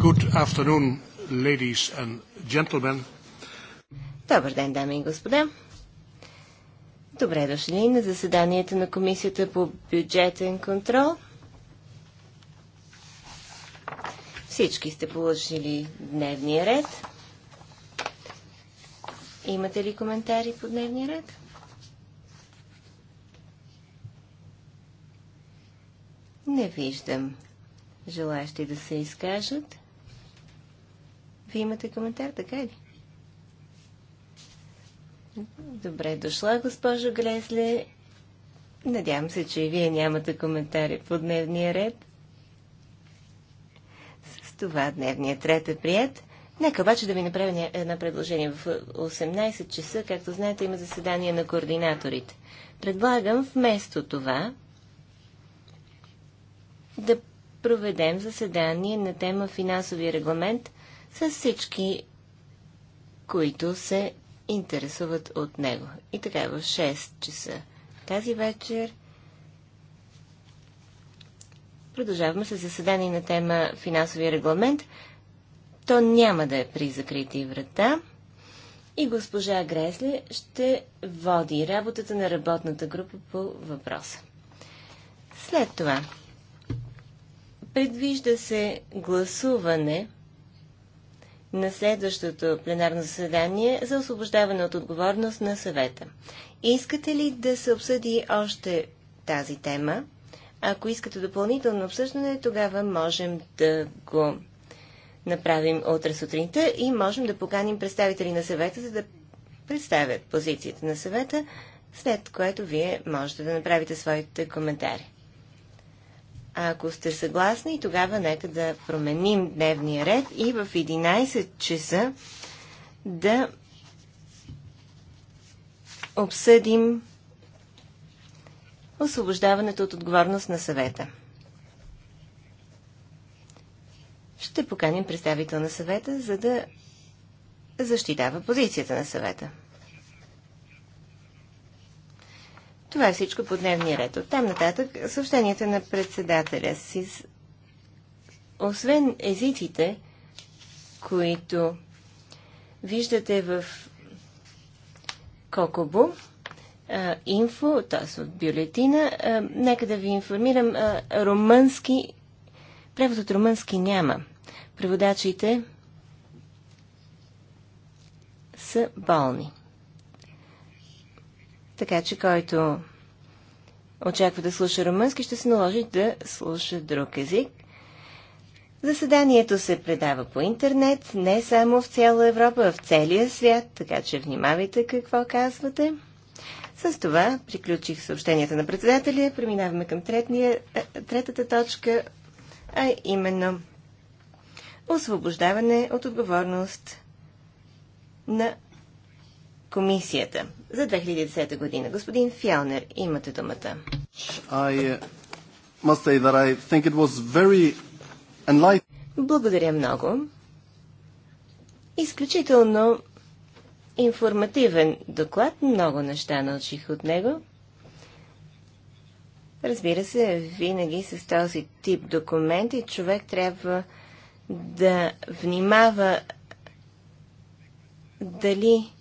Good afternoon, ladies and gentlemen. Добър ден, дами и господа. Добре дошли на заседанието на Комисията по бюджетен контрол. Всички сте положили дневния ред. Имате ли коментари по дневния ред? Не виждам желаящи да се изкажат. Вие имате коментар, така е ли? Добре дошла, госпожо Гресле. Надявам се, че и вие нямате коментари по дневния ред. С това дневният ред е прият. Нека обаче да ви направя едно предложение. В 18 часа, както знаете, има заседание на координаторите. Предлагам вместо това да проведем заседание на тема финансови регламент с всички, които се интересуват от него. И така в 6 часа тази вечер продължаваме с заседание на тема финансовия регламент. То няма да е при закрити врата. И госпожа Гресле ще води работата на работната група по въпроса. След това предвижда се гласуване на следващото пленарно заседание за освобождаване от отговорност на съвета. Искате ли да се обсъди още тази тема? Ако искате допълнително обсъждане, тогава можем да го направим утре сутринта и можем да поканим представители на съвета, за да представят позицията на съвета, след което вие можете да направите своите коментари. Ако сте съгласни, тогава нека да променим дневния ред и в 11 часа да обсъдим освобождаването от отговорност на съвета. Ще поканим представител на съвета, за да защитава позицията на съвета. Това е всичко по дневния ред. От там нататък съобщенията на председателя си. Освен езиците, които виждате в Кокобо, инфо, т.е. от бюлетина, нека да ви информирам, румънски, превод от румънски няма. Преводачите са болни. Така че който очаква да слуша румънски, ще се наложи да слуша друг език. Заседанието се предава по интернет, не само в цяла Европа, а в целия свят, така че внимавайте какво казвате. С това приключих съобщенията на председателя. Преминаваме към третния, е, третата точка, а именно освобождаване от отговорност на комисията за 2010 година. Господин Фялнер, имате думата. I uh, must say that I think it was very Благодаря много. Изключително информативен доклад. Много неща научих от него. Разбира се, винаги с този тип документи човек трябва да внимава дали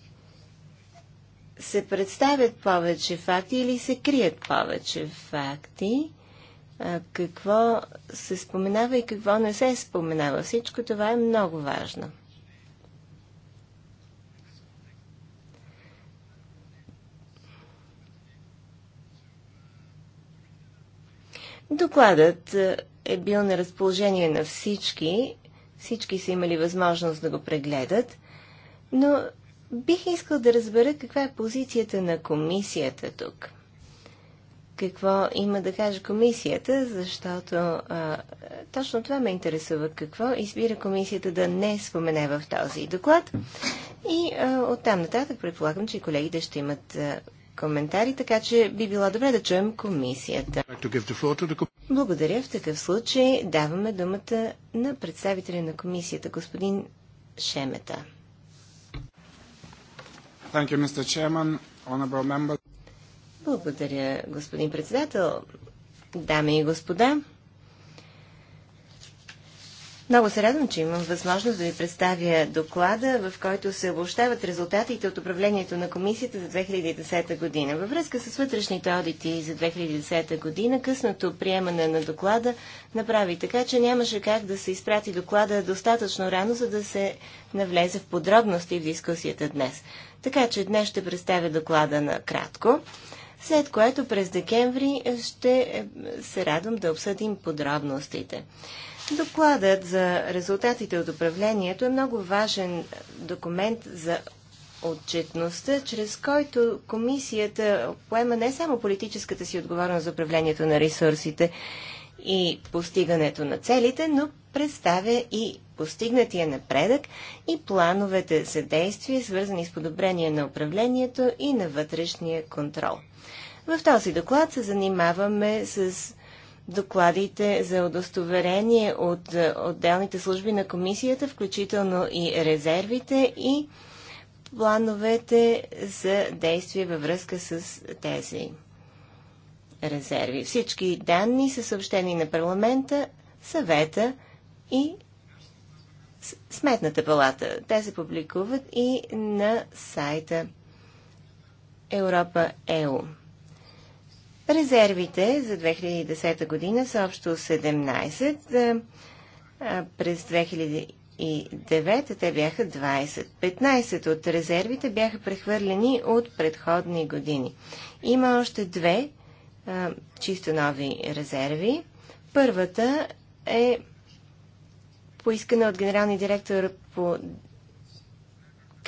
се представят повече факти или се крият повече факти? Какво се споменава и какво не се споменава? Всичко това е много важно. Докладът е бил на разположение на всички. Всички са имали възможност да го прегледат, но Бих искал да разбера каква е позицията на комисията тук. Какво има да каже комисията, защото а, точно това ме интересува. Какво избира комисията да не спомене в този доклад. И а, оттам нататък предполагам, че колегите ще имат а, коментари, така че би било добре да чуем комисията. Благодаря. В такъв случай даваме думата на представителя на комисията, господин Шемета. Thank you, Mr. Chairman, honorable member. Благодаря, господин председател. Дами и господа, много се радвам, че имам възможност да ви представя доклада, в който се обобщават резултатите от управлението на комисията за 2010 година. Във връзка с вътрешните одити за 2010 година, късното приемане на доклада направи така, че нямаше как да се изпрати доклада достатъчно рано, за да се навлезе в подробности в дискусията днес. Така че днес ще представя доклада на кратко, след което през декември ще е, се радвам да обсъдим подробностите. Докладът за резултатите от управлението е много важен документ за отчетността, чрез който комисията поема не само политическата си отговорност за управлението на ресурсите и постигането на целите, но представя и постигнатия напредък и плановете за действие, свързани с подобрение на управлението и на вътрешния контрол. В този доклад се занимаваме с докладите за удостоверение от е, отделните служби на комисията, включително и резервите и плановете за действие във връзка с тези резерви. Всички данни са съобщени на парламента, съвета и Сметната палата. Те се публикуват и на сайта Европа ЕУ. Резервите за 2010 година са общо 17. А през 2009 те бяха 20. 15 от резервите бяха прехвърлени от предходни години. Има още две а, чисто нови резерви. Първата е поискана от генералния директор по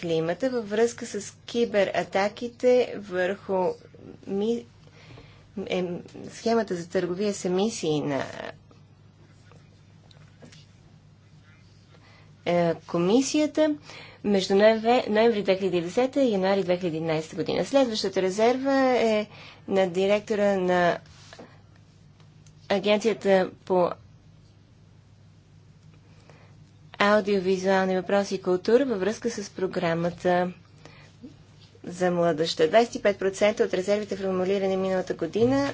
климата във връзка с кибератаките върху ми... е... схемата за търговия с емисии на е... комисията между ноември 2010 и януари 2011 година. Следващата резерва е на директора на Агенцията по аудиовизуални въпроси и култура във връзка с програмата за младеща. 25% от резервите, формулирани миналата година,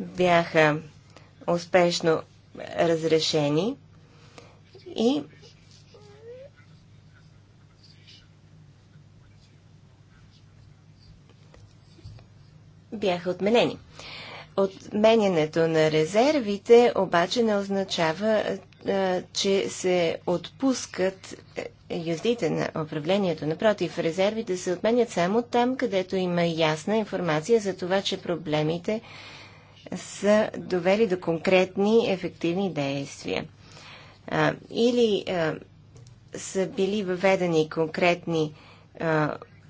бяха успешно разрешени и бяха отменени. Отменянето на резервите обаче не означава, е, че се отпускат е, юздите на управлението. Напротив, резервите се отменят само там, където има ясна информация за това, че проблемите са довели до конкретни ефективни действия. или са били въведени конкретни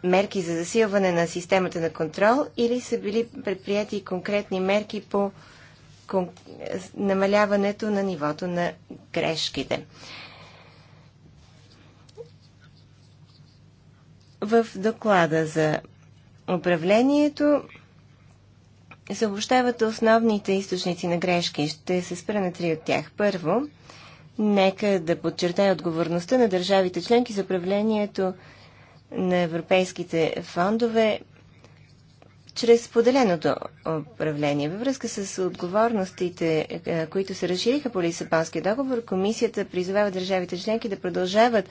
мерки за засилване на системата на контрол, или са били предприяти конкретни мерки по намаляването на нивото на грешките. В доклада за управлението се обобщават основните източници на грешки. Ще се спра на три от тях. Първо, нека да подчертая отговорността на държавите членки за управлението на европейските фондове чрез поделеното управление. Във връзка с отговорностите, е, които се разшириха по Лисабонския договор, комисията призовава държавите членки да продължават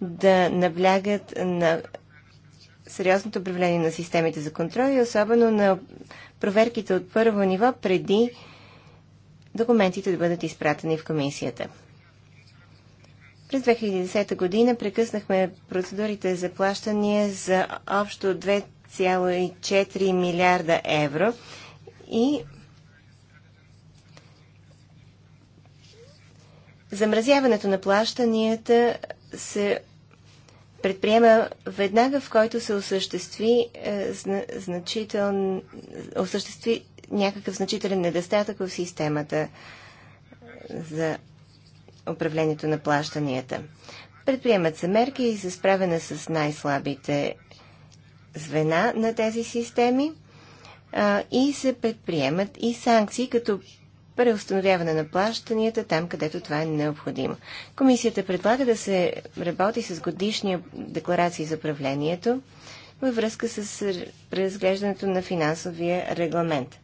да наблягат на сериозното управление на системите за контрол и особено на проверките от първо ниво преди документите да бъдат изпратени в комисията. През 2010 година прекъснахме процедурите за плащания за общо 1,4 милиарда евро и замразяването на плащанията се предприема веднага, в който се осъществи, е, зна, значител, осъществи някакъв значителен недостатък в системата е, за управлението на плащанията. Предприемат се мерки и за справяне с най-слабите звена на тези системи а, и се предприемат и санкции, като преустановяване на плащанията там, където това е необходимо. Комисията предлага да се работи с годишния декларации за правлението във връзка с разглеждането на финансовия регламент.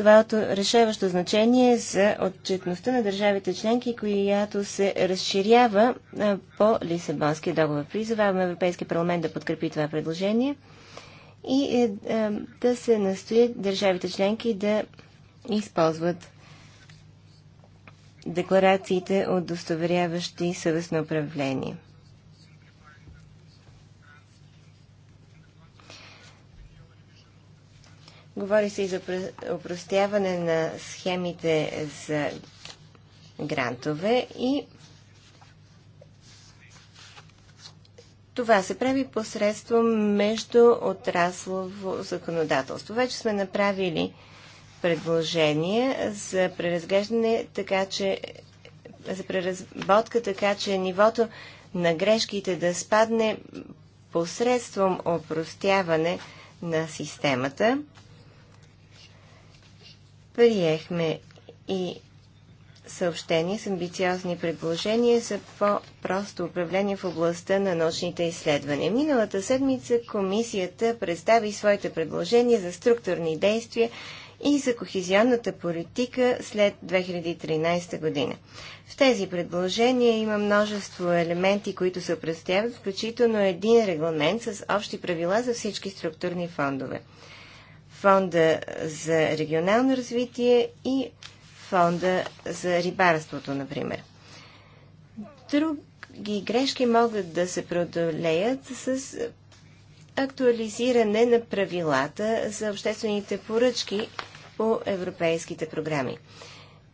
Това е от решаващо значение за отчетността на държавите членки, която се разширява по Лисабонския договор. Призоваваме Европейския парламент да подкрепи това предложение и е, е, да се настоят държавите членки да използват декларациите, удостоверяващи съвестно управление. Говори се и за упростяване на схемите за грантове и Това се прави посредством между отраслово законодателство. Вече сме направили предложение за преразглеждане, така че за преразботка, така че нивото на грешките да спадне посредством опростяване на системата. Приехме и съобщение с амбициозни предложения за по-просто управление в областта на научните изследвания. Миналата седмица комисията представи своите предложения за структурни действия и за кохезионната политика след 2013 година. В тези предложения има множество елементи, които се представят, включително един регламент с общи правила за всички структурни фондове. Фонда за регионално развитие и Фонда за рибарството, например. Други грешки могат да се преодолеят с актуализиране на правилата за обществените поръчки по европейските програми.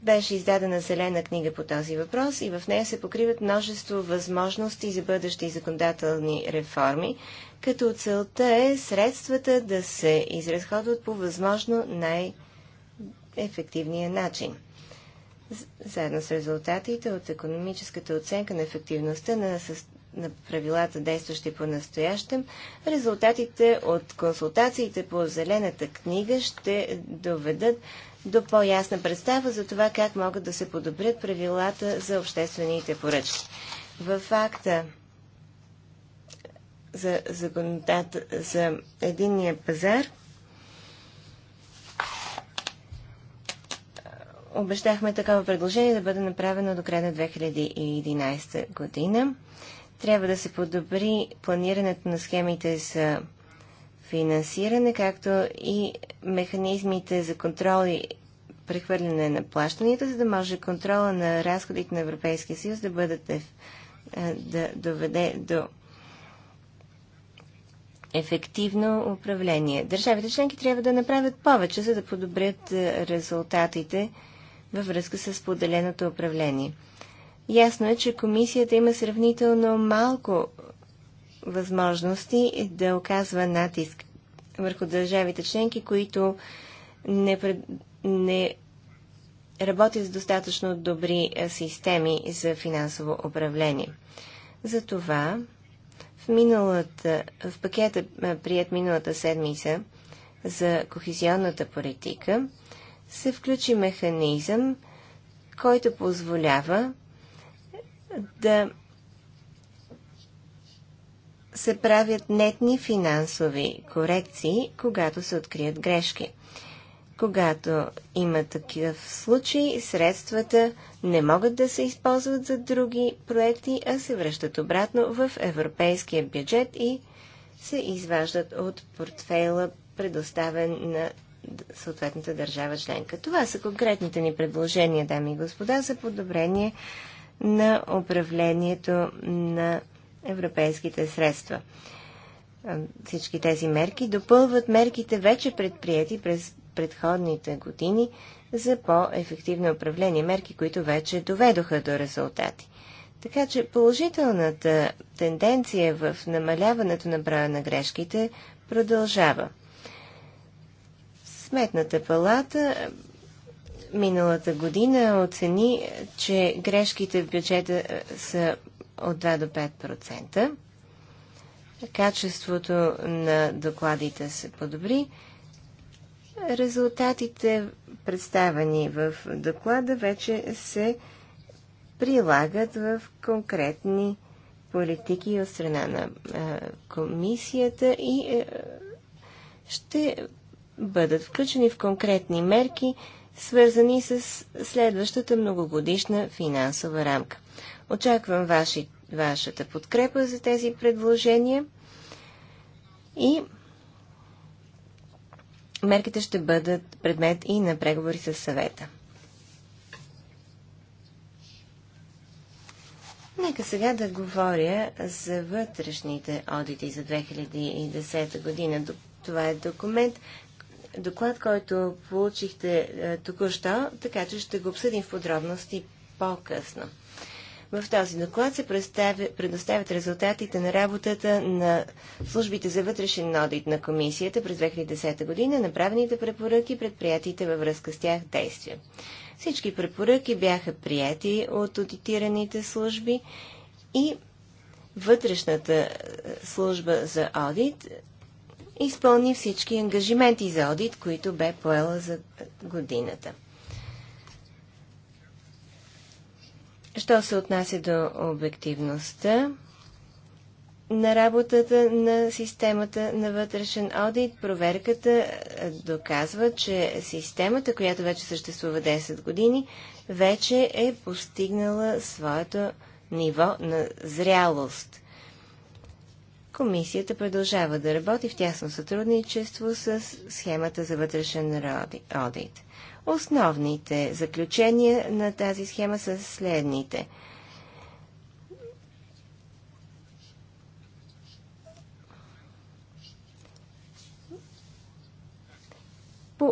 Беше издадена зелена книга по този въпрос и в нея се покриват множество възможности за бъдещи законодателни реформи, като целта е средствата да се изразходват по възможно най-ефективния начин. Заедно с резултатите от економическата оценка на ефективността на, на правилата, действащи по настоящем, резултатите от консултациите по зелената книга ще доведат до по-ясна представа за това как могат да се подобрят правилата за обществените поръчки. В акта за, законодат, за единния пазар. Обещахме такова предложение да бъде направено до края на 2011 година. Трябва да се подобри планирането на схемите за финансиране, както и механизмите за контрол и прехвърляне на плащанията, за да може контрола на разходите на Европейския съюз да бъдат да доведе до ефективно управление. Държавите членки трябва да направят повече, за да подобрят е, резултатите във връзка с поделеното управление. Ясно е, че комисията има сравнително малко възможности да оказва натиск върху държавите членки, които не, пред... не работят с достатъчно добри е, системи за финансово управление. Затова в, миналата, в пакета, прият миналата седмица за кохезионната политика, се включи механизъм, който позволява да се правят нетни финансови корекции, когато се открият грешки. Когато има такъв случай, средствата не могат да се използват за други проекти, а се връщат обратно в европейския бюджет и се изваждат от портфейла, предоставен на съответната държава членка. Това са конкретните ни предложения, дами и господа, за подобрение на управлението на европейските средства. Всички тези мерки допълват мерките вече предприяти през предходните години за по-ефективно управление, мерки, които вече доведоха до резултати. Така че положителната тенденция в намаляването на броя на грешките продължава. Сметната палата миналата година оцени, че грешките в бюджета е, са от 2 до 5%. Качеството на докладите се подобри, Резултатите, представени в доклада, вече се прилагат в конкретни политики от страна на а, комисията и а, ще бъдат включени в конкретни мерки, свързани с следващата многогодишна финансова рамка. Очаквам ваши, вашата подкрепа за тези предложения и мерките ще бъдат предмет и на преговори с съвета. Нека сега да говоря за вътрешните одити за 2010 година. Това е документ, доклад, който получихте е, току-що, така че ще го обсъдим в подробности по-късно. В този доклад се предоставят резултатите на работата на службите за вътрешен одит на комисията през 2010 година, направените препоръки, предприятите във връзка с тях действия. Всички препоръки бяха прияти от аудитираните служби и вътрешната е, служба за одит изпълни всички ангажименти за одит, които бе поела за годината. Що се отнася до обективността на работата на системата на вътрешен одит, проверката е, доказва, че системата, която вече съществува 10 години, вече е постигнала своето ниво на зрялост – Комисията продължава да работи в тясно сътрудничество с схемата за вътрешен одит. Основните заключения на тази схема са следните.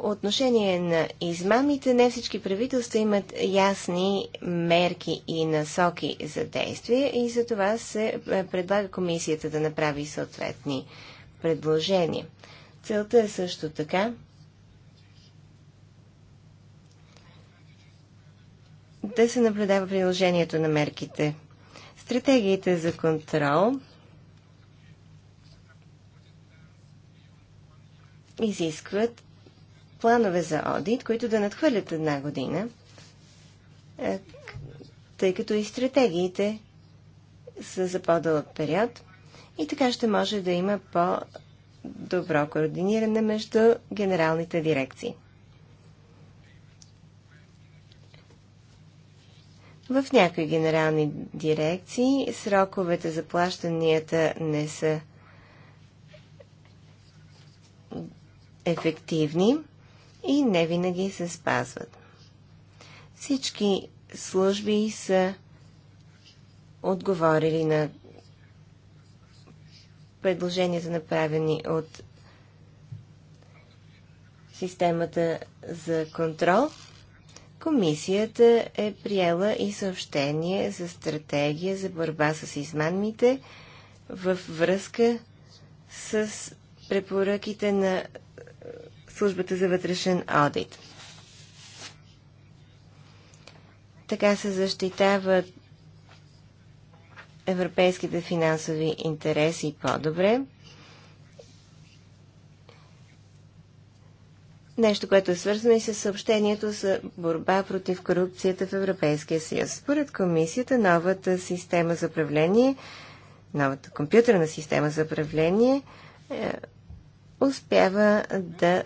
по отношение на измамите, не всички правителства имат ясни мерки и насоки за действие и за това се е, предлага комисията да направи съответни предложения. Целта е също така да се наблюдава приложението на мерките. Стратегиите за контрол изискват планове за одит, които да надхвърлят една година, е, тъй като и стратегиите са за по-дълъг период и така ще може да има по-добро координиране между генералните дирекции. В някои генерални дирекции сроковете за плащанията не са ефективни и не винаги се спазват. Всички служби са отговорили на предложенията направени от системата за контрол. Комисията е приела и съобщение за стратегия за борба с измамите във връзка с препоръките на службата за вътрешен одит. Така се защитават европейските финансови интереси по-добре. Нещо, което е свързано и с съобщението за борба против корупцията в Европейския съюз. Според комисията, новата система за управление, новата компютърна система за управление е, успява да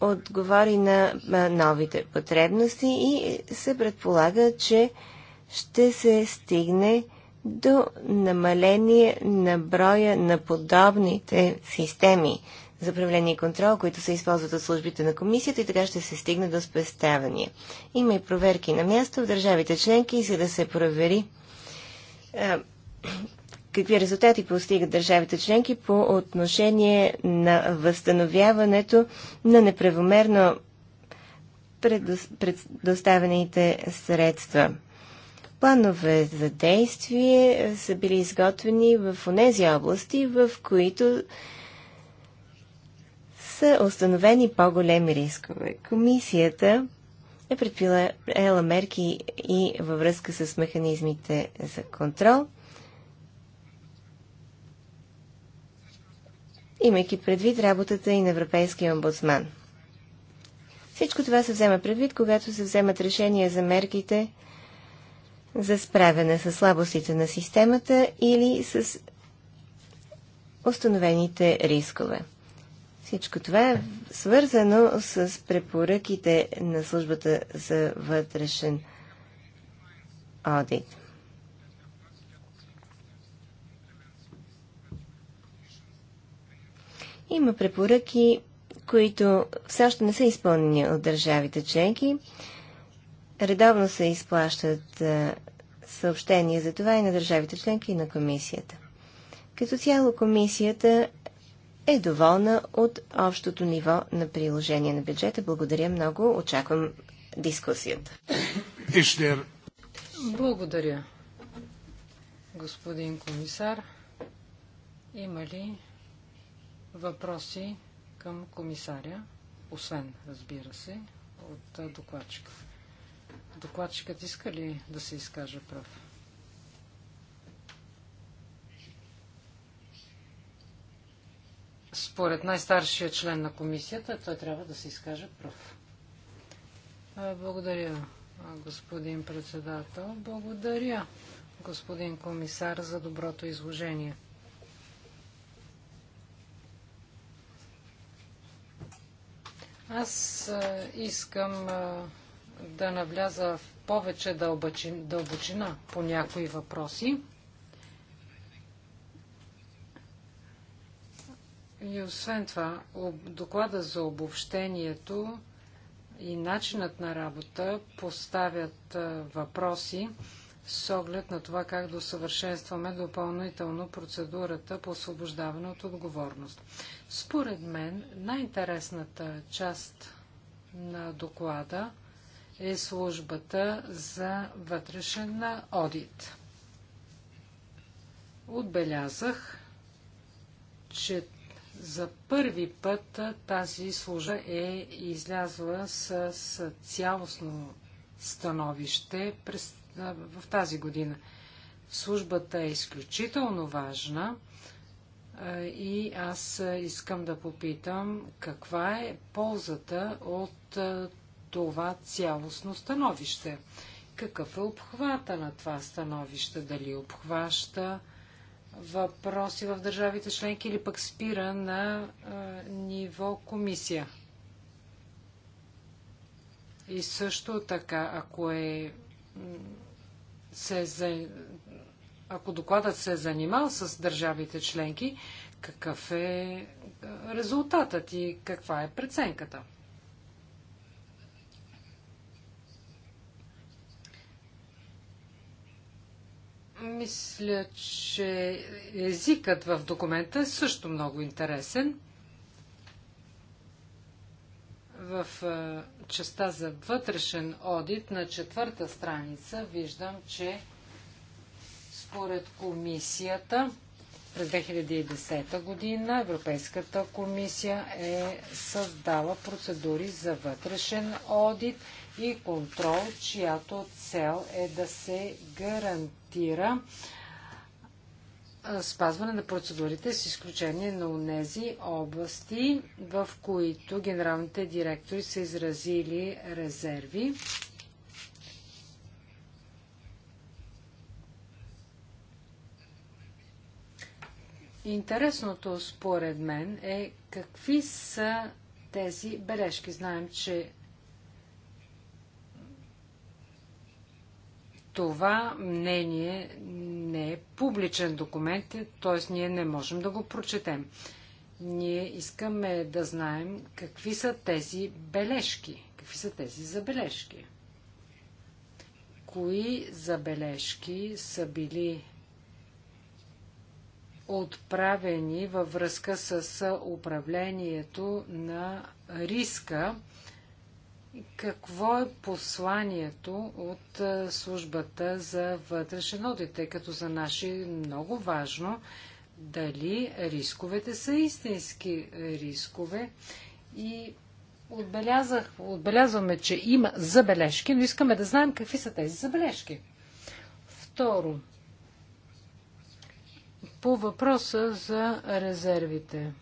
отговори на новите потребности и се предполага, че ще се стигне до намаление на броя на подобните системи за управление и контрол, които се използват от службите на комисията и така ще се стигне до спестявания. Има и проверки на място в държавите членки, за да се провери какви резултати постигат държавите членки по отношение на възстановяването на неправомерно предоставените средства. Планове за действие са били изготвени в тези области, в които са установени по-големи рискове. Комисията е предприела мерки и във връзка с механизмите за контрол – имайки предвид работата и на Европейския омбудсман. Всичко това се взема предвид, когато се вземат решения за мерките за справяне с слабостите на системата или с установените рискове. Всичко това е свързано с препоръките на службата за вътрешен одит. Има препоръки, които все още не са изпълнени от държавите членки. Редовно се изплащат съобщения за това и на държавите членки и на комисията. Като цяло комисията е доволна от общото ниво на приложение на бюджета. Благодаря много. Очаквам дискусията. Благодаря, господин комисар. Има ли въпроси към комисаря, освен, разбира се, от докладчика. Докладчикът иска ли да се изкаже прав? Според най-старшия член на комисията, той трябва да се изкаже прав. Благодаря, господин председател. Благодаря, господин комисар, за доброто изложение. Аз искам да навляза в повече дълбочина по някои въпроси. И освен това, доклада за обобщението и начинът на работа поставят въпроси, с оглед на това как да усъвършенстваме допълнително процедурата по освобождаване от отговорност. Според мен най-интересната част на доклада е службата за вътрешен одит. Отбелязах, че за първи път тази служба е излязла с цялостно становище през в тази година. Службата е изключително важна и аз искам да попитам каква е ползата от това цялостно становище. Какъв е обхвата на това становище? Дали обхваща въпроси в държавите членки или пък спира на а, ниво комисия? И също така, ако е се за... ако докладът се е занимал с държавите членки, какъв е резултатът и каква е преценката? Мисля, че езикът в документа е също много интересен в частта за вътрешен одит на четвърта страница виждам, че според комисията през 2010 година Европейската комисия е създала процедури за вътрешен одит и контрол, чиято цел е да се гарантира спазване на процедурите с изключение на тези области, в които генералните директори са изразили резерви. Интересното според мен е какви са тези бележки. Знаем, че това мнение не е публичен документ, т.е. ние не можем да го прочетем. Ние искаме да знаем какви са тези бележки, какви са тези забележки. Кои забележки са били отправени във връзка с управлението на риска какво е посланието от службата за вътрешен одит, тъй като за наши е много важно дали рисковете са истински рискове и отбелязах, отбелязваме, че има забележки, но искаме да знаем какви са тези забележки. Второ, по въпроса за резервите.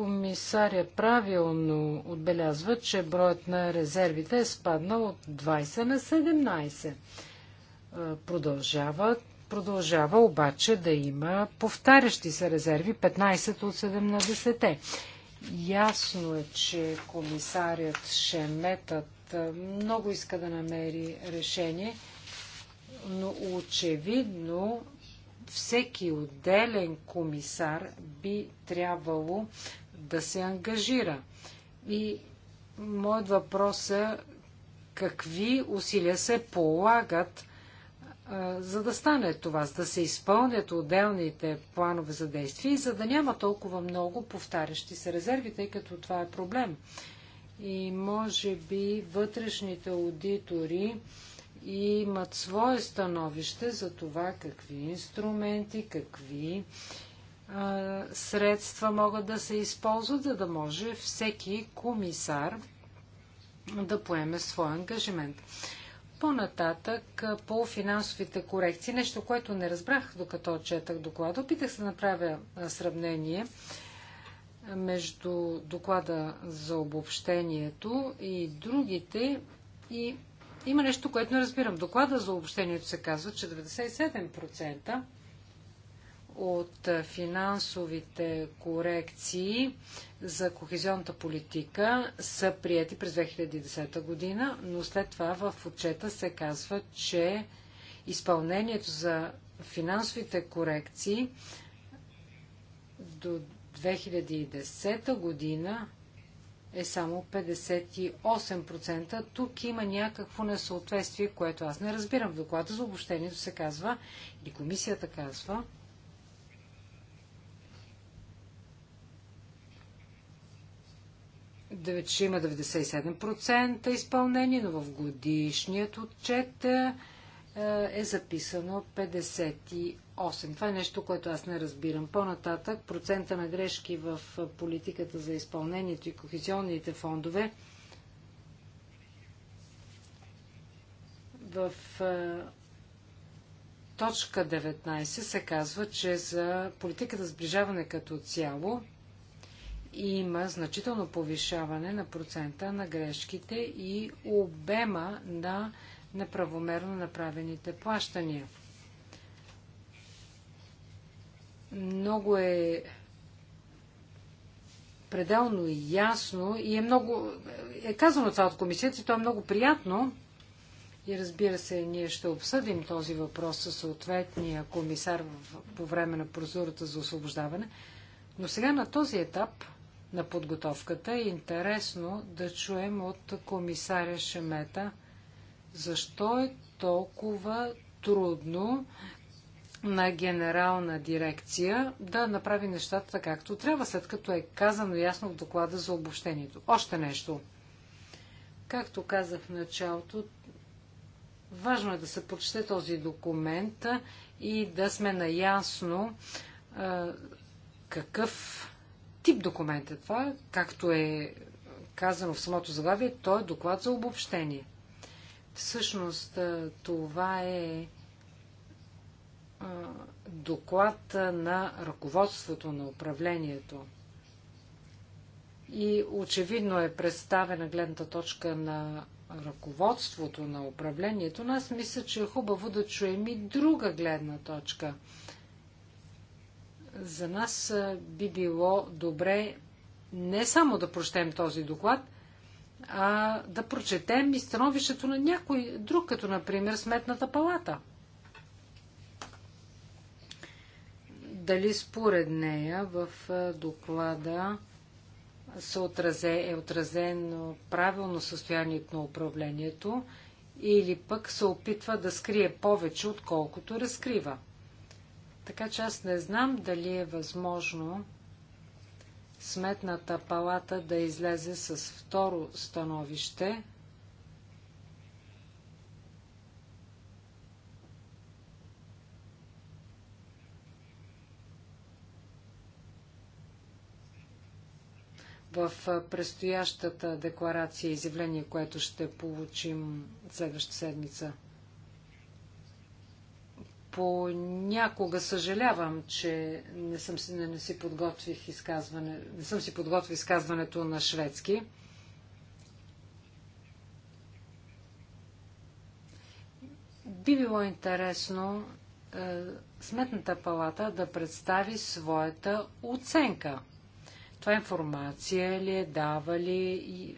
комисаря правилно отбелязва, че броят на резервите е спаднал от 20 на 17. Продължава, продължава обаче да има повтарящи се резерви 15 от 17-те. Ясно е, че комисарят Шеметът много иска да намери решение, но очевидно всеки отделен комисар би трябвало да се ангажира. И моят въпрос е какви усилия се полагат за да стане това, за да се изпълнят отделните планове за действие и за да няма толкова много повтарящи се резерви, тъй като това е проблем. И може би вътрешните аудитори имат свое становище за това какви инструменти, какви средства могат да се използват, за да може всеки комисар да поеме своя ангажимент. По-нататък, по финансовите корекции, нещо, което не разбрах, докато четах доклада, опитах се да направя сравнение между доклада за обобщението и другите. И има нещо, което не разбирам. Доклада за обобщението се казва, че 97% от финансовите корекции за кохезионната политика са прияти през 2010 година, но след това в отчета се казва, че изпълнението за финансовите корекции до 2010 година е само 58%. Тук има някакво несъответствие, което аз не разбирам. В доклада за обобщението се казва, или комисията казва, ще има 97% изпълнение, но в годишният отчет е, е записано 58%. Това е нещо, което аз не разбирам. По-нататък процента на грешки в политиката за изпълнението и кохезионните фондове в е, точка 19 се казва, че за политиката за сближаване като цяло има значително повишаване на процента на грешките и обема на неправомерно направените плащания. Много е пределно ясно и е много... Е казано това от комисията и то е много приятно. И разбира се, ние ще обсъдим този въпрос със съответния комисар по време на процедурата за освобождаване. Но сега на този етап на подготовката. Е интересно да чуем от комисаря Шемета защо е толкова трудно на генерална дирекция да направи нещата както трябва, след като е казано ясно в доклада за обобщението. Още нещо. Както казах в началото, важно е да се прочете този документ и да сме наясно какъв тип документ е това, както е казано в самото заглавие, то е доклад за обобщение. Всъщност това е доклад на ръководството на управлението. И очевидно е представена гледната точка на ръководството на управлението, но аз мисля, че е хубаво да чуем и друга гледна точка – за нас би било добре не само да прочетем този доклад, а да прочетем и становището на някой друг, като например Сметната палата. Дали според нея в доклада се отразе, е отразено правилно състоянието на управлението или пък се опитва да скрие повече, отколкото разкрива. Така че аз не знам дали е възможно Сметната палата да излезе с второ становище, в предстоящата декларация и изявление, което ще получим следващата седмица понякога съжалявам, че не съм, не, не си подготвих изказване, не съм си подготвил изказването на шведски. Би било интересно е, Сметната палата да представи своята оценка. Това информация ли е, дава ли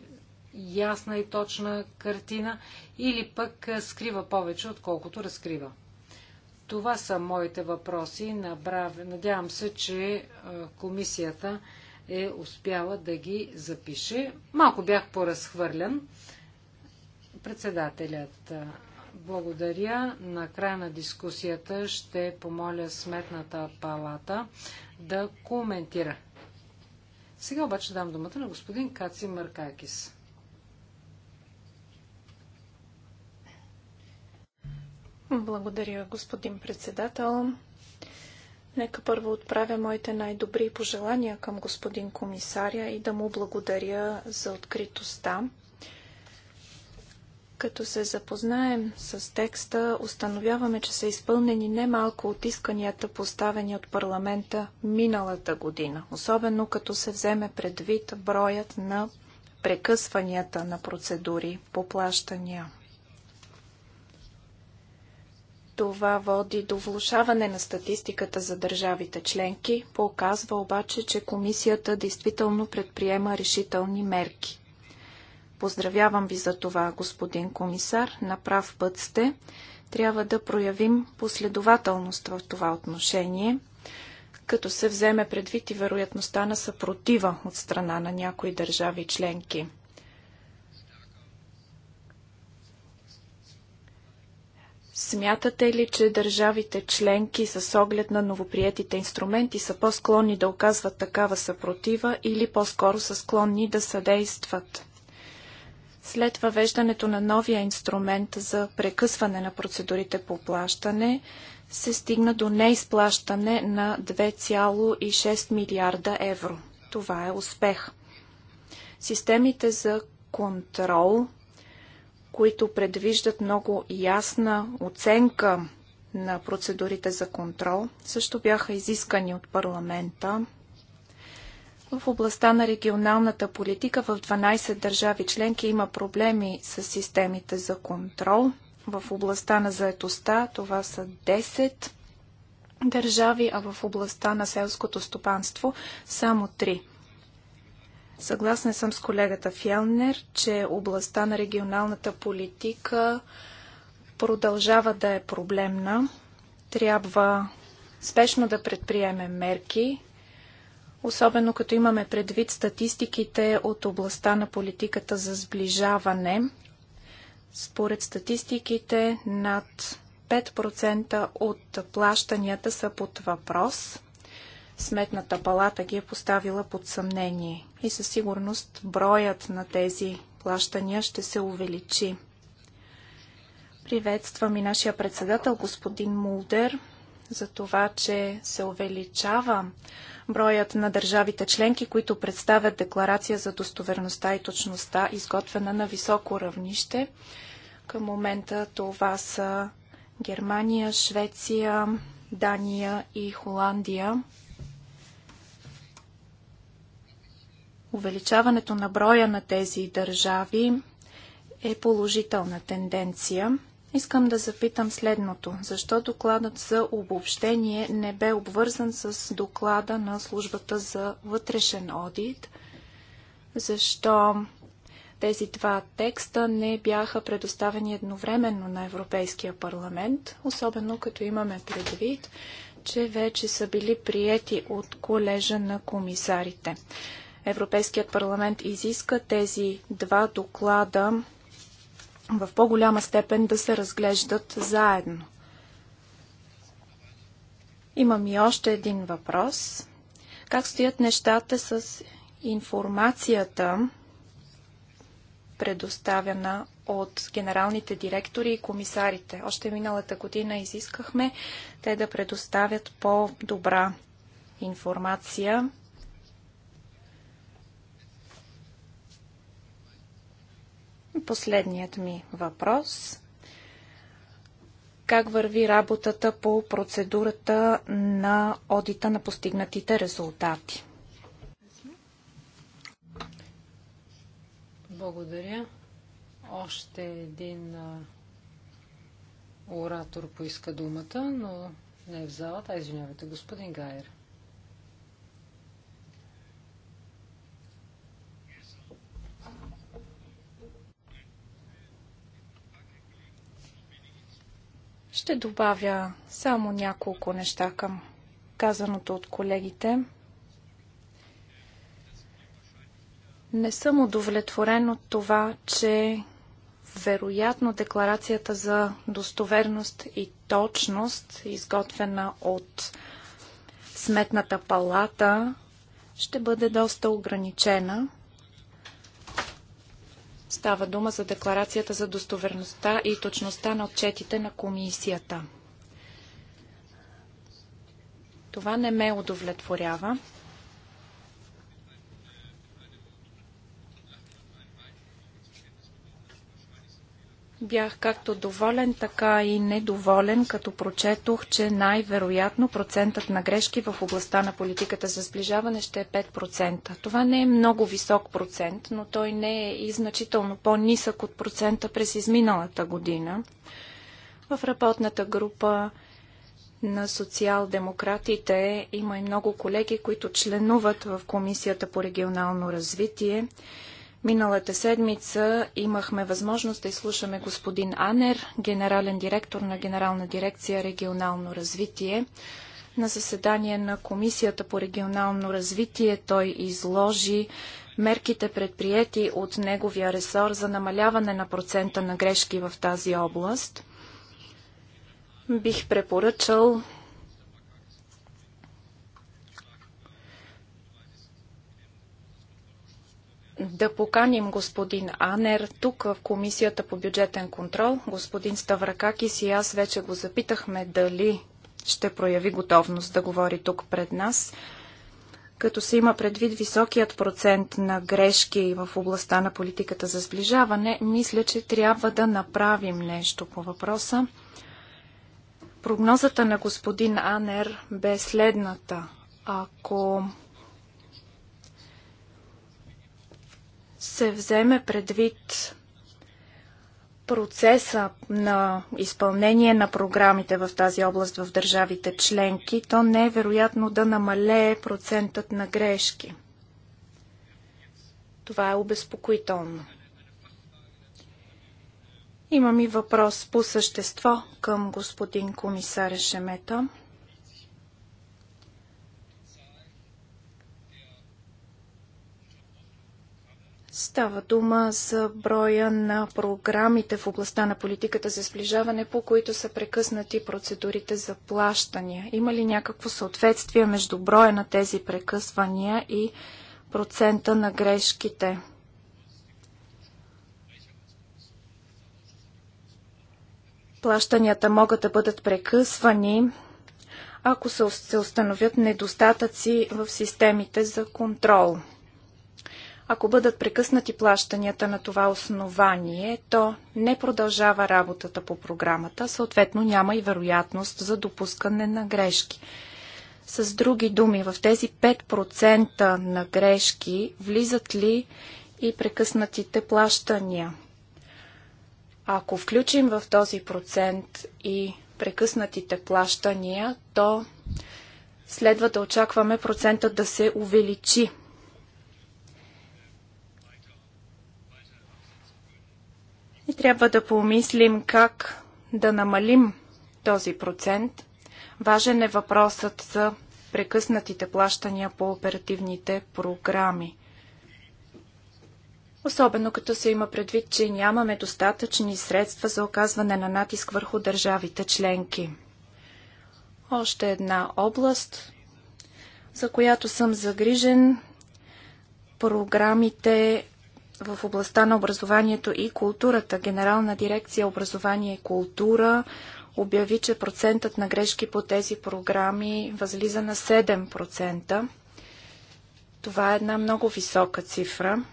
ясна и точна картина или пък е, скрива повече, отколкото разкрива. Това са моите въпроси. Надявам се, че е, комисията е успяла да ги запише. Малко бях поразхвърлян. Председателят, е, благодаря. На края на дискусията ще помоля Сметната палата да коментира. Сега обаче дам думата на господин Каци Маркакис. Благодаря, господин председател. Нека първо отправя моите най-добри пожелания към господин комисаря и да му благодаря за откритостта. Като се запознаем с текста, установяваме, че са изпълнени немалко от исканията, поставени от парламента миналата година, особено като се вземе предвид броят на прекъсванията на процедури по плащания. Това води до влушаване на статистиката за държавите членки, показва обаче, че комисията действително предприема решителни мерки. Поздравявам ви за това, господин комисар. На прав път сте. Трябва да проявим последователност в това отношение, като се вземе предвид и вероятността на съпротива от страна на някои държави членки. Смятате ли, че държавите членки с оглед на новоприетите инструменти са по-склонни да оказват такава съпротива или по-скоро са склонни да съдействат? След въвеждането на новия инструмент за прекъсване на процедурите по плащане, се стигна до неизплащане на 2,6 милиарда евро. Това е успех. Системите за контрол които предвиждат много ясна оценка на процедурите за контрол, също бяха изискани от парламента. В областта на регионалната политика в 12 държави членки има проблеми с системите за контрол. В областта на заетостта това са 10 държави, а в областта на селското стопанство само 3. Съгласна съм с колегата Фялнер, че областта на регионалната политика продължава да е проблемна. Трябва спешно да предприемем мерки, особено като имаме предвид статистиките от областта на политиката за сближаване. Според статистиките, над 5% от плащанията са под въпрос. Сметната палата ги е поставила под съмнение и със сигурност броят на тези плащания ще се увеличи. Приветствам и нашия председател, господин Мулдер, за това, че се увеличава броят на държавите членки, които представят декларация за достоверността и точността, изготвена на високо равнище. Към момента това са Германия, Швеция, Дания и Холандия. Увеличаването на броя на тези държави е положителна тенденция. Искам да запитам следното. Защо докладът за обобщение не бе обвързан с доклада на службата за вътрешен одит? Защо тези два текста не бяха предоставени едновременно на Европейския парламент, особено като имаме предвид, че вече са били приети от колежа на комисарите. Европейският парламент изиска тези два доклада в по-голяма степен да се разглеждат заедно. Имам и още един въпрос. Как стоят нещата с информацията, предоставяна от генералните директори и комисарите? Още миналата година изискахме те да предоставят по-добра информация Последният ми въпрос. Как върви работата по процедурата на одита на постигнатите резултати? Благодаря. Още един оратор поиска думата, но не е в залата. Извинявайте, господин Гайер. Ще добавя само няколко неща към казаното от колегите. Не съм удовлетворен от това, че вероятно декларацията за достоверност и точност, изготвена от Сметната палата, ще бъде доста ограничена. Става дума за декларацията за достоверността и точността на отчетите на комисията. Това не ме удовлетворява. Бях както доволен, така и недоволен, като прочетох, че най-вероятно процентът на грешки в областта на политиката за сближаване ще е 5%. Това не е много висок процент, но той не е и значително по-нисък от процента през изминалата година. В работната група на социал-демократите има и много колеги, които членуват в Комисията по регионално развитие. Миналата седмица имахме възможност да изслушаме господин Анер, генерален директор на Генерална дирекция регионално развитие. На заседание на Комисията по регионално развитие той изложи мерките предприяти от неговия ресор за намаляване на процента на грешки в тази област. Бих препоръчал да поканим господин Анер тук в Комисията по бюджетен контрол. Господин Ставракакис и аз вече го запитахме дали ще прояви готовност да говори тук пред нас. Като се има предвид високият процент на грешки в областта на политиката за сближаване, мисля, че трябва да направим нещо по въпроса. Прогнозата на господин Анер бе следната. Ако се вземе предвид процеса на изпълнение на програмите в тази област в държавите членки, то не е вероятно да намалее процентът на грешки. Това е обезпокоително. Имам и въпрос по същество към господин комисаря Шемета. Става дума за броя на програмите в областта на политиката за сближаване, по които са прекъснати процедурите за плащания. Има ли някакво съответствие между броя на тези прекъсвания и процента на грешките? Плащанията могат да бъдат прекъсвани, ако се установят недостатъци в системите за контрол – ако бъдат прекъснати плащанията на това основание, то не продължава работата по програмата, съответно няма и вероятност за допускане на грешки. С други думи, в тези 5% на грешки влизат ли и прекъснатите плащания? Ако включим в този процент и прекъснатите плащания, то следва да очакваме процентът да се увеличи И трябва да помислим как да намалим този процент. Важен е въпросът за прекъснатите плащания по оперативните програми. Особено като се има предвид, че нямаме достатъчни средства за оказване на натиск върху държавите членки. Още една област, за която съм загрижен програмите в областта на образованието и културата. Генерална дирекция образование и култура обяви, че процентът на грешки по тези програми възлиза на 7%. Това е една много висока цифра.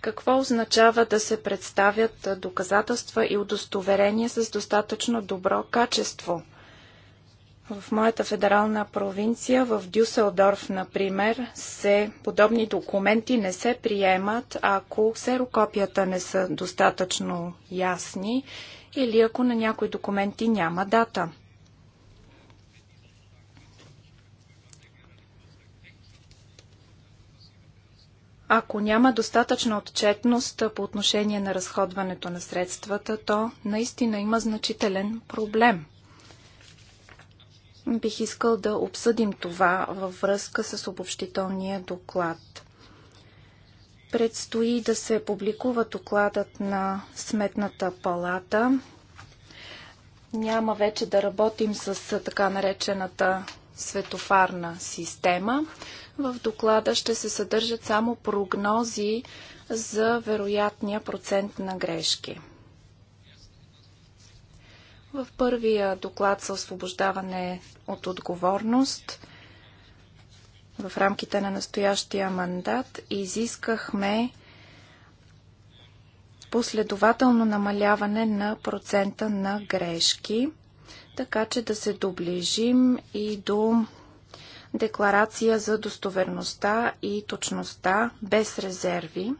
Какво означава да се представят доказателства и удостоверения с достатъчно добро качество? В моята федерална провинция, в Дюселдорф, например, се, подобни документи не се приемат, ако серокопията не са достатъчно ясни или ако на някои документи няма дата. Ако няма достатъчна отчетност по отношение на разходването на средствата, то наистина има значителен проблем. Бих искал да обсъдим това във връзка с обобщителния доклад. Предстои да се публикува докладът на Сметната палата. Няма вече да работим с така наречената светофарна система. В доклада ще се съдържат само прогнози за вероятния процент на грешки. В първия доклад за освобождаване от отговорност в рамките на настоящия мандат изискахме последователно намаляване на процента на грешки, така че да се доближим и до декларация за достоверността и точността без резерви.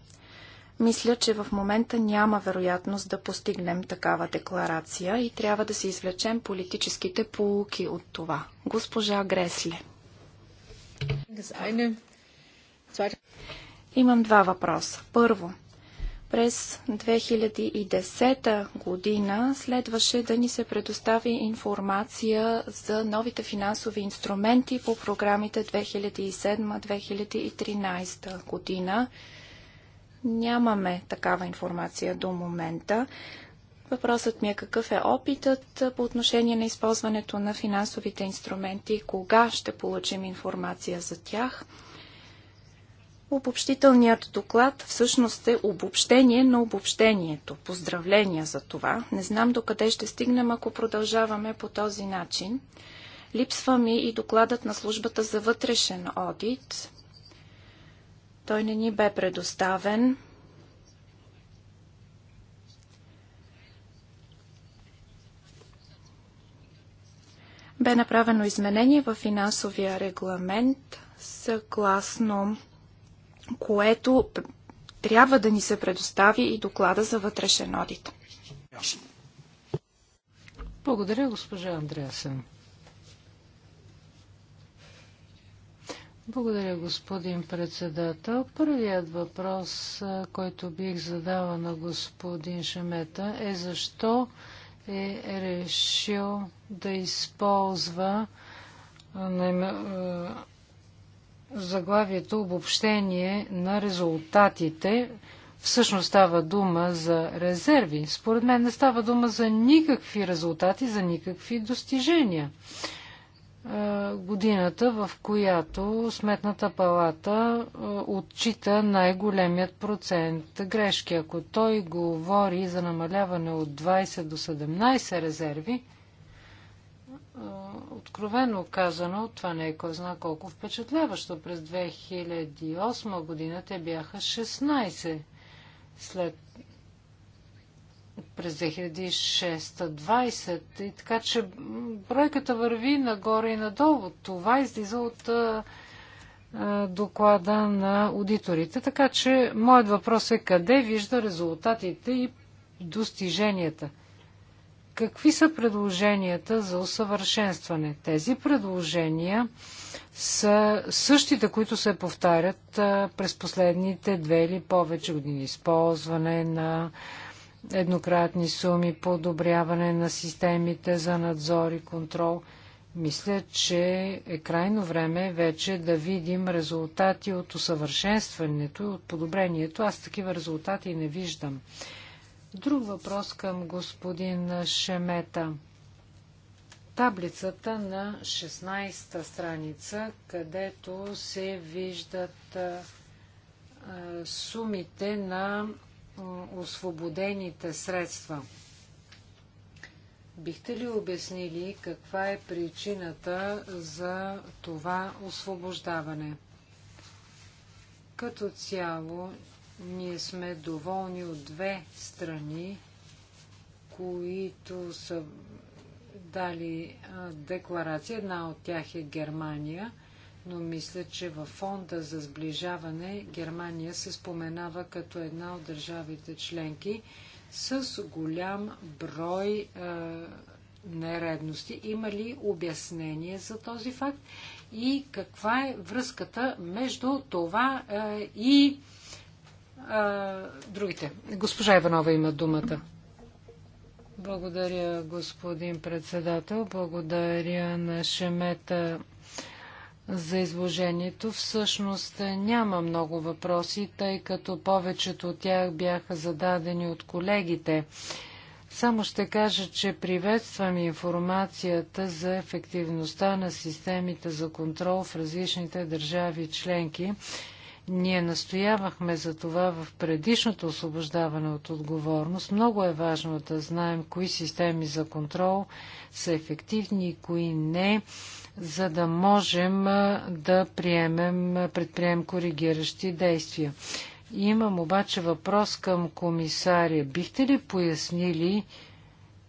Мисля, че в момента няма вероятност да постигнем такава декларация и трябва да се извлечем политическите полуки от това. Госпожа Гресле. Имам два въпроса. Първо, през 2010 година следваше да ни се предостави информация за новите финансови инструменти по програмите 2007-2013 година. Нямаме такава информация до момента. Въпросът ми е какъв е опитът по отношение на използването на финансовите инструменти кога ще получим информация за тях. Обобщителният доклад всъщност е обобщение на обобщението. Поздравления за това. Не знам докъде ще стигнем, ако продължаваме по този начин. Липсва ми и докладът на службата за вътрешен одит. Той не ни бе предоставен. Бе направено изменение в финансовия регламент, съгласно което трябва да ни се предостави и доклада за вътрешен одит. Благодаря, госпожа Андреасен. Благодаря, господин председател. Първият въпрос, който бих задала на господин Шемета е защо е решил да използва заглавието обобщение на резултатите. Всъщност става дума за резерви. Според мен не става дума за никакви резултати, за никакви достижения. Е, годината, в която Сметната палата е, отчита най-големият процент грешки. Ако той говори за намаляване от 20 до 17 резерви, е, откровено казано, това не е кой знае колко впечатляващо. През 2008 година те бяха 16. След през 2620. И така че бройката върви нагоре и надолу. Това излиза от а, доклада на аудиторите. Така че моят въпрос е къде вижда резултатите и достиженията. Какви са предложенията за усъвършенстване? Тези предложения са същите, които се повтарят през последните две или повече години. Използване на еднократни суми, подобряване на системите за надзор и контрол. Мисля, че е крайно време вече да видим резултати от усъвършенстването и от подобрението. Аз такива резултати не виждам. Друг въпрос към господин Шемета. Таблицата на 16-та страница, където се виждат сумите на освободените средства. Бихте ли обяснили каква е причината за това освобождаване? Като цяло, ние сме доволни от две страни, които са дали декларация. Една от тях е Германия, но мисля, че във фонда за сближаване Германия се споменава като една от държавите членки с голям брой е, нередности. Има ли обяснение за този факт и каква е връзката между това е, и е, другите? Госпожа Иванова има думата. Благодаря, господин председател. Благодаря на Шемета за изложението. Всъщност е, няма много въпроси, тъй като повечето от тях бяха зададени от колегите. Само ще кажа, че приветствам информацията за ефективността на системите за контрол в различните държави членки. Ние настоявахме за това в предишното освобождаване от отговорност. Много е важно да знаем кои системи за контрол са ефективни и кои не за да можем да приемем, предприемем коригиращи действия. Имам обаче въпрос към комисаря. Бихте ли пояснили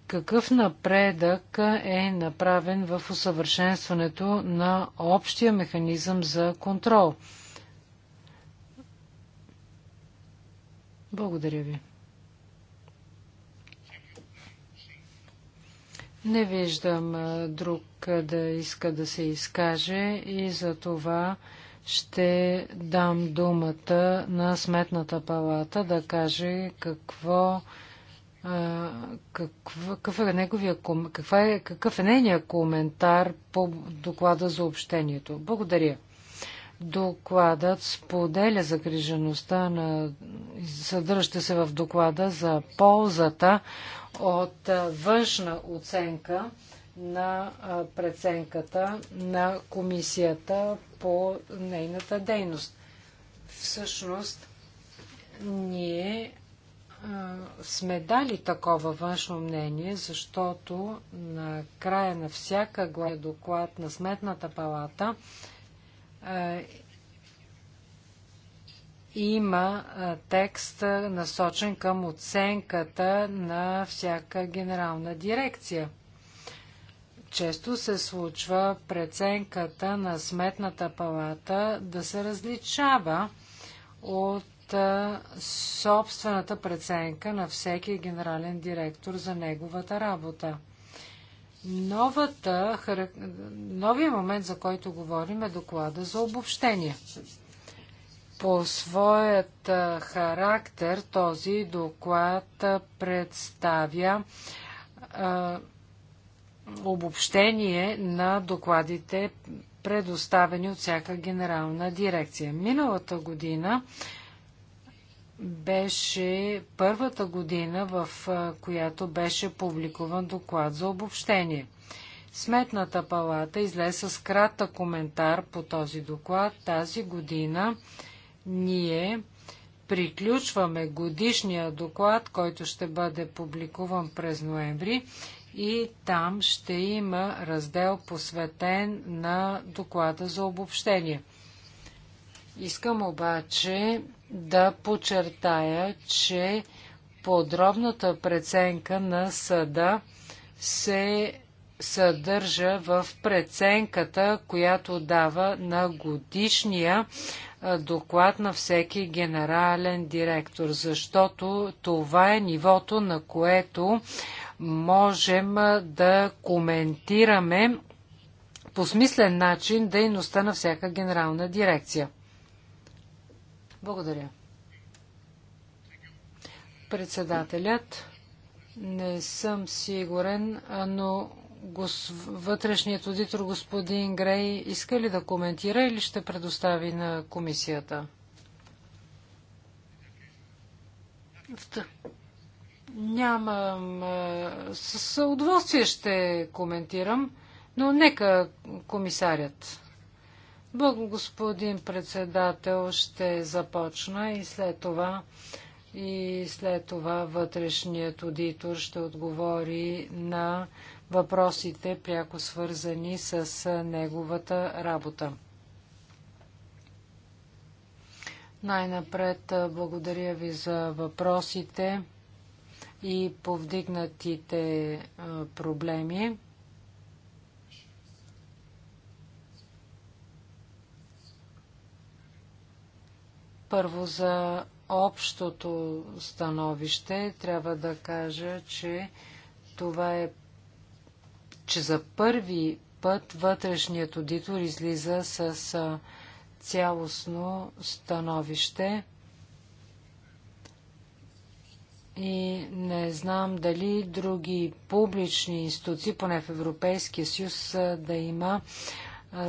какъв напредък е направен в усъвършенстването на общия механизъм за контрол? Благодаря ви. Не виждам друг да иска да се изкаже и за това ще дам думата на Сметната палата да каже какво, какво какъв е, неговия, каква е, какъв е нейният коментар по доклада за общението. Благодаря. Докладът споделя загрижеността на съдържаща се в доклада за ползата от външна оценка на преценката на комисията по нейната дейност. Всъщност, ние сме дали такова външно мнение, защото на края на всяка глава доклад на Сметната палата има текст насочен към оценката на всяка генерална дирекция. Често се случва преценката на сметната палата да се различава от собствената преценка на всеки генерален директор за неговата работа. Новата, новия момент, за който говорим, е доклада за обобщение. По своят характер този доклад представя а, обобщение на докладите, предоставени от всяка генерална дирекция. Миналата година беше първата година, в която беше публикуван доклад за обобщение. Сметната палата излезе с кратък коментар по този доклад. Тази година ние приключваме годишния доклад, който ще бъде публикуван през ноември и там ще има раздел посветен на доклада за обобщение. Искам обаче да подчертая, че подробната преценка на съда се съдържа в преценката, която дава на годишния доклад на всеки генерален директор, защото това е нивото, на което можем да коментираме по смислен начин дейността на всяка генерална дирекция. Благодаря. Председателят. Не съм сигурен, но гос... вътрешният аудитор господин Грей иска ли да коментира или ще предостави на комисията? Нямам. С удоволствие ще коментирам, но нека комисарят. Благодаря, господин председател, ще започна и след това и след това вътрешният аудитор ще отговори на въпросите, пряко свързани с неговата работа. Най-напред благодаря ви за въпросите и повдигнатите проблеми. Първо за общото становище трябва да кажа, че това е че за първи път вътрешният аудитор излиза с цялостно становище и не знам дали други публични институции, поне в Европейския съюз, да има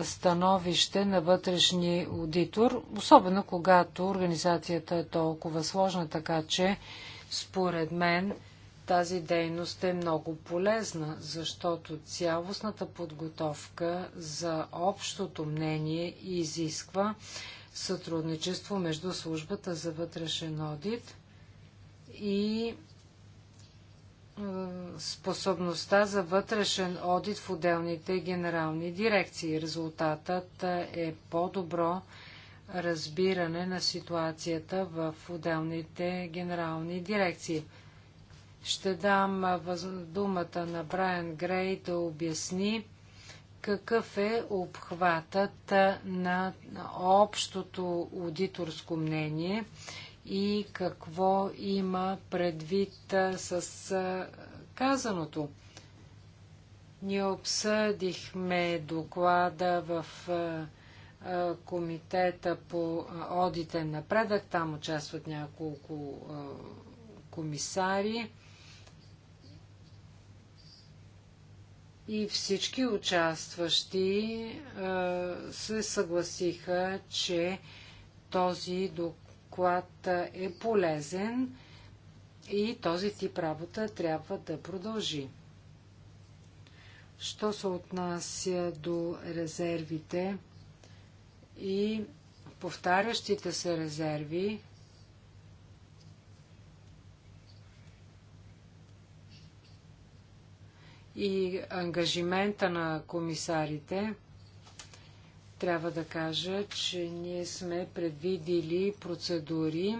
становище на вътрешния аудитор, особено когато организацията е толкова сложна, така че според мен тази дейност е много полезна, защото цялостната подготовка за общото мнение изисква сътрудничество между службата за вътрешен одит и е, способността за вътрешен одит в отделните генерални дирекции. Резултатът е по-добро разбиране на ситуацията в отделните генерални дирекции. Ще дам думата на Брайан Грей да обясни какъв е обхватът на общото аудиторско мнение и какво има предвид с казаното. Ние обсъдихме доклада в комитета по одите напредък. Там участват няколко комисари. и всички участващи се съгласиха, че този доклад е полезен и този тип работа трябва да продължи. Що се отнася до резервите и повтарящите се резерви, и ангажимента на комисарите, трябва да кажа, че ние сме предвидили процедури,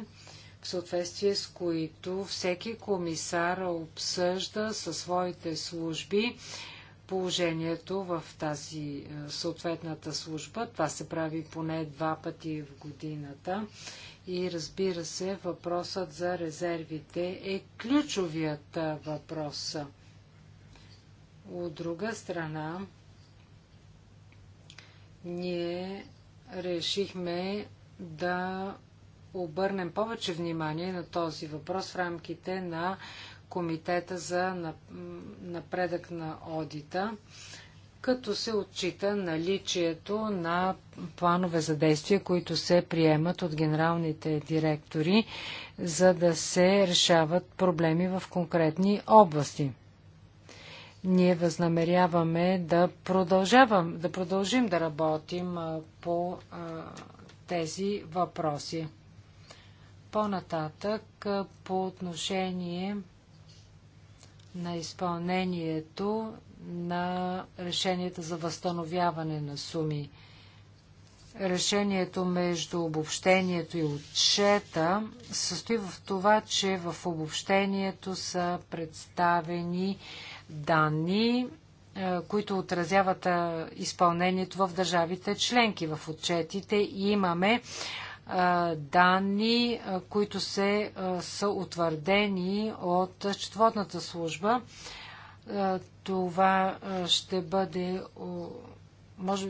в съответствие с които всеки комисар обсъжда със своите служби положението в тази е, съответната служба. Това се прави поне два пъти в годината. И разбира се, въпросът за резервите е ключовият е, въпрос. От друга страна, ние решихме да обърнем повече внимание на този въпрос в рамките на Комитета за напредък на одита, като се отчита наличието на планове за действие, които се приемат от генералните директори, за да се решават проблеми в конкретни области. Ние възнамеряваме да, продължавам, да продължим да работим по тези въпроси. По-нататък, по отношение на изпълнението на решенията за възстановяване на суми. Решението между обобщението и отчета състои в това, че в обобщението са представени данни, е, които отразяват е, изпълнението в държавите членки. В отчетите имаме е, данни, които се, са утвърдени от счетоводната служба. Това ще бъде. Може,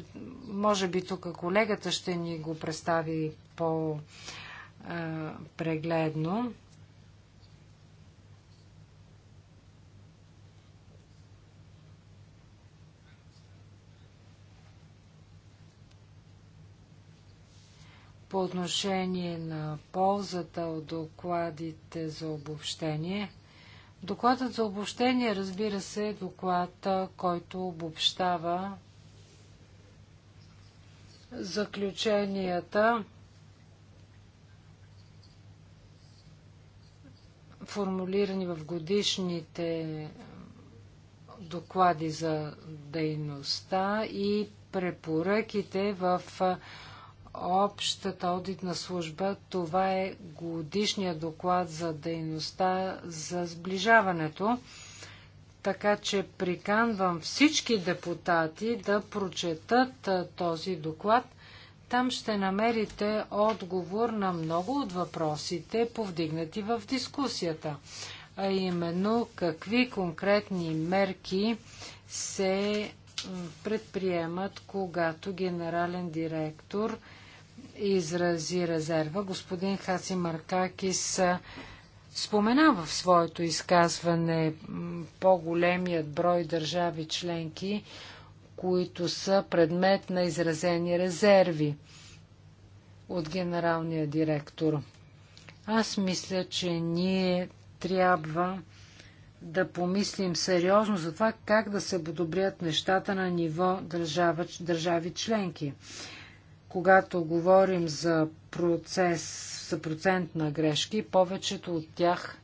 може би тук колегата ще ни го представи по-прегледно. по отношение на ползата от докладите за обобщение. Докладът за обобщение, разбира се, е доклад, който обобщава заключенията, формулирани в годишните доклади за дейността и препоръките в общата одитна служба, това е годишния доклад за дейността за сближаването. Така че приканвам всички депутати да прочетат този доклад. Там ще намерите отговор на много от въпросите, повдигнати в дискусията, а именно какви конкретни мерки се предприемат, когато генерален директор изрази резерва. Господин Хаси Маркакис спомена в своето изказване по-големият брой държави членки, които са предмет на изразени резерви от генералния директор. Аз мисля, че ние трябва да помислим сериозно за това как да се подобрят нещата на ниво държава, държави членки когато говорим за процес, за процент на грешки, повечето от тях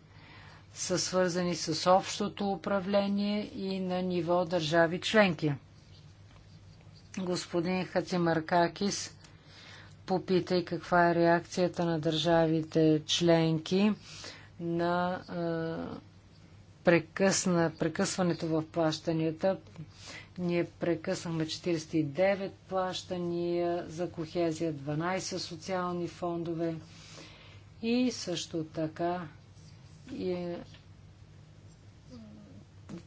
са свързани с общото управление и на ниво държави членки. Господин Хацимаркакис попита и каква е реакцията на държавите членки на прекъсна, прекъсването в плащанията. Ние прекъсваме 49 плащания за кохезия, 12 социални фондове и също така и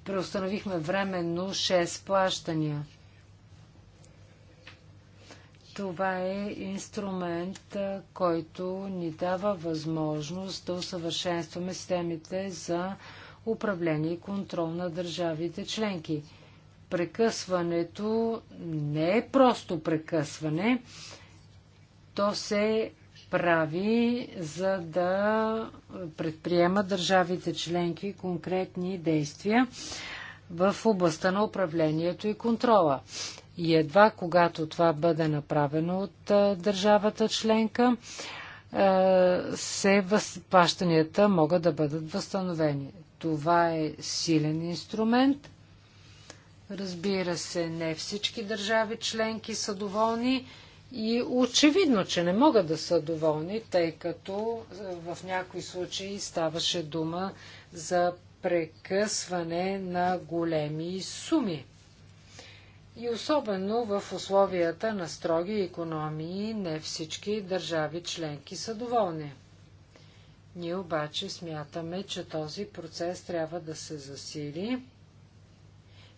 преустановихме временно 6 плащания. Това е инструмент, който ни дава възможност да усъвършенстваме системите за управление и контрол на държавите членки прекъсването не е просто прекъсване. То се прави, за да предприема държавите членки конкретни действия в областта на управлението и контрола. И едва когато това бъде направено от държавата членка, се плащанията могат да бъдат възстановени. Това е силен инструмент, Разбира се, не всички държави членки са доволни и очевидно, че не могат да са доволни, тъй като е, в някои случаи ставаше дума за прекъсване на големи суми. И особено в условията на строги економии не всички държави членки са доволни. Ние обаче смятаме, че този процес трябва да се засили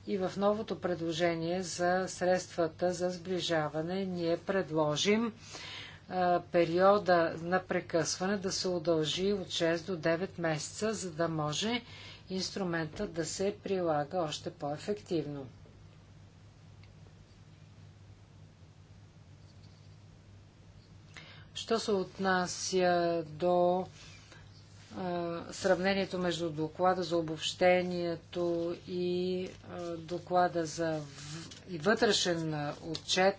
и в новото предложение за средствата за сближаване ние предложим а, периода на прекъсване да се удължи от 6 до 9 месеца, за да може инструмента да се прилага още по-ефективно. Що се отнася до сравнението между доклада за обобщението и доклада за и вътрешен отчет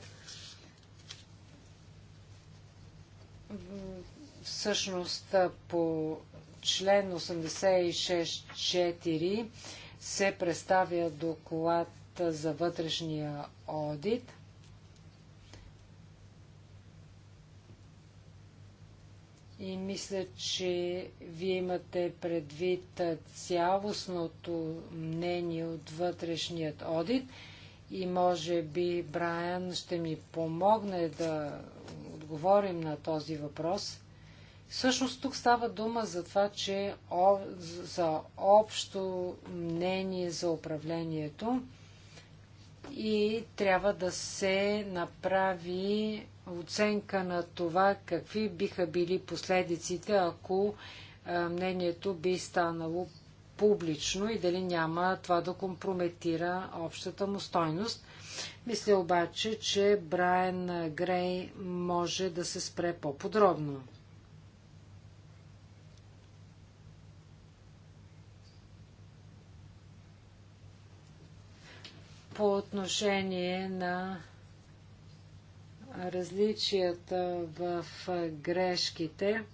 всъщност по член 86.4 се представя доклад за вътрешния одит И мисля, че вие имате предвид цялостното мнение от вътрешният одит и може би Брайан ще ми помогне да отговорим на този въпрос. Всъщност тук става дума за това, че за общо мнение за управлението и трябва да се направи оценка на това какви биха били последиците, ако мнението би станало публично и дали няма това да компрометира общата му стойност. Мисля обаче, че Брайан Грей може да се спре по-подробно. По отношение на различията в грешките.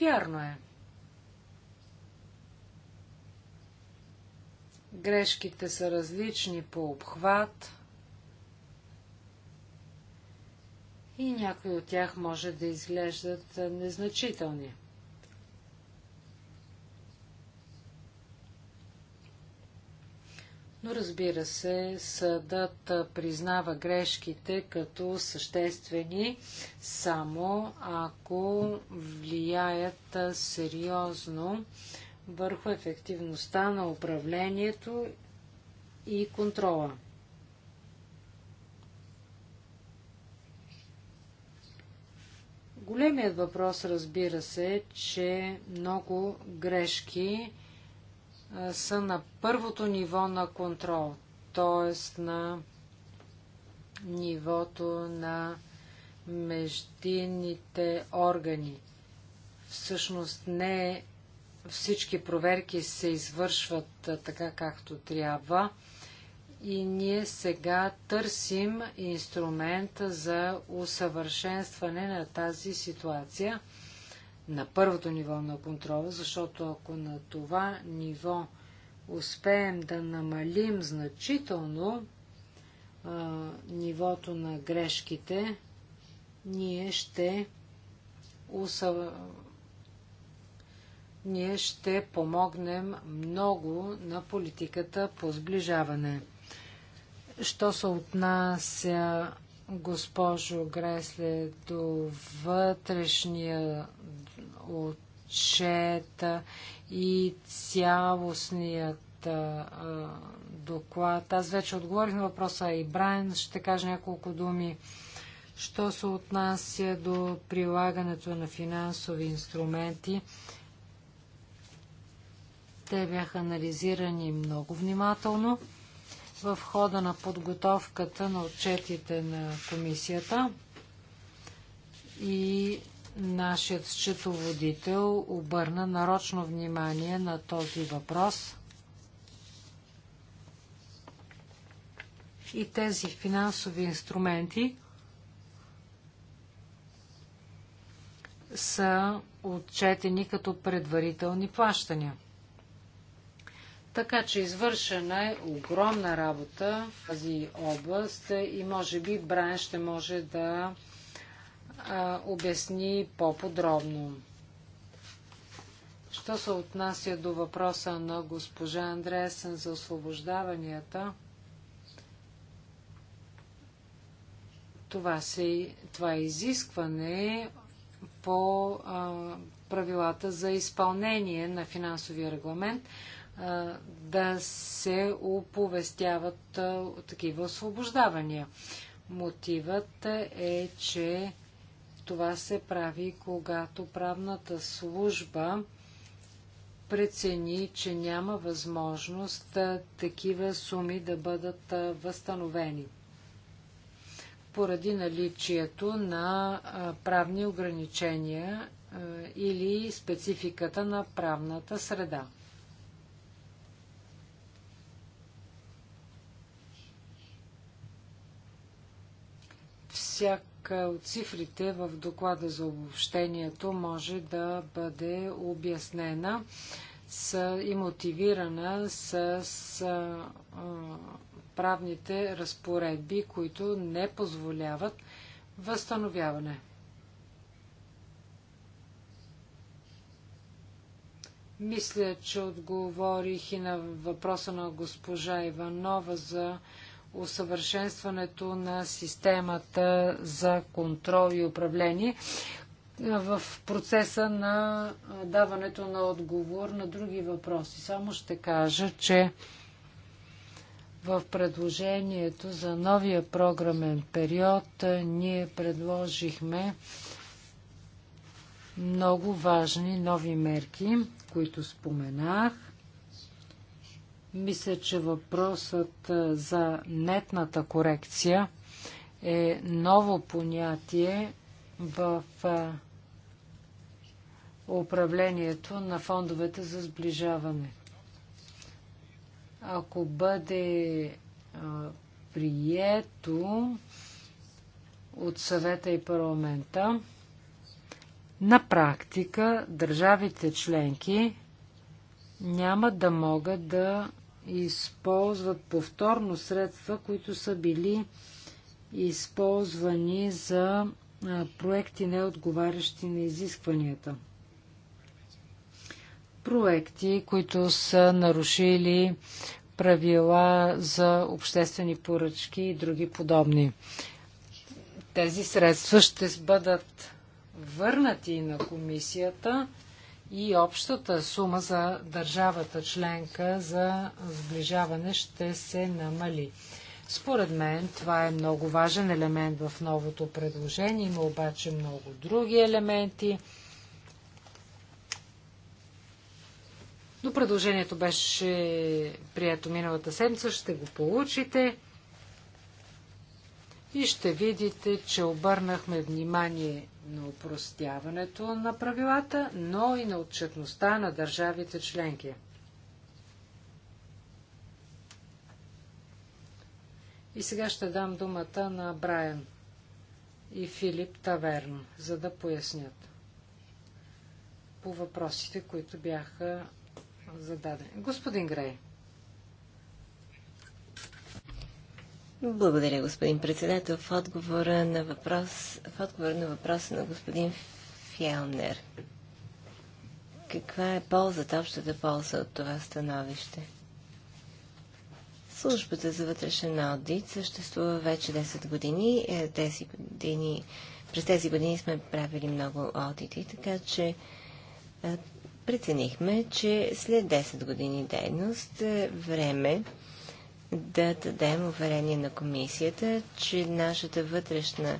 Вярно е. Грешките са различни по обхват и някои от тях може да изглеждат незначителни. Но разбира се, съдът признава грешките като съществени само ако влияят сериозно върху ефективността на управлението и контрола. Големият въпрос, разбира се, е, че много грешки са на първото ниво на контрол, т.е. на нивото на междинните органи. Всъщност не всички проверки се извършват така както трябва и ние сега търсим инструмента за усъвършенстване на тази ситуация на първото ниво на контрола, защото ако на това ниво успеем да намалим значително а, нивото на грешките, ние ще усъв... ние ще помогнем много на политиката по сближаване. Що се отнася, госпожо Гресле, до вътрешния отчета и цялостният а, доклад. Аз вече отговорих на въпроса и Брайан. Ще кажа няколко думи. Що се отнася до прилагането на финансови инструменти, те бяха анализирани много внимателно в хода на подготовката на отчетите на комисията и Нашият счетоводител обърна нарочно внимание на този въпрос. И тези финансови инструменти са отчетени като предварителни плащания. Така че извършена е огромна работа в тази област и може би Брайан ще може да обясни по-подробно. Що се отнася до въпроса на госпожа Андреасен за освобождаванията, това, се, това е изискване по а, правилата за изпълнение на финансовия регламент а, да се оповестяват а, такива освобождавания. Мотивът е, че това се прави, когато правната служба прецени, че няма възможност такива суми да бъдат възстановени поради наличието на правни ограничения или спецификата на правната среда. Всяк от цифрите в доклада за обобщението може да бъде обяснена с, и мотивирана с, с а, правните разпоредби, които не позволяват възстановяване. Мисля, че отговорих и на въпроса на госпожа Иванова за усъвършенстването на системата за контрол и управление в процеса на даването на отговор на други въпроси. Само ще кажа, че в предложението за новия програмен период ние предложихме много важни нови мерки, които споменах мисля, че въпросът за нетната корекция е ново понятие в управлението на фондовете за сближаване. Ако бъде прието от съвета и парламента, на практика държавите членки няма да могат да използват повторно средства, които са били използвани за проекти, не отговарящи на изискванията. Проекти, които са нарушили правила за обществени поръчки и други подобни. Тези средства ще бъдат върнати на комисията и общата сума за държавата членка за сближаване ще се намали. Според мен това е много важен елемент в новото предложение. Има обаче много други елементи. Но предложението беше прието миналата седмица. Ще го получите и ще видите, че обърнахме внимание на упростяването на правилата, но и на отчетността на държавите членки. И сега ще дам думата на Брайан и Филип Таверн, за да пояснят по въпросите, които бяха зададени. Господин Грей, Благодаря, господин председател. В отговора на въпрос, в отговор на въпроса на господин Фялнер. Каква е ползата, общата полза от това становище? Службата за вътрешен аудит съществува вече 10 години. Е, тези години през тези години сме правили много аудити, така че е, преценихме, че след 10 години дейност е време да дадем уверение на комисията, че нашата вътрешна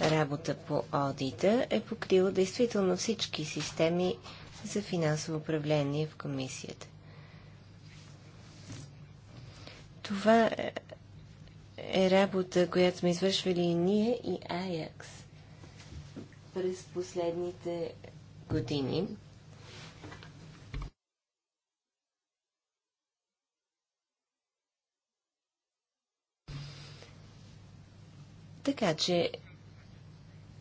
работа по одита е покрила действително всички системи за финансово управление в комисията. Това е работа, която сме извършвали и ние, и Аякс през последните години. Така че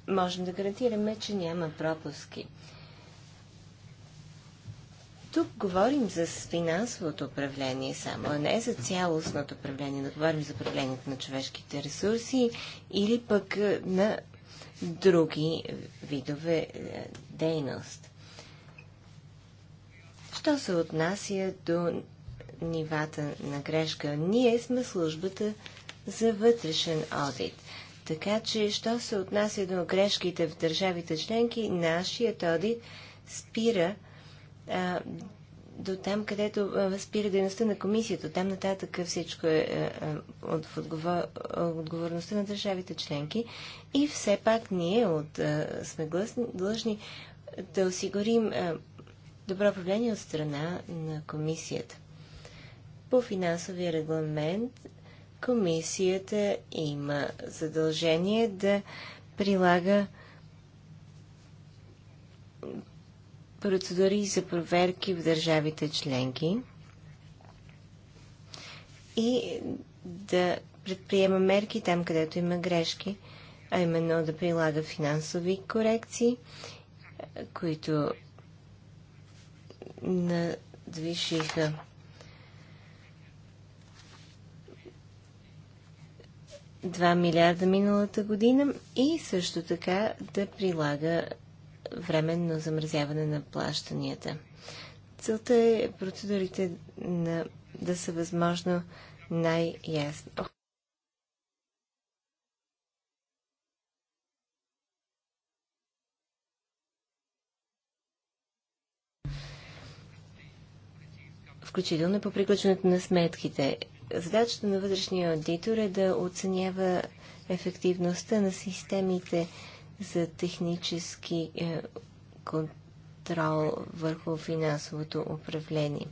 можем да гарантираме, че няма пропуски. Тук говорим за финансовото управление само, а не за цялостното управление. Да говорим за управлението на човешките ресурси или пък е, на други видове е, дейност. Що се отнася до нивата на грешка? Ние сме службата за вътрешен одит. Така че, що се отнася до грешките в държавите членки, нашият одит спира а, до там, където а, спира дейността на комисията. Там нататък всичко е а, е, е, от, в отговор, отговорността на държавите членки. И все пак ние от, а, сме длъжни да осигурим а, добро управление от страна на комисията. По финансовия регламент комисията има задължение да прилага процедури за проверки в държавите членки и да предприема мерки там, където има грешки, а именно да прилага финансови корекции, които надвишиха 2 милиарда миналата година и също така да прилага временно замразяване на плащанията. Целта е процедурите на, да са възможно най-ясно. Включително по приключването на сметките задачата на вътрешния аудитор е да оценява ефективността на системите за технически е, контрол върху финансовото управление.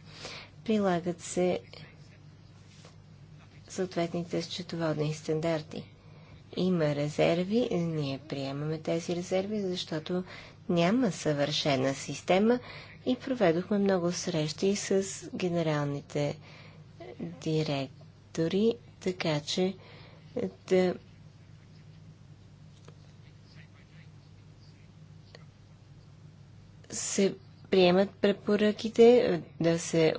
Прилагат се съответните счетоводни стандарти. Има резерви, ние приемаме тези резерви, защото няма съвършена система и проведохме много срещи с генералните директори, така че да се приемат препоръките, да се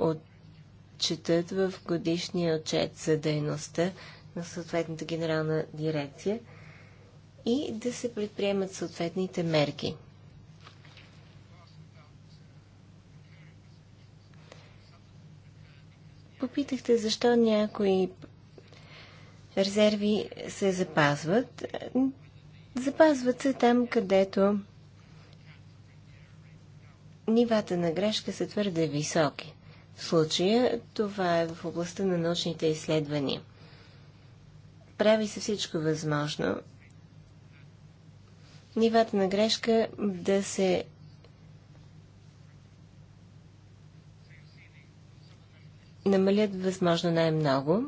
отчитат в годишния отчет за дейността на съответната генерална дирекция и да се предприемат съответните мерки. попитахте защо някои резерви се запазват. Запазват се там, където нивата на грешка са твърде високи. В случая това е в областта на научните изследвания. Прави се всичко възможно нивата на грешка да се намалят възможно най-много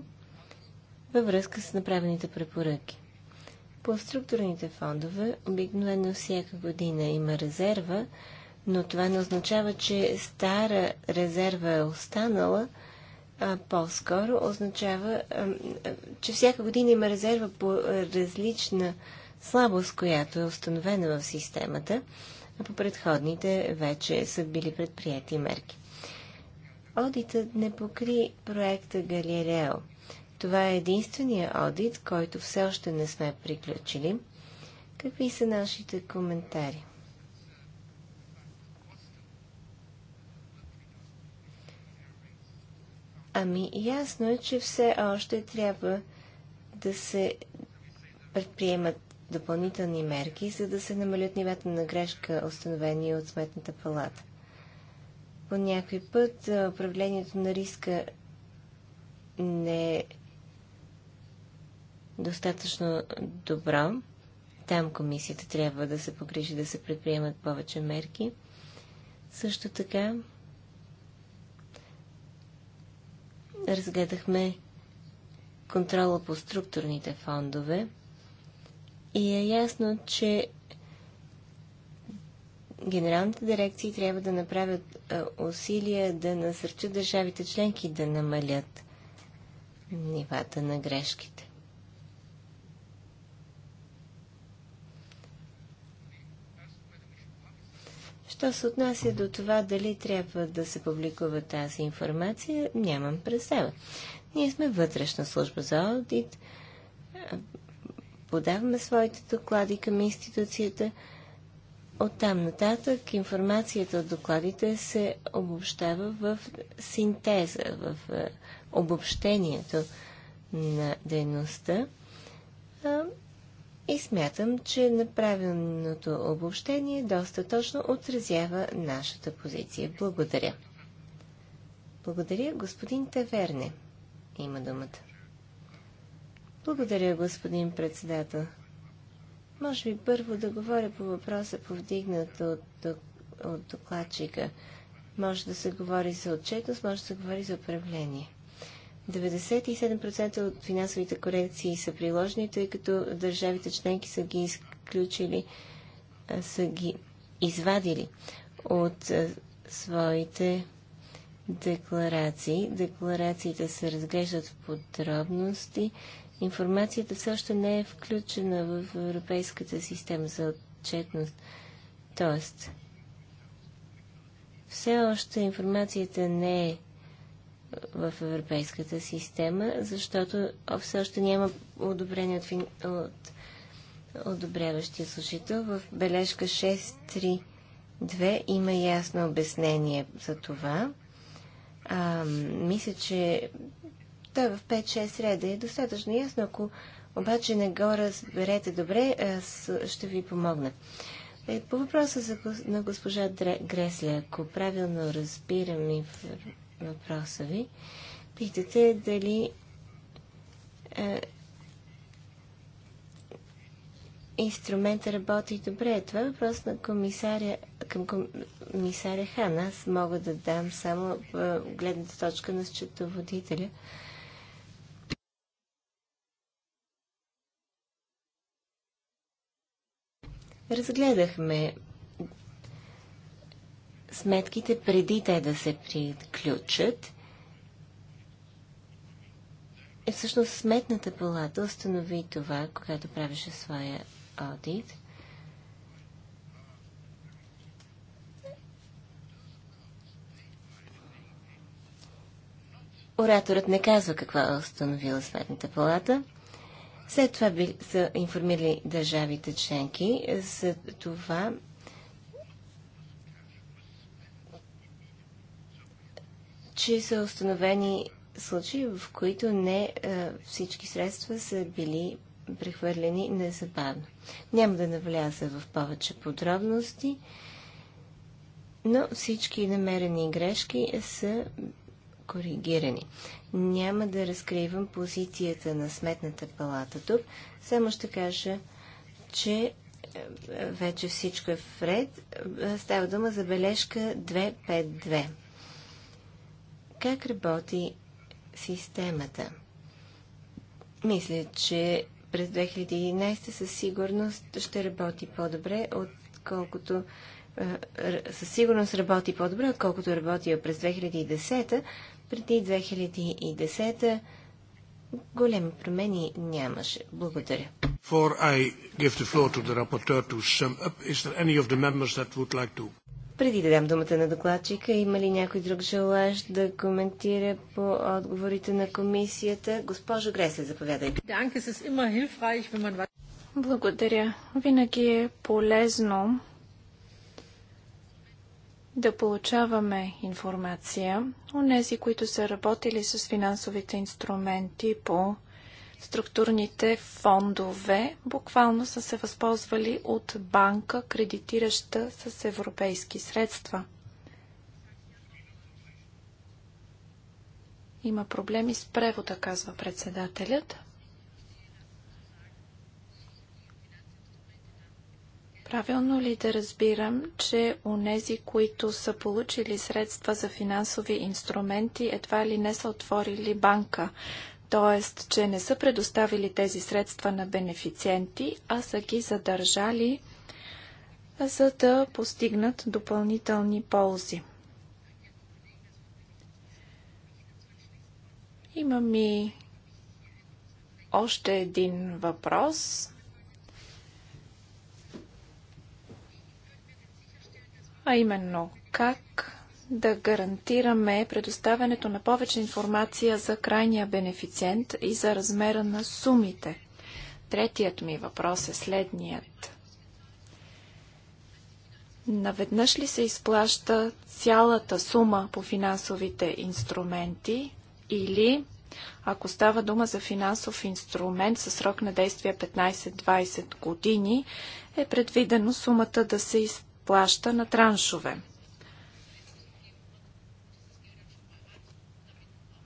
във връзка с направените препоръки. По структурните фондове обикновено всяка година има резерва, но това не означава, че стара резерва е останала, а по-скоро означава, че всяка година има резерва по различна слабост, която е установена в системата, а по предходните вече са били предприяти мерки. Одитът не покри проекта Галилео. Това е единствения одит, който все още не сме приключили. Какви са нашите коментари? Ами ясно е, че все още трябва да се предприемат допълнителни мерки, за да се намалят нивата на грешка, установени от Сметната палата. По някой път управлението на риска не е достатъчно добро. Там комисията трябва да се погрижи да се предприемат повече мерки. Също така разгледахме контрола по структурните фондове и е ясно, че генералните дирекции трябва да направят усилия да насърчат държавите членки да намалят нивата на грешките. Що се отнася до това дали трябва да се публикува тази информация, нямам представа. Ние сме вътрешна служба за аудит, подаваме своите доклади към институцията, Оттам нататък информацията от докладите се обобщава в синтеза, в е, обобщението на дейността. И смятам, че направеното обобщение доста точно отразява нашата позиция. Благодаря. Благодаря, господин Таверне. Има думата. Благодаря, господин председател. Може би първо да говоря по въпроса, повдигнат от, от докладчика. Може да се говори за отчетност, може да се говори за управление. 97% от финансовите корекции са приложени, тъй като държавите членки са ги изключили, са ги извадили от своите декларации. Декларациите се разглеждат в подробности Информацията все още не е включена в Европейската система за отчетност. Тоест, все още информацията не е в Европейската система, защото все още няма одобрение от, от одобряващия служител. В бележка 6.3.2 има ясно обяснение за това. А, мисля, че той е в 5-6 реда е достатъчно ясно. Ако обаче не го разберете добре, аз ще ви помогна. Е, по въпроса за, на госпожа Гресля. ако правилно разбирам и въпроса ви, питате дали е, инструмента работи добре. Това е въпрос на комисаря, към комисаря Хан. Аз мога да дам само е, гледната точка на счетоводителя. Разгледахме сметките преди те да се приключат. И всъщност сметната палата установи това, когато правеше своя аудит. Ораторът не казва какво е установила сметната палата – след това би, са информирали държавите членки за това, че са установени случаи, в които не е, всички средства са били прехвърлени незабавно. Няма да навляза в повече подробности, но всички намерени грешки са коригирани. Няма да разкривам позицията на Сметната палата тук, само ще кажа, че е, вече всичко е вред. Е, става дума за бележка 252. Как работи системата? Мисля, че през 2011 със сигурност ще работи по-добре, отколкото е, със сигурност работи по-добре, отколкото работи през 2010, преди 2010 големи промени нямаше. Благодаря. For I give the the the floor to to rapporteur sum up, is there any of members that would Like to... Преди да дам думата на докладчика, има ли някой друг желаящ да коментира по отговорите на комисията? Госпожо Гресе, заповядайте. Благодаря. Винаги е полезно да получаваме информация от тези, които са работили с финансовите инструменти по структурните фондове, буквално са се възползвали от банка, кредитираща с европейски средства. Има проблеми с превода, казва председателят. Правилно ли да разбирам, че нези, които са получили средства за финансови инструменти, едва ли не са отворили банка? Тоест, че не са предоставили тези средства на бенефициенти, а са ги задържали, за да постигнат допълнителни ползи. Имам и още един въпрос а именно как да гарантираме предоставянето на повече информация за крайния бенефициент и за размера на сумите. Третият ми въпрос е следният. Наведнъж ли се изплаща цялата сума по финансовите инструменти или ако става дума за финансов инструмент със срок на действие 15-20 години, е предвидено сумата да се изплаща плаща на траншове.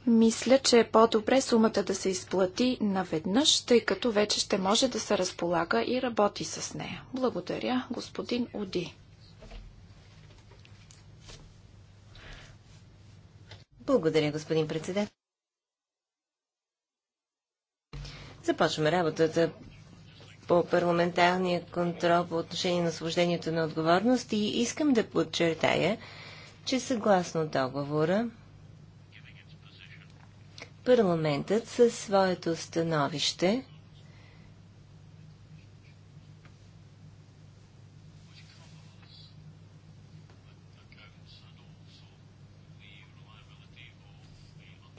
Мисля, че е по-добре сумата да се изплати наведнъж, тъй като вече ще може да се разполага и работи с нея. Благодаря, господин Уди. Благодаря, господин председател. Започваме работата по парламентарния контрол по отношение на освобождението на отговорност и искам да подчертая, че съгласно договора парламентът със своето становище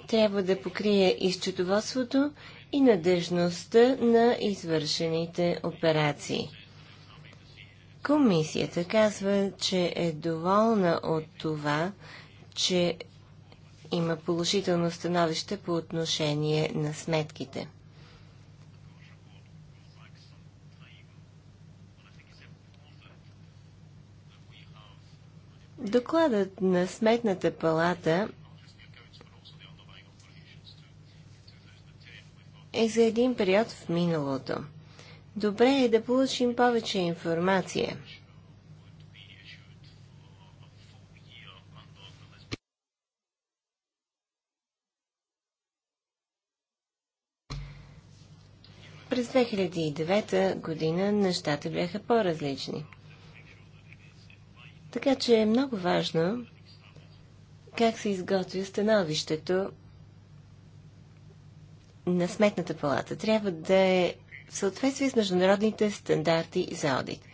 трябва да покрие изчетоводството и надежността на извършените операции. Комисията казва, че е доволна от това, че има положително становище по отношение на сметките. Докладът на Сметната палата е за един период в миналото. Добре е да получим повече информация. През 2009 година нещата бяха по-различни. Така че е много важно как се изготвя становището на Сметната палата трябва да е в съответствие с международните стандарти за одит.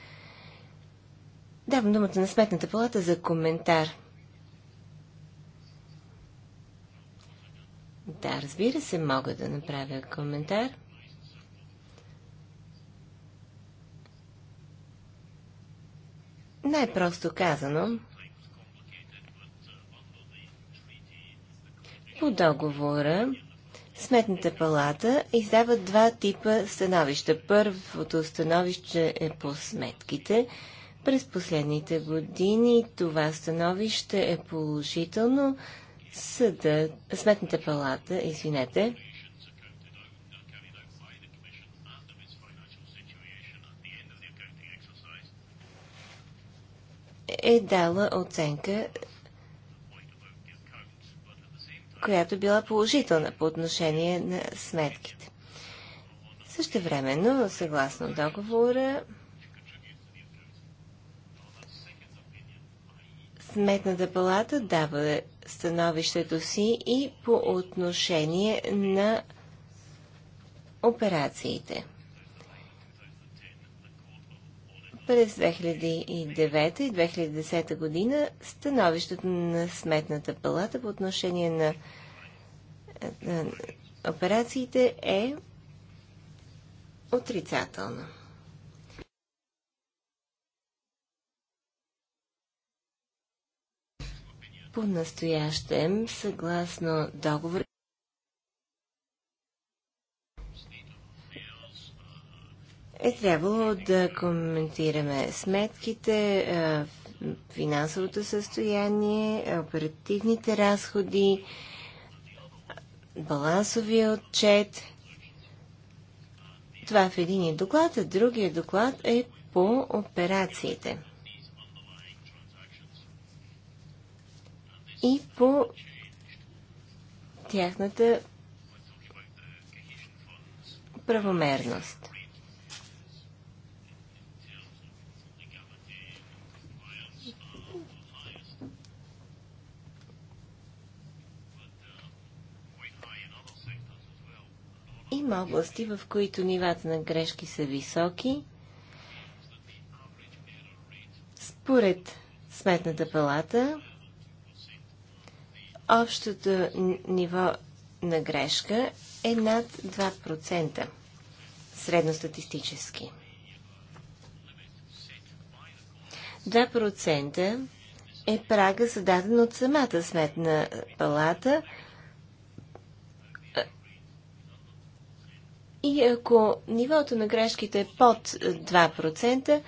Давам думата на Сметната палата за коментар. Да, разбира се, мога да направя коментар. Най-просто казано, по договора Сметната палата издава два типа становища. Първото становище е по сметките. През последните години това становище е положително. Съда, Сметната палата, извинете, е дала оценка която е била положителна по отношение на сметките. Също времено, съгласно договора, Сметната палата дава становището си и по отношение на операциите. През 2009 и 2010 година становището на Сметната палата по отношение на е, е, операциите е отрицателно. По-настоящем, съгласно договор, е трябвало да коментираме сметките, е, финансовото състояние, оперативните разходи, балансовия отчет. Това е в един доклад, а другия доклад е по операциите. И по тяхната правомерност. Има области, в които нивата на грешки са високи. Според Сметната палата, общото ниво на грешка е над 2% средностатистически. 2% е прага зададен от самата сметна палата – И ако нивото на грешките е под 2%, е,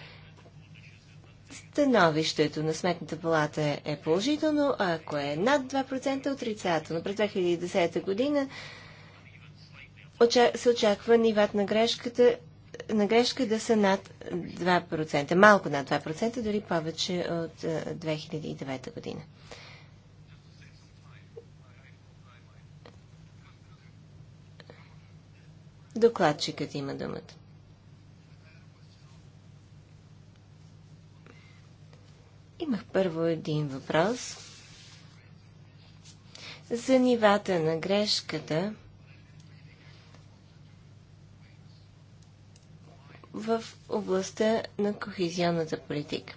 становището на Сметната палата е положително, а ако е над 2% отрицателно. През 2010 година се очаква нивата на грешката на грешка да са над 2%, малко над 2%, дори повече от 2009 е, година. Докладчикът има думата. Имах първо един въпрос за нивата на грешката в областта на кохезионната политика.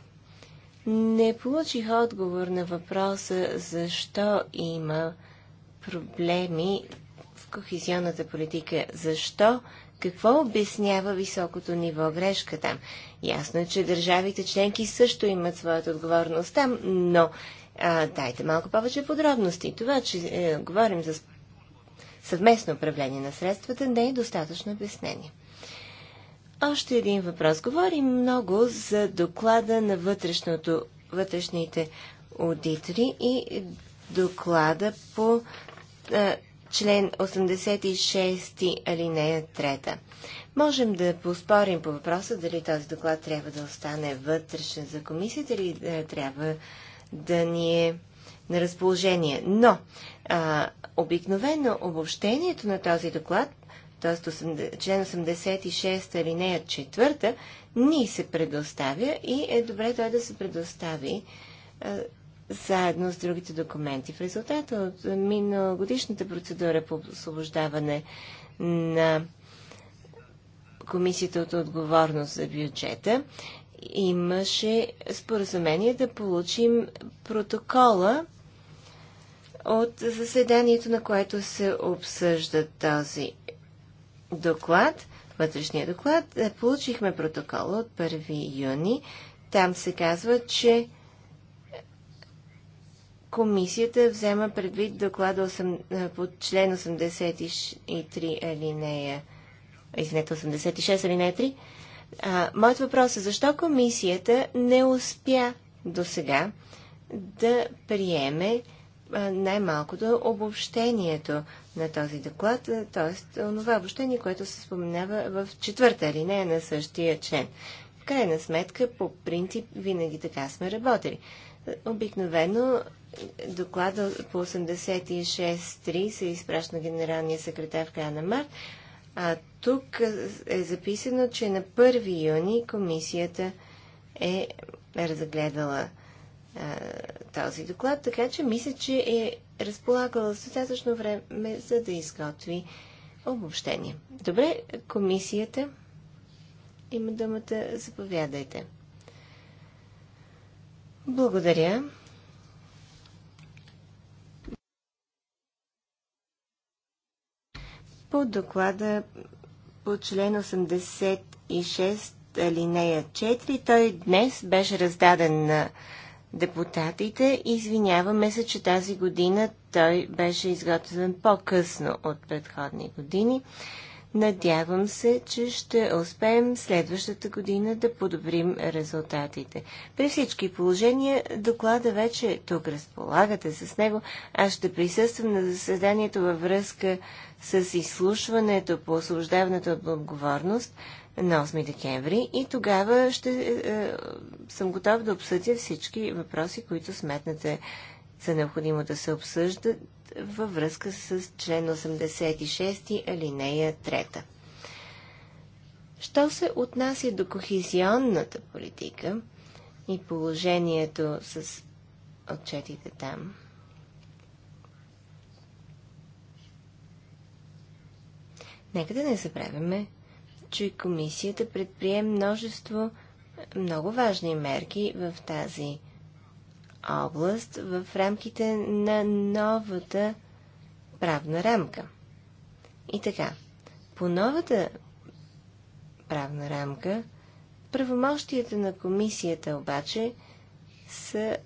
Не получих отговор на въпроса защо има проблеми кохезионната политика. Защо? Какво обяснява високото ниво грешка там? Ясно е, че държавите членки също имат своята отговорност там, но а, дайте малко повече подробности. Това, че е, говорим за съвместно управление на средствата, не е достатъчно обяснение. Още един въпрос. Говорим много за доклада на вътрешното, вътрешните аудитори и доклада по а, е, член 86 алинея 3. Можем да поспорим по въпроса дали този доклад трябва да остане вътрешен за комисията или да е, трябва да ни е на разположение. Но а, обикновено обобщението на този доклад, т.е. член 86 алинея 4, ни се предоставя и е добре той да се предостави е, заедно с другите документи. В резултат от миналогодишната процедура по освобождаване на Комисията от отговорност за бюджета, имаше споразумение да получим протокола от заседанието, на което се обсъжда този доклад, вътрешния доклад. Получихме протокола от 1 юни. Там се казва, че комисията взема предвид доклада 8, е, по член 83 алинея, извинете, 86 алинея 3. А, моят въпрос е, защо комисията не успя до сега да приеме е, най-малкото обобщението на този доклад, е, т.е. това обобщение, което се споменава в четвърта алинея на същия член. В крайна сметка, по принцип, винаги така сме работили. Обикновено доклада по 86.3 се изпраща на генералния секретар в края на март. А тук е записано, че на 1 юни комисията е разгледала а, този доклад, така че мисля, че е разполагала с достатъчно време, за да изготви обобщение. Добре, комисията има думата, заповядайте. Благодаря. по доклада по член 86 алинея 4. Той днес беше раздаден на депутатите. Извиняваме се, че тази година той беше изготвен по-късно от предходни години. Надявам се, че ще успеем следващата година да подобрим резултатите. При всички положения доклада вече е тук, разполагате с него. Аз ще присъствам на заседанието във връзка с изслушването по освобождаването от отговорност на 8 декември и тогава ще е, е, съм готов да обсъдя всички въпроси, които сметнате за необходимо да се обсъждат във връзка с член 86 алинея 3. Що се отнася до кохезионната политика и положението с отчетите там? Нека да не забравяме, че комисията предприе множество много важни мерки в тази област в рамките на новата правна рамка. И така, по новата правна рамка, правомощията на комисията обаче са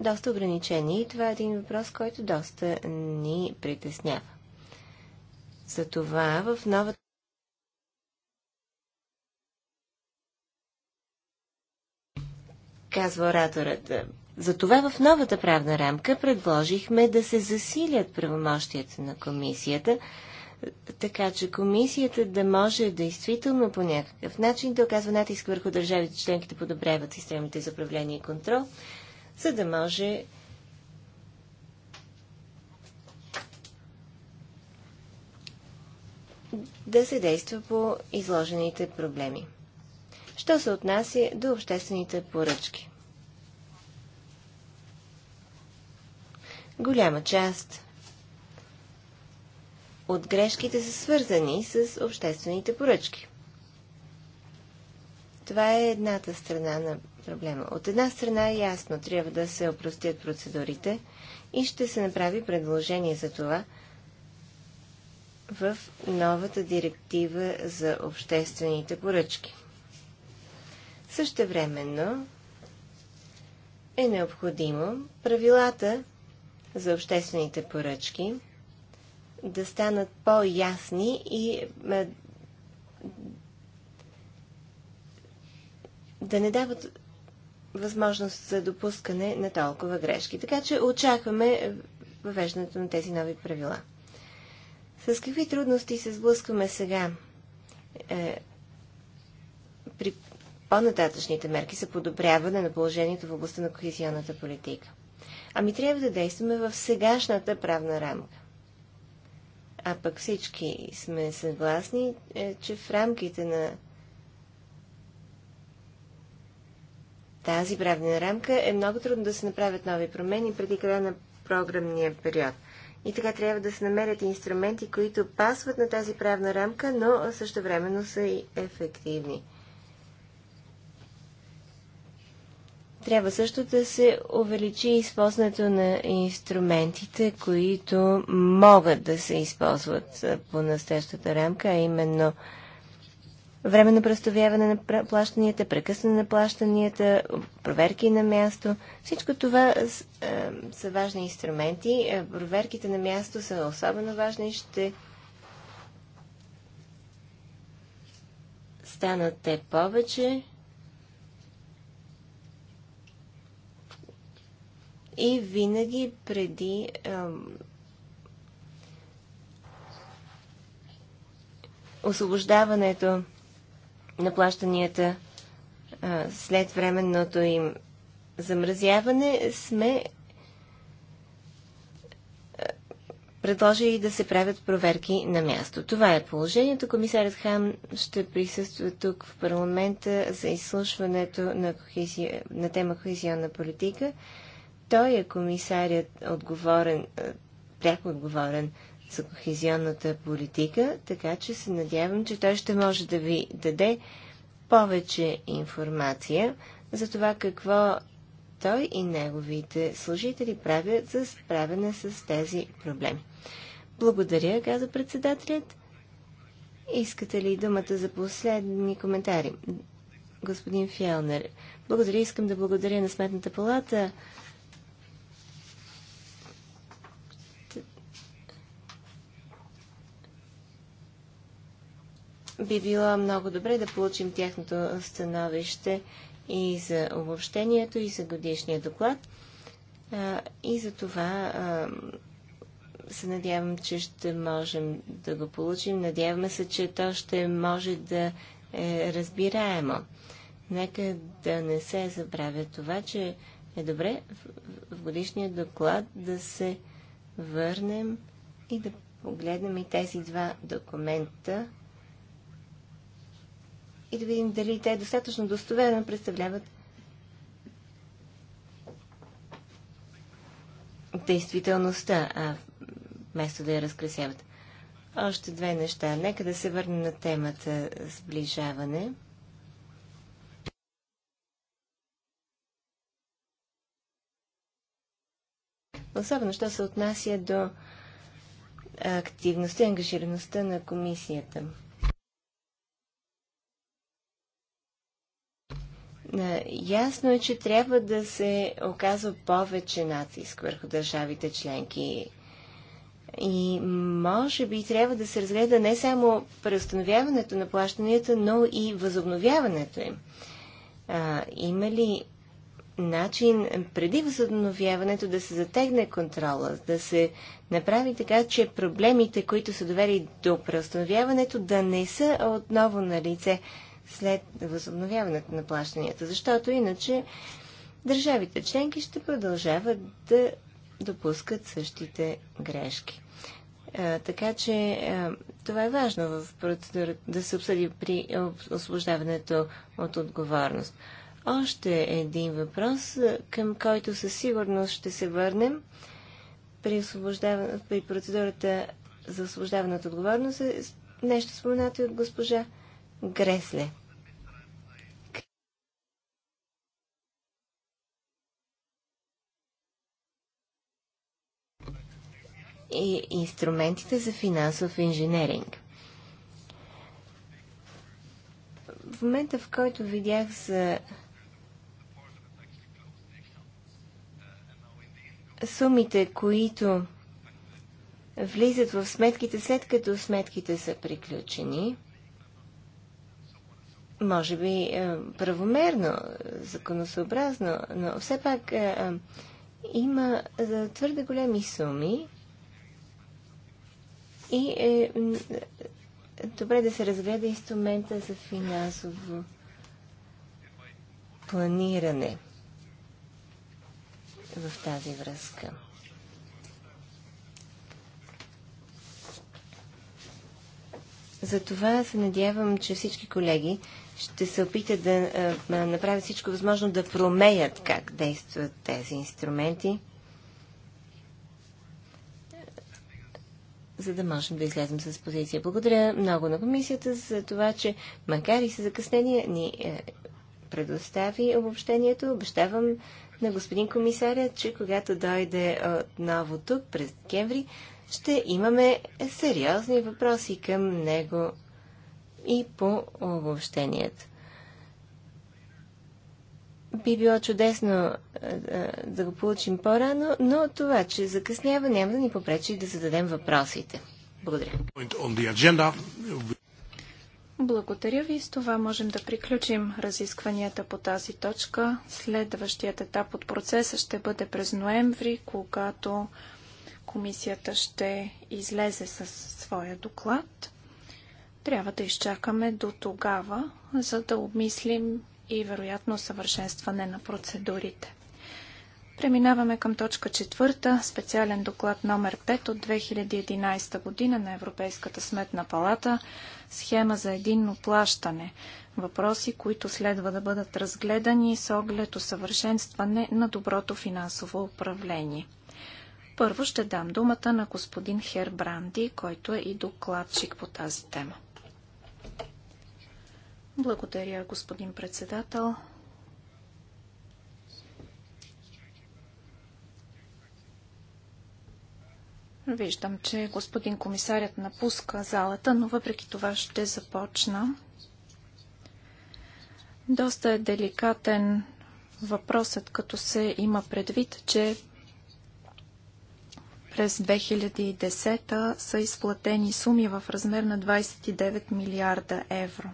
доста ограничени и това е един въпрос, който доста ни притеснява. Затова в новата казва ораторът. Затова в новата правна рамка предложихме да се засилят правомощията на комисията, така че комисията да може действително по някакъв начин да оказва натиск върху държавите членки да подобряват системите за управление и контрол, за да може да се действа по изложените проблеми що се отнася до обществените поръчки. Голяма част от грешките са свързани с обществените поръчки. Това е едната страна на проблема. От една страна е ясно, трябва да се опростят процедурите и ще се направи предложение за това в новата директива за обществените поръчки. Същевременно е необходимо правилата за обществените поръчки да станат по-ясни и да не дават възможност за допускане на толкова грешки. Така че очакваме въвеждането на тези нови правила. С какви трудности се сблъскваме сега е, при по-нататъчните мерки са подобряване на положението в областта на кохезионната политика? Ами трябва да действаме в сегашната правна рамка. А пък всички сме съгласни, е, че в рамките на тази правна рамка е много трудно да се направят нови промени преди края на програмния период. И така трябва да се намерят инструменти, които пасват на тази правна рамка, но също времено са и ефективни. Трябва също да се увеличи използването на инструментите, които могат да се използват по настоящата рамка, а именно време на преставяване на плащанията, прекъсване на плащанията, проверки на място. Всичко това са важни инструменти. Проверките на място са особено важни. Ще станат те повече. и винаги преди ам, освобождаването на плащанията а, след временното им замразяване сме предложили да се правят проверки на място. Това е положението. Комисарят Хам ще присъства тук в парламента за изслушването на, кохизия, на тема кохезионна политика. Той е комисарят отговорен, е, пряко отговорен за кохезионната политика, така че се надявам, че той ще може да ви даде повече информация за това какво той и неговите служители правят за справяне с тези проблеми. Благодаря, каза председателят. Искате ли думата за последни коментари? Господин Фелнер, благодаря. Искам да благодаря на Сметната палата би било много добре да получим тяхното становище и за обобщението, и за годишния доклад. и за това се надявам, че ще можем да го получим. Надяваме се, че то ще може да е разбираемо. Нека да не се забравя това, че е добре в, в годишния доклад да се върнем и да погледнем и тези два документа, и да видим дали те достатъчно достоверно представляват действителността, а вместо да я разкрасяват. Още две неща. Нека да се върнем на темата сближаване. Особено, що се отнася до активността и ангажираността на комисията. Е, ясно е, че трябва да се оказва повече натиск върху държавите членки. И може би трябва да се разгледа не само преустановяването на плащанията, но и възобновяването им. А, има ли начин преди възобновяването да се затегне контрола, да се направи така, че проблемите, които са довели до преустановяването, да не са отново на лице след възобновяването на плащанията, защото иначе държавите членки ще продължават да допускат същите грешки. А, така че а, това е важно в процедурата да се обсъди при освобождаването от отговорност. Още един въпрос, към който със сигурност ще се върнем при, освобождаване, при процедурата за освобождаване от отговорност е нещо споменато от госпожа Гресле. И инструментите за финансов инженеринг. В момента, в който видях за сумите, които влизат в сметките след като сметките са приключени, може би е, правомерно, законосъобразно, но все пак е, е, има твърде големи суми и е добре да се разгледа инструмента за финансово планиране в тази връзка. Затова се надявам, че всички колеги ще се опитат да направят всичко възможно да промеят как действат тези инструменти, за да можем да излезем с позиция. Благодаря много на комисията за това, че макар и с закъснение ни е, предостави обобщението. Обещавам на господин комисаря, че когато дойде отново тук през декември, ще имаме сериозни въпроси към него и по обобщението. Би било чудесно да го получим по-рано, но това, че закъснява, няма да ни попречи да зададем въпросите. Благодаря. Благодаря ви. С това можем да приключим разискванията по тази точка. Следващият етап от процеса ще бъде през ноември, когато комисията ще излезе със своя доклад. Трябва да изчакаме до тогава, за да обмислим и вероятно съвършенстване на процедурите. Преминаваме към точка четвърта, специален доклад номер 5 от 2011 година на Европейската сметна палата, схема за единно плащане. Въпроси, които следва да бъдат разгледани с оглед усъвършенстване на доброто финансово управление. Първо ще дам думата на господин Хер Бранди, който е и докладчик по тази тема. Благодаря, господин председател. Виждам, че господин комисарят напуска залата, но въпреки това ще започна. Доста е деликатен въпросът, като се има предвид, че през 2010 са изплатени суми в размер на 29 милиарда евро.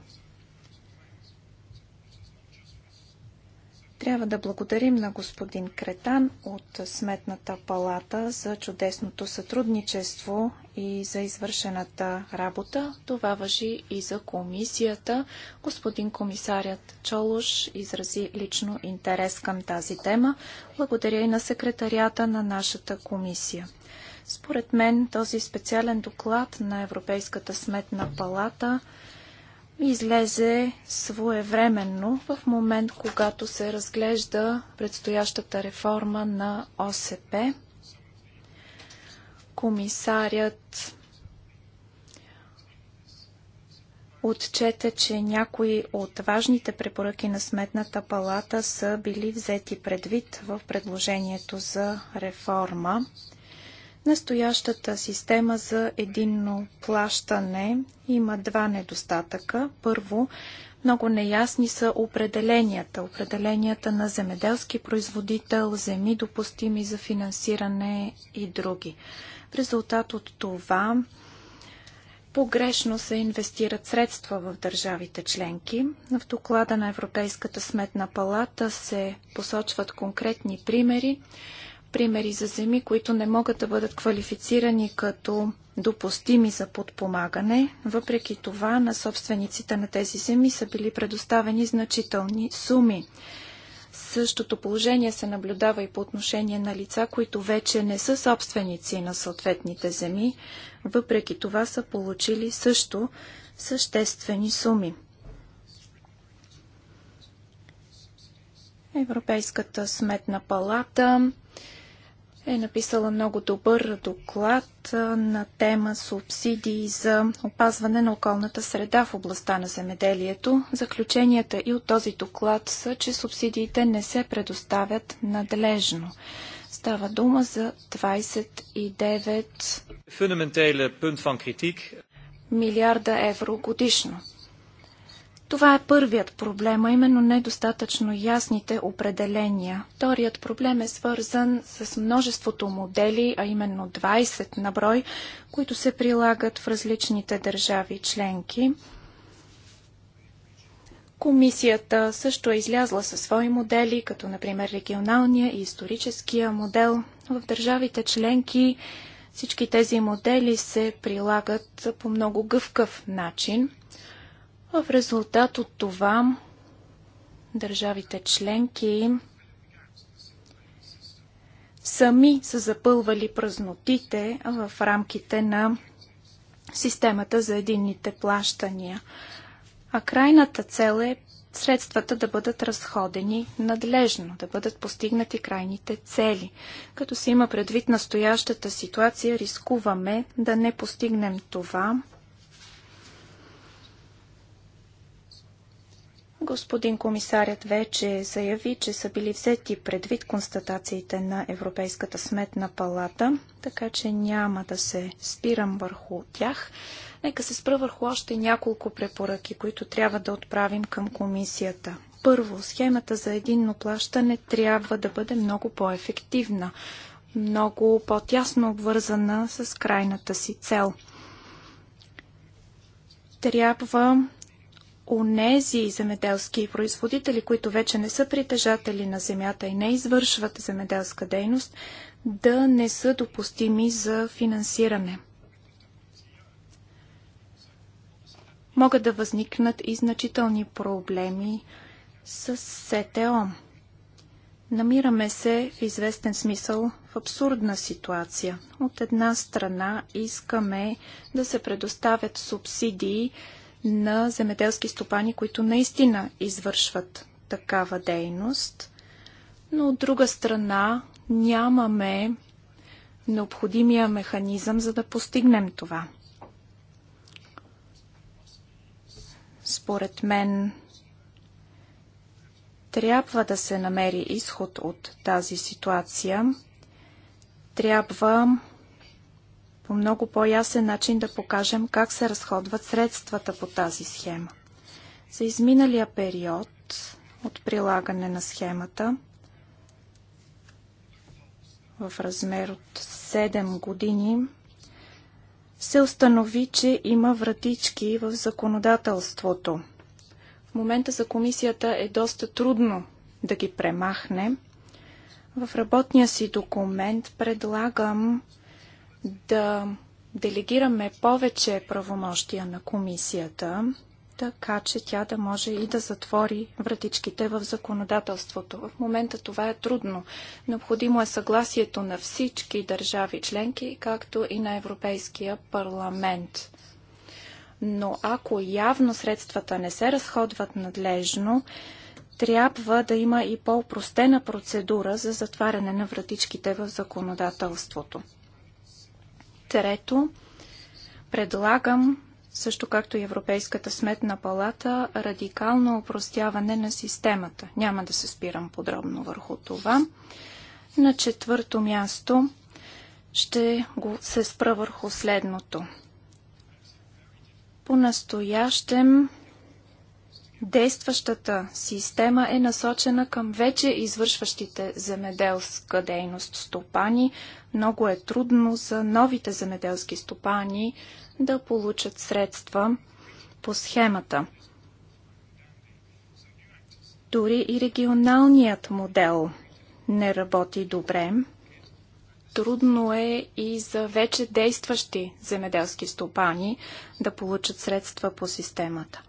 Трябва да благодарим на господин Кретан от Сметната палата за чудесното сътрудничество и за извършената работа. Това въжи и за комисията. Господин комисарят Чолош изрази лично интерес към тази тема. Благодаря и на секретарията на нашата комисия. Според мен този специален доклад на Европейската сметна палата – излезе своевременно в момент, когато се разглежда предстоящата реформа на ОСП. Комисарят отчете, че някои от важните препоръки на Сметната палата са били взети предвид в предложението за реформа. Настоящата система за единно плащане има два недостатъка. Първо, много неясни са определенията. Определенията на земеделски производител, земи допустими за финансиране и други. В резултат от това погрешно се инвестират средства в държавите членки. В доклада на Европейската сметна палата се посочват конкретни примери, примери за земи, които не могат да бъдат квалифицирани като допустими за подпомагане. Въпреки това на собствениците на тези земи са били предоставени значителни суми. Същото положение се наблюдава и по отношение на лица, които вече не са собственици на съответните земи, въпреки това са получили също съществени суми. Европейската сметна палата е написала много добър доклад на тема субсидии за опазване на околната среда в областта на земеделието. Заключенията и от този доклад са, че субсидиите не се предоставят надлежно. Става дума за 29 милиарда евро годишно. Това е първият проблем, а именно недостатъчно ясните определения. Вторият проблем е свързан с множеството модели, а именно 20 на брой, които се прилагат в различните държави членки. Комисията също е излязла със свои модели, като например регионалния и историческия модел. В държавите членки всички тези модели се прилагат по много гъвкав начин – в резултат от това държавите членки сами са запълвали празнотите в рамките на системата за единните плащания. А крайната цел е средствата да бъдат разходени надлежно, да бъдат постигнати крайните цели. Като се има предвид настоящата ситуация, рискуваме да не постигнем това Господин комисарят вече заяви, че са били взети предвид констатациите на Европейската сметна палата, така че няма да се спирам върху тях. Нека се спра върху още няколко препоръки, които трябва да отправим към комисията. Първо, схемата за единно плащане трябва да бъде много по-ефективна, много по-тясно обвързана с крайната си цел. Трябва онези земеделски производители, които вече не са притежатели на земята и не извършват земеделска дейност, да не са допустими за финансиране. Могат да възникнат и значителни проблеми с СТО. Намираме се в известен смисъл в абсурдна ситуация. От една страна искаме да се предоставят субсидии на земеделски стопани, които наистина извършват такава дейност. Но от друга страна нямаме необходимия механизъм, за да постигнем това. Според мен трябва да се намери изход от тази ситуация. Трябва по много по-ясен начин да покажем как се разходват средствата по тази схема. За изминалия период от прилагане на схемата в размер от 7 години се установи, че има вратички в законодателството. В момента за комисията е доста трудно да ги премахне. В работния си документ предлагам да делегираме повече правомощия на комисията, така че тя да може и да затвори вратичките в законодателството. В момента това е трудно. Необходимо е съгласието на всички държави членки, както и на Европейския парламент. Но ако явно средствата не се разходват надлежно, трябва да има и по-простена процедура за затваряне на вратичките в законодателството. Трето, предлагам, също както и Европейската сметна палата, радикално упростяване на системата. Няма да се спирам подробно върху това. На четвърто място ще го се спра върху следното. По-настоящем Действащата система е насочена към вече извършващите земеделска дейност стопани. Много е трудно за новите земеделски стопани да получат средства по схемата. Дори и регионалният модел не работи добре. Трудно е и за вече действащи земеделски стопани да получат средства по системата.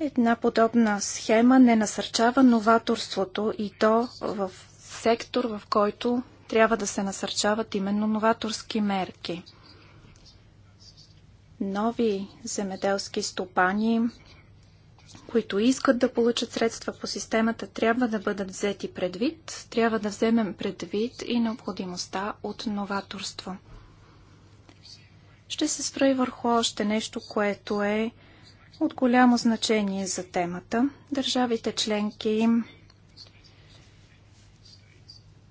Една подобна схема не насърчава новаторството и то в сектор, в който трябва да се насърчават именно новаторски мерки. Нови земеделски стопани, които искат да получат средства по системата, трябва да бъдат взети предвид. Трябва да вземем предвид и необходимостта от новаторство. Ще се спра и върху още нещо, което е от голямо значение за темата. Държавите членки им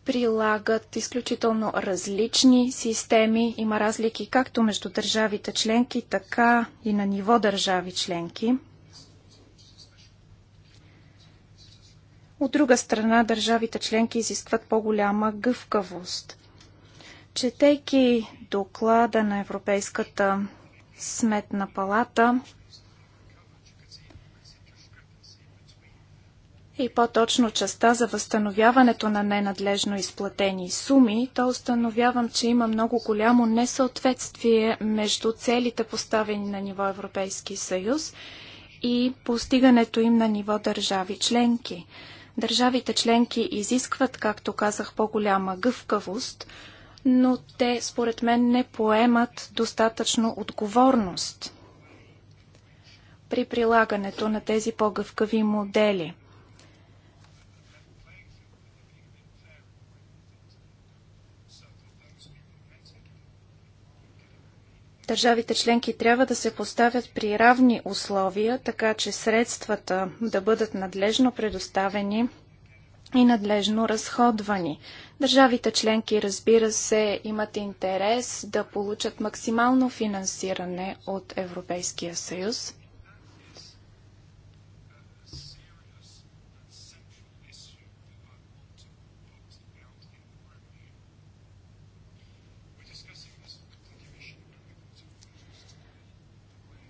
прилагат изключително различни системи. Има разлики както между държавите членки, така и на ниво държави членки. От друга страна, държавите членки изискват по-голяма гъвкавост. Четейки доклада на Европейската сметна палата, и по-точно частта за възстановяването на ненадлежно изплатени суми, то установявам, че има много голямо несъответствие между целите поставени на ниво Европейски съюз и постигането им на ниво държави членки. Държавите членки изискват, както казах, по-голяма гъвкавост, но те, според мен, не поемат достатъчно отговорност при прилагането на тези по-гъвкави модели – Държавите членки трябва да се поставят при равни условия, така че средствата да бъдат надлежно предоставени и надлежно разходвани. Държавите членки, разбира се, имат интерес да получат максимално финансиране от Европейския съюз.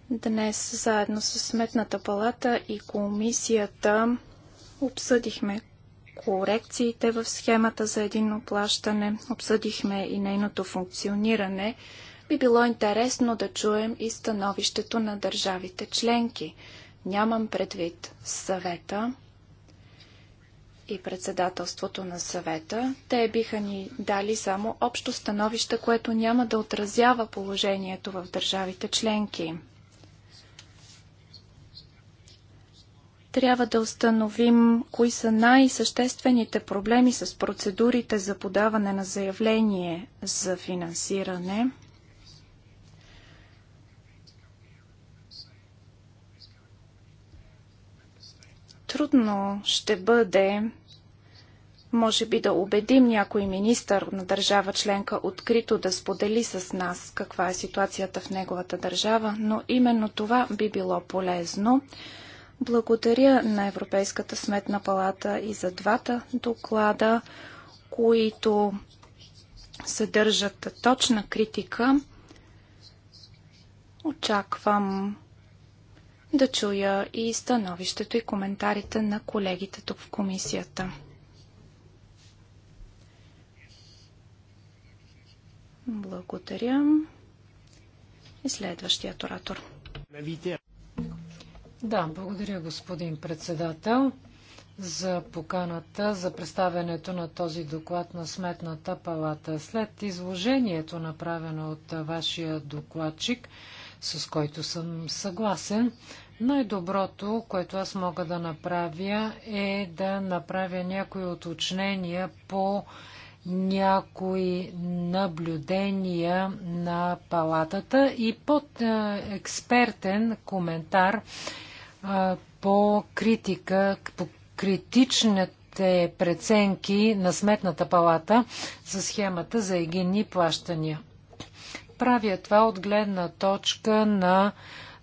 Днес заедно с Сметната палата и комисията обсъдихме корекциите в схемата за единно плащане, обсъдихме и нейното функциониране. Би било интересно да чуем и становището на държавите членки. Нямам предвид съвета и председателството на съвета. Те биха ни дали само общо становище, което няма да отразява положението в държавите членки. Трябва да установим кои са най-съществените проблеми с процедурите за подаване на заявление за финансиране. Трудно ще бъде може би да убедим някой министър на държава членка открито да сподели с нас каква е ситуацията в неговата държава, но именно това би било полезно. Благодаря на Европейската сметна палата и за двата доклада, които съдържат точна критика. Очаквам да чуя и становището и коментарите на колегите тук в комисията. Благодаря. И следващият оратор. Да, благодаря господин председател за поканата за представянето на този доклад на Сметната палата. След изложението, направено от вашия докладчик, с който съм съгласен, най-доброто, което аз мога да направя, е да направя някои уточнения по някои наблюдения на палатата и под е, експертен коментар по критика, по критичните преценки на Сметната палата за схемата за единни плащания. Правя това от гледна точка на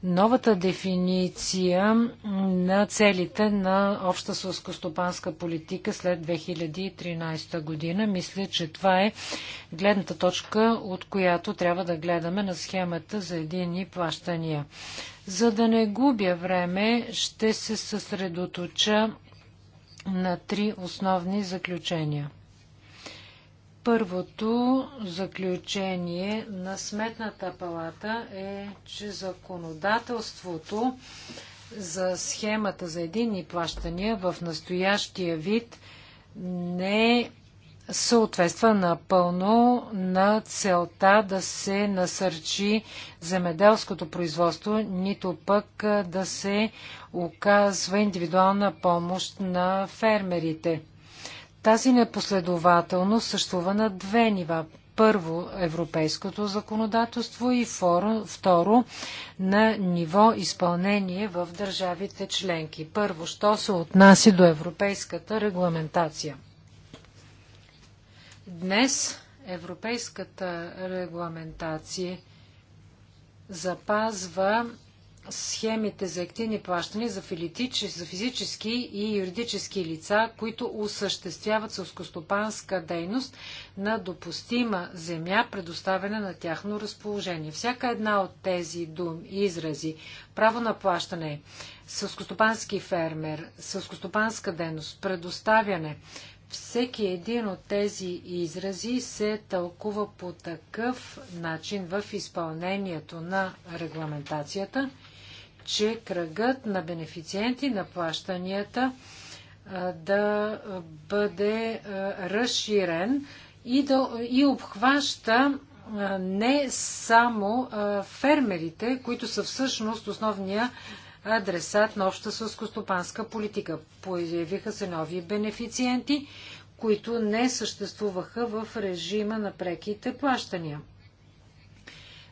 новата дефиниция на целите на обща сълскостопанска политика след 2013 година. Мисля, че това е гледната точка, от която трябва да гледаме на схемата за едини плащания. За да не губя време, ще се съсредоточа на три основни заключения. Първото заключение на Сметната палата е, че законодателството за схемата за единни плащания в настоящия вид не съответства напълно на целта да се насърчи земеделското производство, нито пък да се оказва индивидуална помощ на фермерите. Тази непоследователност съществува на две нива. Първо, европейското законодателство и форо, второ, на ниво изпълнение в държавите членки. Първо, що се отнася до европейската регламентация. Днес европейската регламентация запазва схемите за активни плащания за, за физически и юридически лица, които осъществяват сълскостопанска дейност на допустима земя, предоставена на тяхно разположение. Всяка една от тези думи, и изрази право на плащане, сълскостопански фермер, сълскостопанска дейност, предоставяне, всеки един от тези изрази се тълкува по такъв начин в изпълнението на регламентацията, че кръгът на бенефициенти на плащанията да бъде разширен и, да, и обхваща не само фермерите, които са всъщност основния адресат на обща сълскостопанска политика. Появиха се нови бенефициенти, които не съществуваха в режима на преките плащания.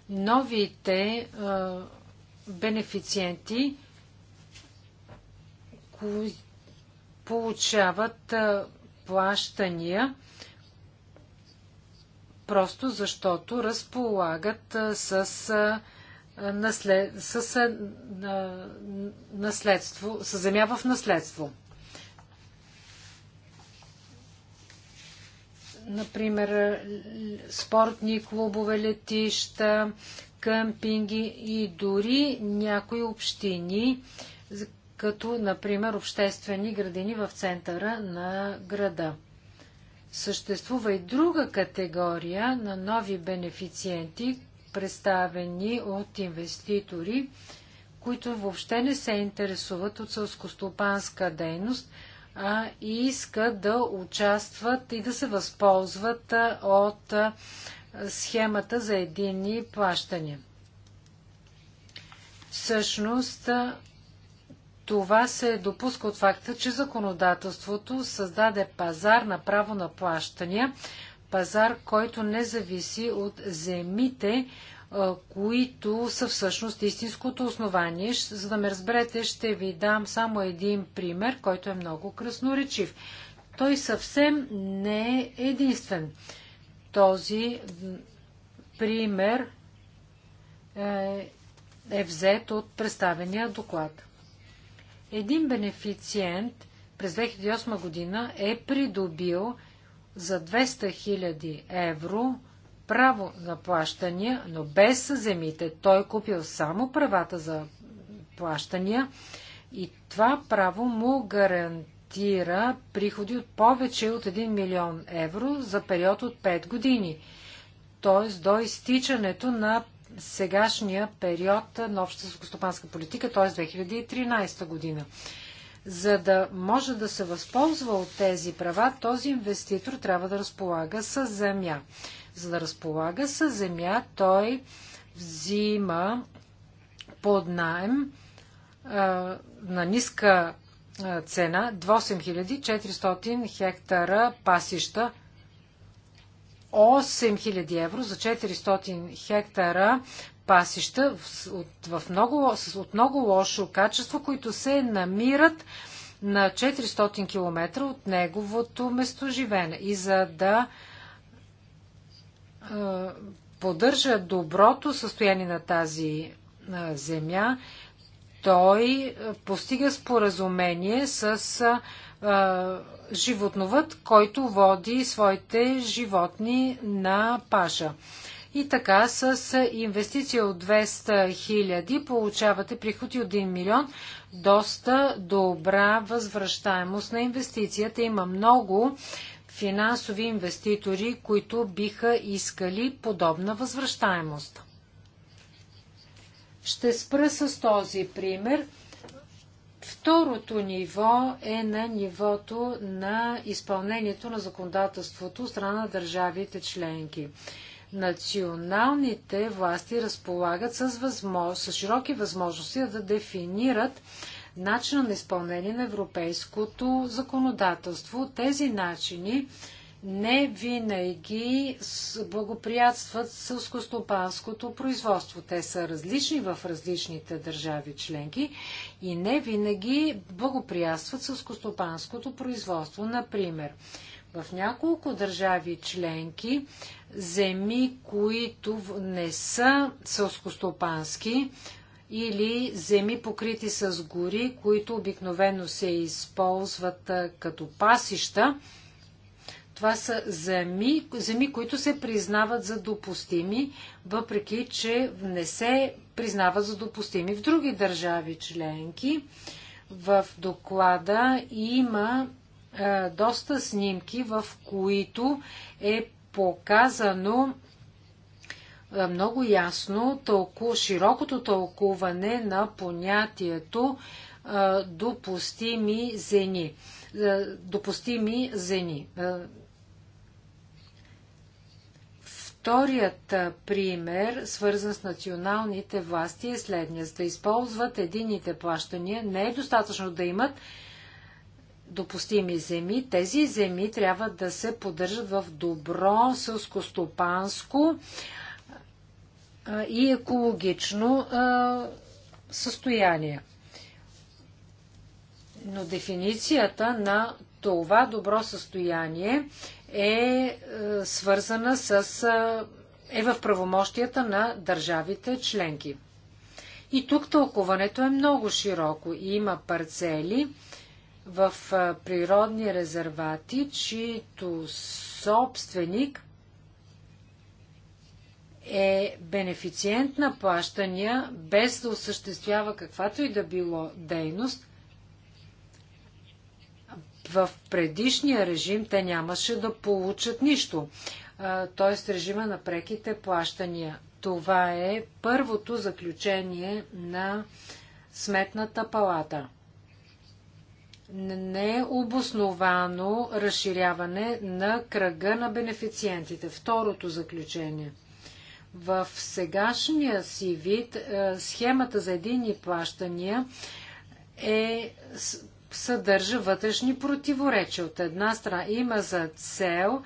Новите бенефициенти, които получават плащания просто защото разполагат с, наслед... с наследство, с земя в наследство. Например, спортни клубове, летища, къмпинги и дори някои общини, като например обществени градини в центъра на града. Съществува и друга категория на нови бенефициенти, представени от инвеститори, които въобще не се интересуват от сълскостопанска дейност, а искат да участват и да се възползват от схемата за единни плащания. Всъщност, това се допуска от факта, че законодателството създаде пазар на право на плащания, пазар, който не зависи от земите, които са всъщност истинското основание. За да ме разберете, ще ви дам само един пример, който е много красноречив. Той съвсем не е единствен. Този пример е, е, взет от представения доклад. Един бенефициент през 2008 година е придобил за 200 000 евро право на плащания, но без земите. Той е купил само правата за плащания и това право му гарантира гарантира приходи от повече от 1 милион евро за период от 5 години, т.е. до изтичането на сегашния период на общата скостопанска политика, т.е. 2013 година. За да може да се възползва от тези права, този инвеститор трябва да разполага с земя. За да разполага с земя, той взима под найем на ниска цена 8400 хектара пасища, 8000 евро за 400 хектара пасища от, в много, от много лошо качество, които се намират на 400 км от неговото местоживене. И за да е, поддържа доброто състояние на тази е, земя, той е, постига споразумение с е, е, животновът, който води своите животни на паша. И така с инвестиция от 200 хиляди получавате приходи от 1 милион. Доста добра възвръщаемост на инвестицията. Има много финансови инвеститори, които биха искали подобна възвръщаемост. Ще спра с този пример. Второто ниво е на нивото на изпълнението на законодателството страна на държавите членки. Националните власти разполагат с, възмож... с широки възможности да дефинират начина на изпълнение на европейското законодателство. Тези начини не винаги благоприятстват сълскостопанското производство. Те са различни в различните държави членки и не винаги благоприятстват сълскостопанското производство. Например, в няколко държави членки земи, които не са сълскостопански, или земи покрити с гори, които обикновено се използват като пасища, това са земи, земи, които се признават за допустими, въпреки че не се признават за допустими в други държави членки. В доклада има е, доста снимки, в които е показано е, много ясно толку, широкото тълкуване на понятието е, допустими земи е, допустими земи. Е, Вторият пример, свързан с националните власти, е следния. За да използват едините плащания, не е достатъчно да имат допустими земи. Тези земи трябва да се поддържат в добро сълскостопанско и екологично състояние. Но дефиницията на това добро състояние е, е свързана с е, е в правомощията на държавите членки. И тук тълкуването е много широко. Има парцели в е, природни резервати, чието собственик е бенефициент на плащания, без да осъществява каквато и да било дейност, в предишния режим те нямаше да получат нищо, т.е. режима на преките плащания. Това е първото заключение на Сметната палата. Не е обосновано разширяване на кръга на бенефициентите. Второто заключение. В сегашния си вид схемата за единни плащания е съдържа вътрешни противоречия. От една страна има за цел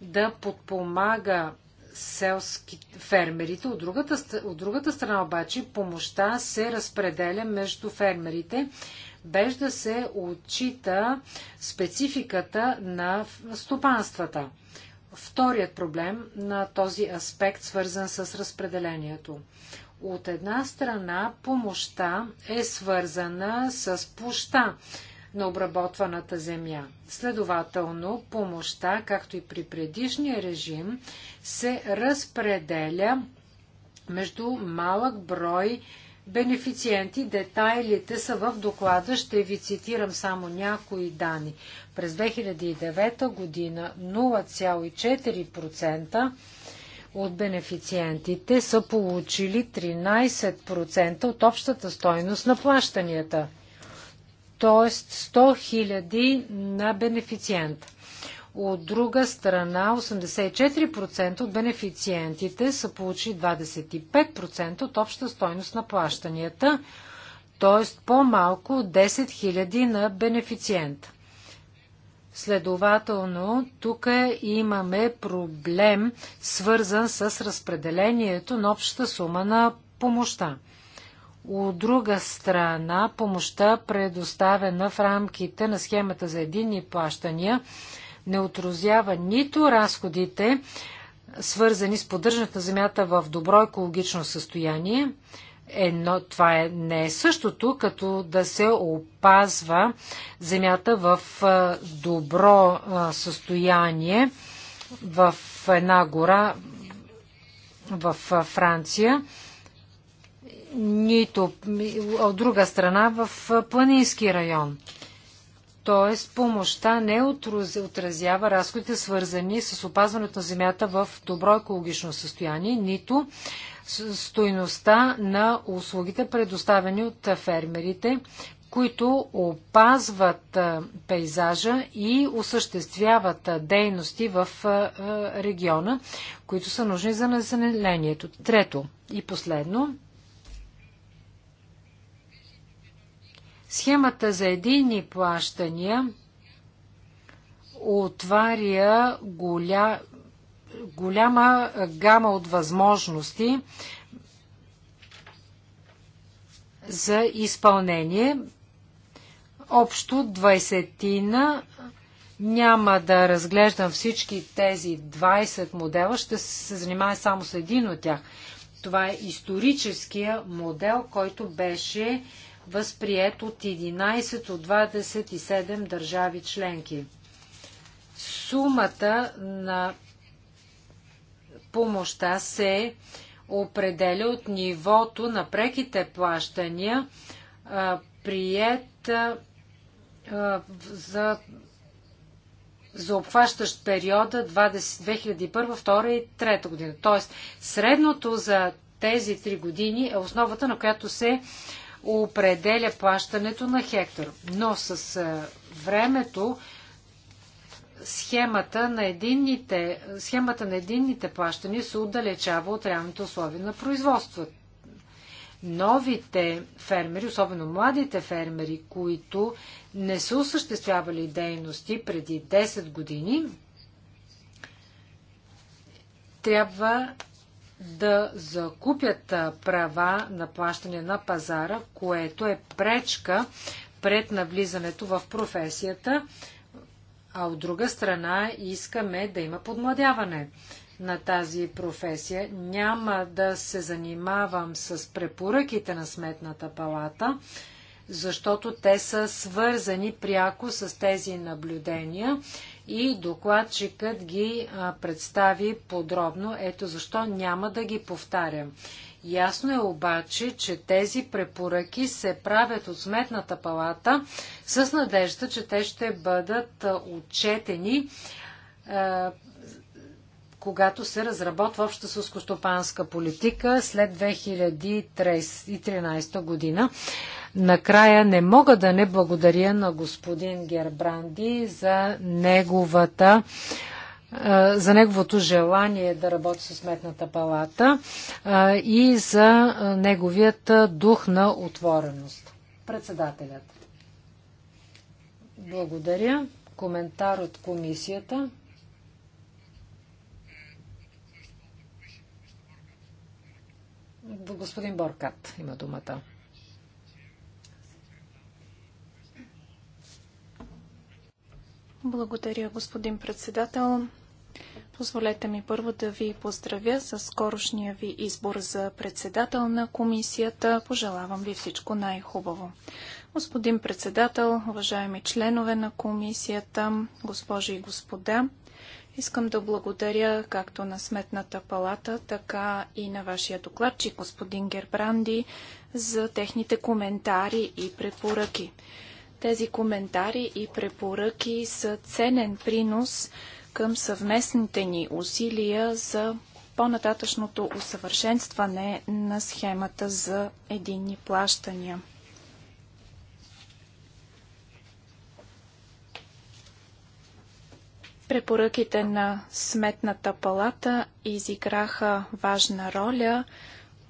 да подпомага селски фермерите. От другата, от другата страна обаче помощта се разпределя между фермерите, без да се отчита спецификата на стопанствата. Вторият проблем на този аспект, свързан с разпределението. От една страна помощта е свързана с площа на обработваната земя. Следователно, помощта, както и при предишния режим, се разпределя между малък брой бенефициенти. Детайлите са в доклада. Ще ви цитирам само някои данни. През 2009 година 0,4% от бенефициентите са получили 13% от общата стойност на плащанията, т.е. 100 000 на бенефициент. От друга страна, 84% от бенефициентите са получили 25% от обща стойност на плащанията, т.е. по-малко 10 000 на бенефициент. Следователно, тук имаме проблем, свързан с разпределението на общата сума на помощта. От друга страна, помощта, предоставена в рамките на схемата за единни плащания, не отрозява нито разходите, свързани с поддържането на земята в добро екологично състояние, едно, това е, не е същото, като да се опазва земята в добро състояние в една гора в Франция, нито от друга страна в планински район. Тоест, помощта не отразява разходите, свързани с опазването на земята в добро екологично състояние, нито стойността на услугите, предоставени от фермерите, които опазват пейзажа и осъществяват дейности в региона, които са нужни за населението. Трето и последно. Схемата за едини плащания отваря голя, голяма гама от възможности за изпълнение. Общо 20-тина. Няма да разглеждам всички тези 20 модела, ще се занимая само с един от тях. Това е историческия модел, който беше възприят от 11 от 27 държави членки. Сумата на помощта се определя от нивото на преките плащания, прият за, за обхващащ периода 2001, 2002 и 2003 година. Тоест, средното за тези три години е основата, на която се определя плащането на хектар. Но с времето схемата на единните, схемата на единните плащания се отдалечава от реалните условия на производство. Новите фермери, особено младите фермери, които не са осъществявали дейности преди 10 години, трябва да закупят права на плащане на пазара, което е пречка пред навлизането в професията а от друга страна искаме да има подмладяване на тази професия. Няма да се занимавам с препоръките на Сметната палата, защото те са свързани пряко с тези наблюдения и докладчикът ги представи подробно. Ето защо няма да ги повтарям. Ясно е обаче, че тези препоръки се правят от Сметната палата с надежда, че те ще бъдат отчетени когато се разработва обща сълскостопанска политика след 2013 година. Накрая не мога да не благодаря на господин Гербранди за неговата за неговото желание да работи с Сметната палата и за неговият дух на отвореност. Председателят. Благодаря. Коментар от комисията. Господин Боркат има думата. Благодаря, господин председател. Позволете ми първо да ви поздравя с скорошния ви избор за председател на комисията. Пожелавам ви всичко най-хубаво. Господин председател, уважаеми членове на комисията, госпожи и господа, искам да благодаря както на Сметната палата, така и на вашия докладчик, господин Гербранди, за техните коментари и препоръки. Тези коментари и препоръки са ценен принос към съвместните ни усилия за по-нататъчното усъвършенстване на схемата за единни плащания. Препоръките на Сметната палата изиграха важна роля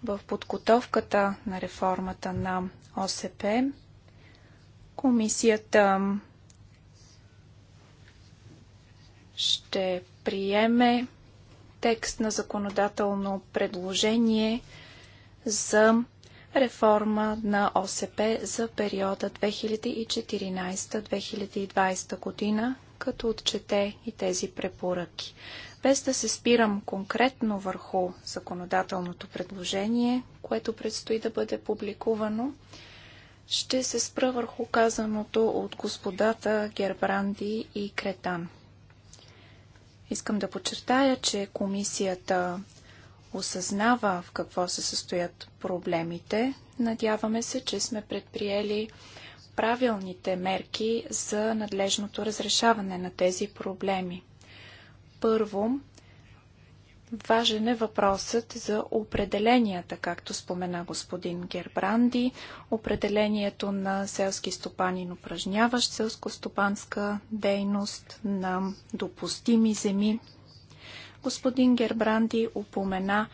в подготовката на реформата на ОСП. Комисията ще приеме текст на законодателно предложение за реформа на ОСП за периода 2014-2020 година, като отчете и тези препоръки. Без да се спирам конкретно върху законодателното предложение, което предстои да бъде публикувано, ще се спра върху казаното от господата Гербранди и Кретан. Искам да подчертая, че комисията осъзнава в какво се състоят проблемите. Надяваме се, че сме предприели правилните мерки за надлежното разрешаване на тези проблеми. Първо, Важен е въпросът за определенията, както спомена господин Гербранди, определението на селски стопанин, упражняващ селско-стопанска дейност, на допустими земи. Господин Гербранди упомена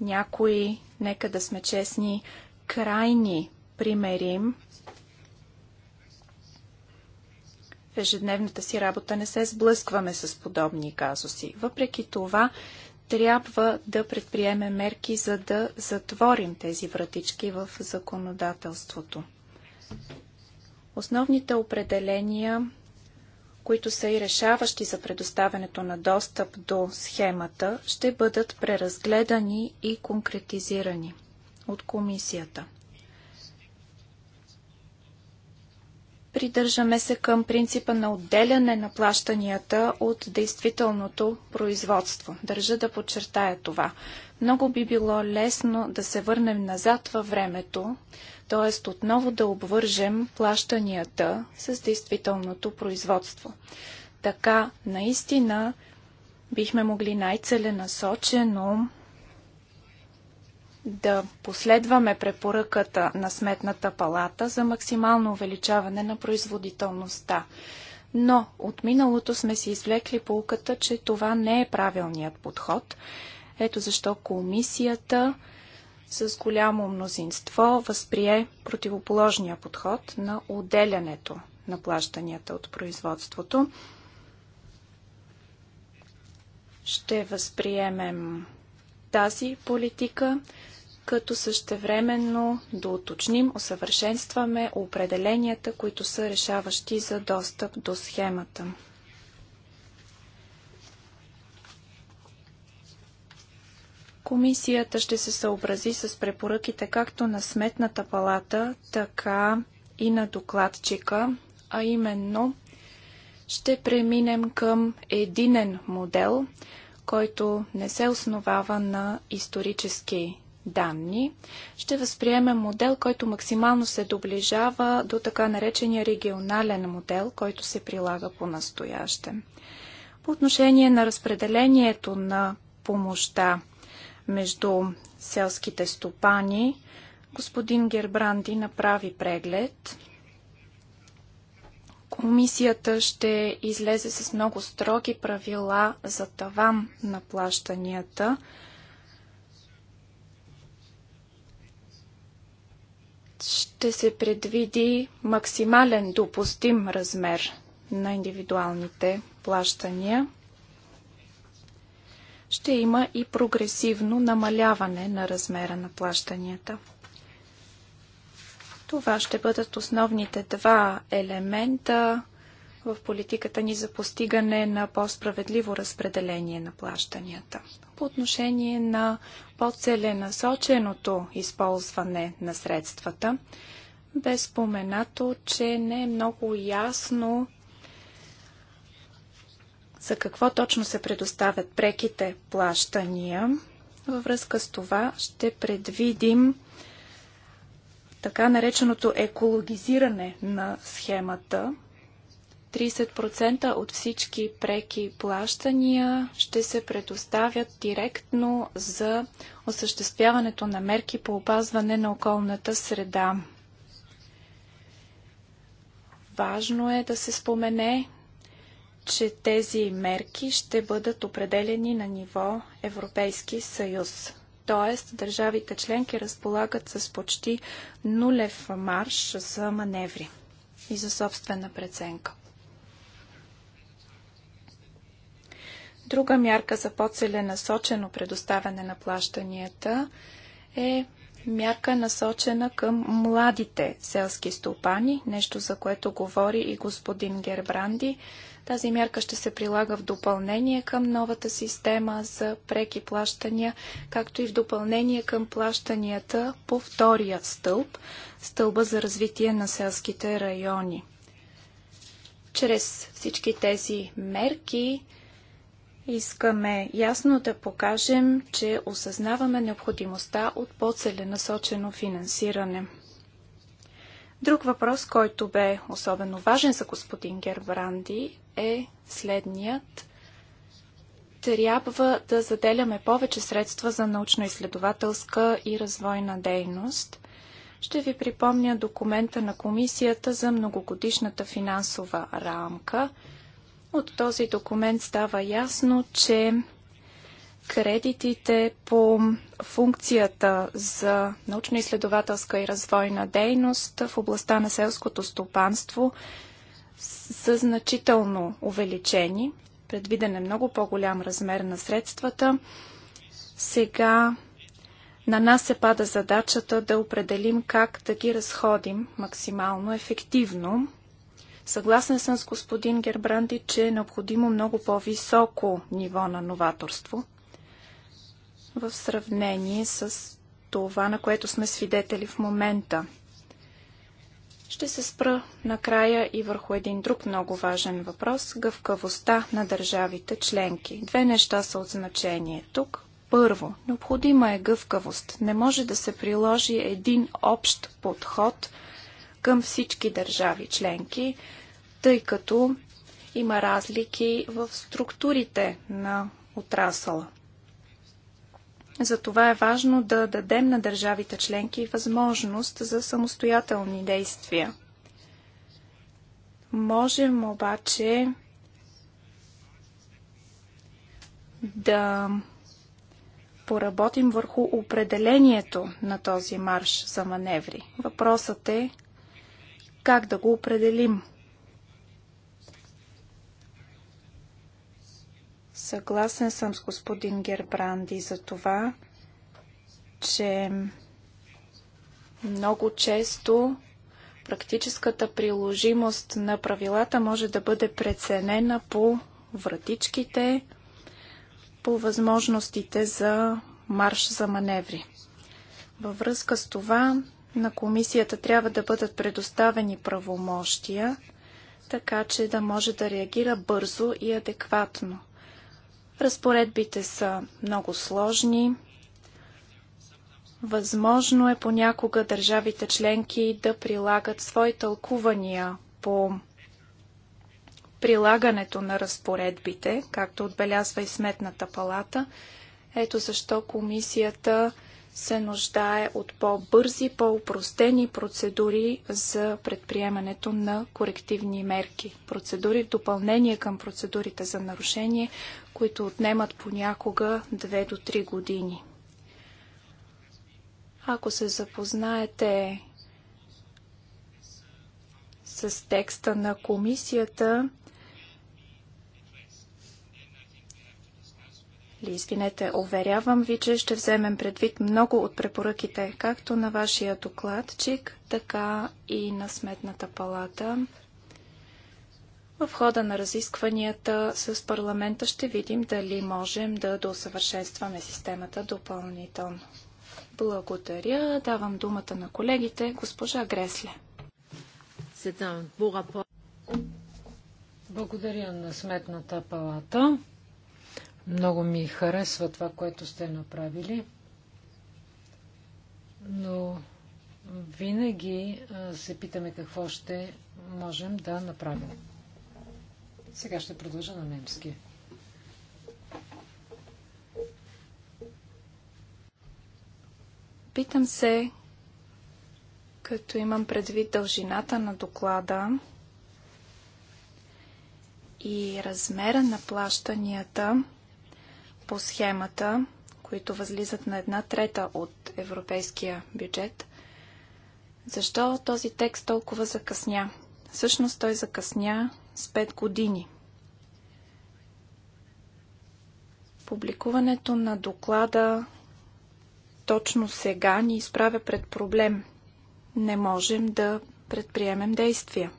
някои, нека да сме честни, крайни примери. В ежедневната си работа не се сблъскваме с подобни казуси. Въпреки това, трябва да предприеме мерки, за да затворим тези вратички в законодателството. Основните определения, които са и решаващи за предоставянето на достъп до схемата, ще бъдат преразгледани и конкретизирани от комисията – Придържаме се към принципа на отделяне на плащанията от действителното производство. Държа да подчертая това. Много би било лесно да се върнем назад във времето, т.е. отново да обвържем плащанията с действителното производство. Така, наистина, бихме могли най-целенасочено да последваме препоръката на Сметната палата за максимално увеличаване на производителността. Но от миналото сме си извлекли полката, че това не е правилният подход. Ето защо комисията с голямо мнозинство възприе противоположния подход на отделянето на плащанията от производството. Ще възприемем тази политика като същевременно доуточним, усъвършенстваме определенията, които са решаващи за достъп до схемата. Комисията ще се съобрази с препоръките както на Сметната палата, така и на докладчика, а именно ще преминем към единен модел, който не се основава на исторически данни, ще възприемем модел, който максимално се доближава до така наречения регионален модел, който се прилага по настояще. По отношение на разпределението на помощта между селските стопани, господин Гербранди направи преглед. Комисията ще излезе с много строги правила за таван на плащанията – ще се предвиди максимален допустим размер на индивидуалните плащания. Ще има и прогресивно намаляване на размера на плащанията. Това ще бъдат основните два елемента, в политиката ни за постигане на по-справедливо разпределение на плащанията. По отношение на по-целенасоченото използване на средствата, бе споменато, че не е много ясно за какво точно се предоставят преките плащания. Във връзка с това ще предвидим така нареченото екологизиране на схемата, 30% от всички преки плащания ще се предоставят директно за осъществяването на мерки по опазване на околната среда. Важно е да се спомене, че тези мерки ще бъдат определени на ниво Европейски съюз. Тоест, държавите членки разполагат с почти нулев марш за маневри и за собствена преценка. Друга мярка за по-целенасочено предоставяне на плащанията е мярка насочена към младите селски стопани, нещо за което говори и господин Гербранди. Тази мярка ще се прилага в допълнение към новата система за преки плащания, както и в допълнение към плащанията по втория стълб, стълба за развитие на селските райони. Чрез всички тези мерки Искаме ясно да покажем, че осъзнаваме необходимостта от по-целенасочено финансиране. Друг въпрос, който бе особено важен за господин Гербранди, е следният. Трябва да заделяме повече средства за научно-изследователска и развойна дейност. Ще ви припомня документа на комисията за многогодишната финансова рамка – от този документ става ясно, че кредитите по функцията за научно-изследователска и развойна дейност в областта на селското стопанство са значително увеличени. Предвиден е много по-голям размер на средствата. Сега на нас се пада задачата да определим как да ги разходим максимално ефективно. Съгласен съм с господин Гербранди, че е необходимо много по-високо ниво на новаторство в сравнение с това, на което сме свидетели в момента. Ще се спра накрая и върху един друг много важен въпрос – гъвкавостта на държавите членки. Две неща са от значение тук. Първо, необходима е гъвкавост. Не може да се приложи един общ подход – към всички държави членки, тъй като има разлики в структурите на отрасъла. Затова е важно да дадем на държавите членки възможност за самостоятелни действия. Можем обаче да поработим върху определението на този марш за маневри. Въпросът е как да го определим? Съгласен съм с господин Гербранди за това, че много често практическата приложимост на правилата може да бъде преценена по вратичките, по възможностите за марш за маневри. Във връзка с това на комисията трябва да бъдат предоставени правомощия, така че да може да реагира бързо и адекватно. Разпоредбите са много сложни. Възможно е понякога държавите членки да прилагат свои тълкувания по прилагането на разпоредбите, както отбелязва и Сметната палата. Ето защо комисията се нуждае от по-бързи, по-упростени процедури за предприемането на корективни мерки. Процедури в допълнение към процедурите за нарушение, които отнемат понякога 2 до 3 години. Ако се запознаете с текста на комисията, или извинете, уверявам ви, че ще вземем предвид много от препоръките, както на вашия докладчик, така и на Сметната палата. В хода на разискванията с парламента ще видим дали можем да досъвършенстваме системата допълнително. Благодаря. Давам думата на колегите. Госпожа Гресле. Благодаря на Сметната палата. Много ми харесва това, което сте направили, но винаги се питаме какво ще можем да направим. Сега ще продължа на немски. Питам се, като имам предвид дължината на доклада и размера на плащанията, по схемата, които възлизат на една трета от европейския бюджет. Защо този текст толкова закъсня? Всъщност той закъсня с 5 години. Публикуването на доклада точно сега ни изправя пред проблем. Не можем да предприемем действия.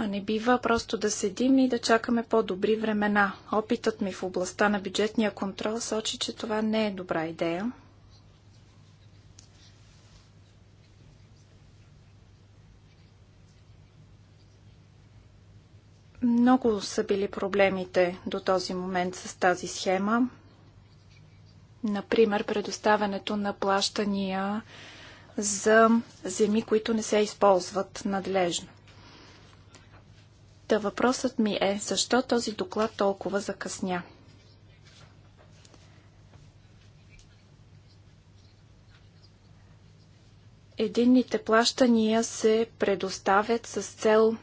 А не бива просто да седим и да чакаме по-добри времена. Опитът ми в областта на бюджетния контрол сочи, че това не е добра идея. Много са били проблемите до този момент с тази схема. Например, предоставянето на плащания за земи, които не се използват надлежно. Та въпросът ми е, защо този доклад толкова закъсня? Единните плащания се предоставят с цел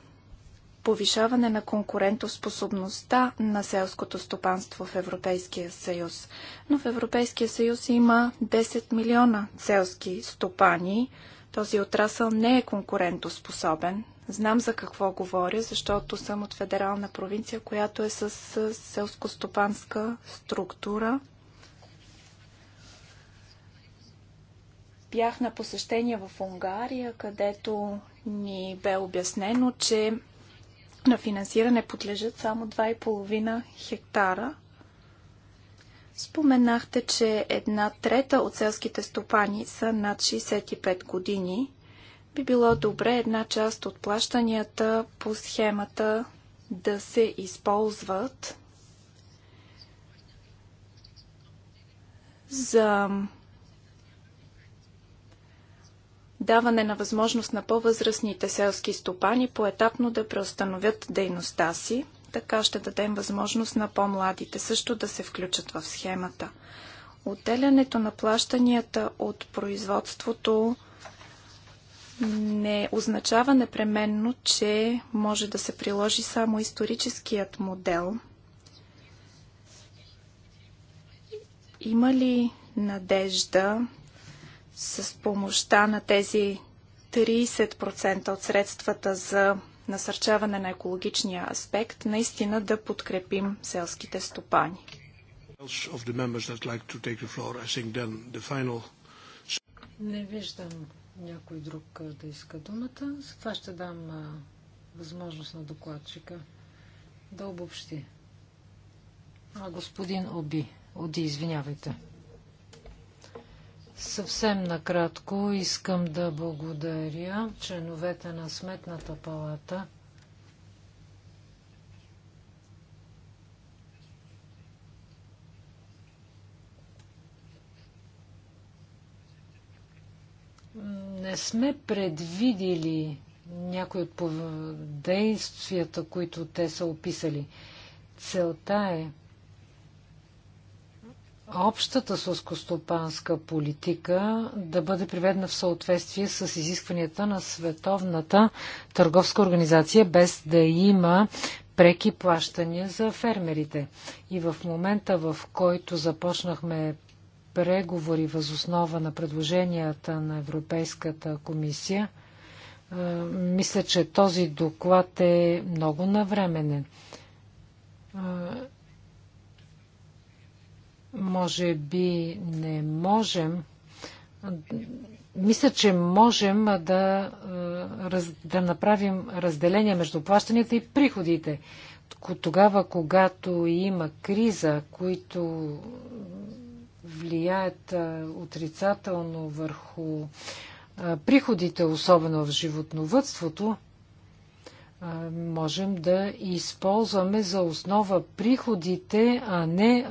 повишаване на конкурентоспособността на селското стопанство в Европейския съюз. Но в Европейския съюз има 10 милиона селски стопани. Този отрасъл не е конкурентоспособен. Знам за какво говоря, защото съм от федерална провинция, която е с селско-стопанска структура. Бях на посещение в Унгария, където ни бе обяснено, че на финансиране подлежат само 2,5 хектара. Споменахте, че една трета от селските стопани са над 65 години би било добре една част от плащанията по схемата да се използват за даване на възможност на по-възрастните селски стопани поетапно да преустановят дейността си. Така ще дадем възможност на по-младите също да се включат в схемата. Отделянето на плащанията от производството не означава непременно, че може да се приложи само историческият модел. Има ли надежда с помощта на тези 30% от средствата за насърчаване на екологичния аспект, наистина да подкрепим селските стопани. Не виждам някой друг да иска думата. За това ще дам а, възможност на докладчика да обобщи. А, господин Оби, Оди, извинявайте. Съвсем накратко искам да благодаря членовете на Сметната палата не сме предвидили някои от действията, които те са описали. Целта е общата соскостопанска политика да бъде приведена в съответствие с изискванията на Световната търговска организация, без да има преки плащания за фермерите. И в момента, в който започнахме преговори възоснова на предложенията на Европейската комисия, е, мисля, че този доклад е много навременен. Е, може би не можем. Мисля, че можем да, е, да направим разделение между плащанията и приходите. Тогава, когато има криза, които влияят отрицателно върху приходите, особено в животновътството, можем да използваме за основа приходите, а не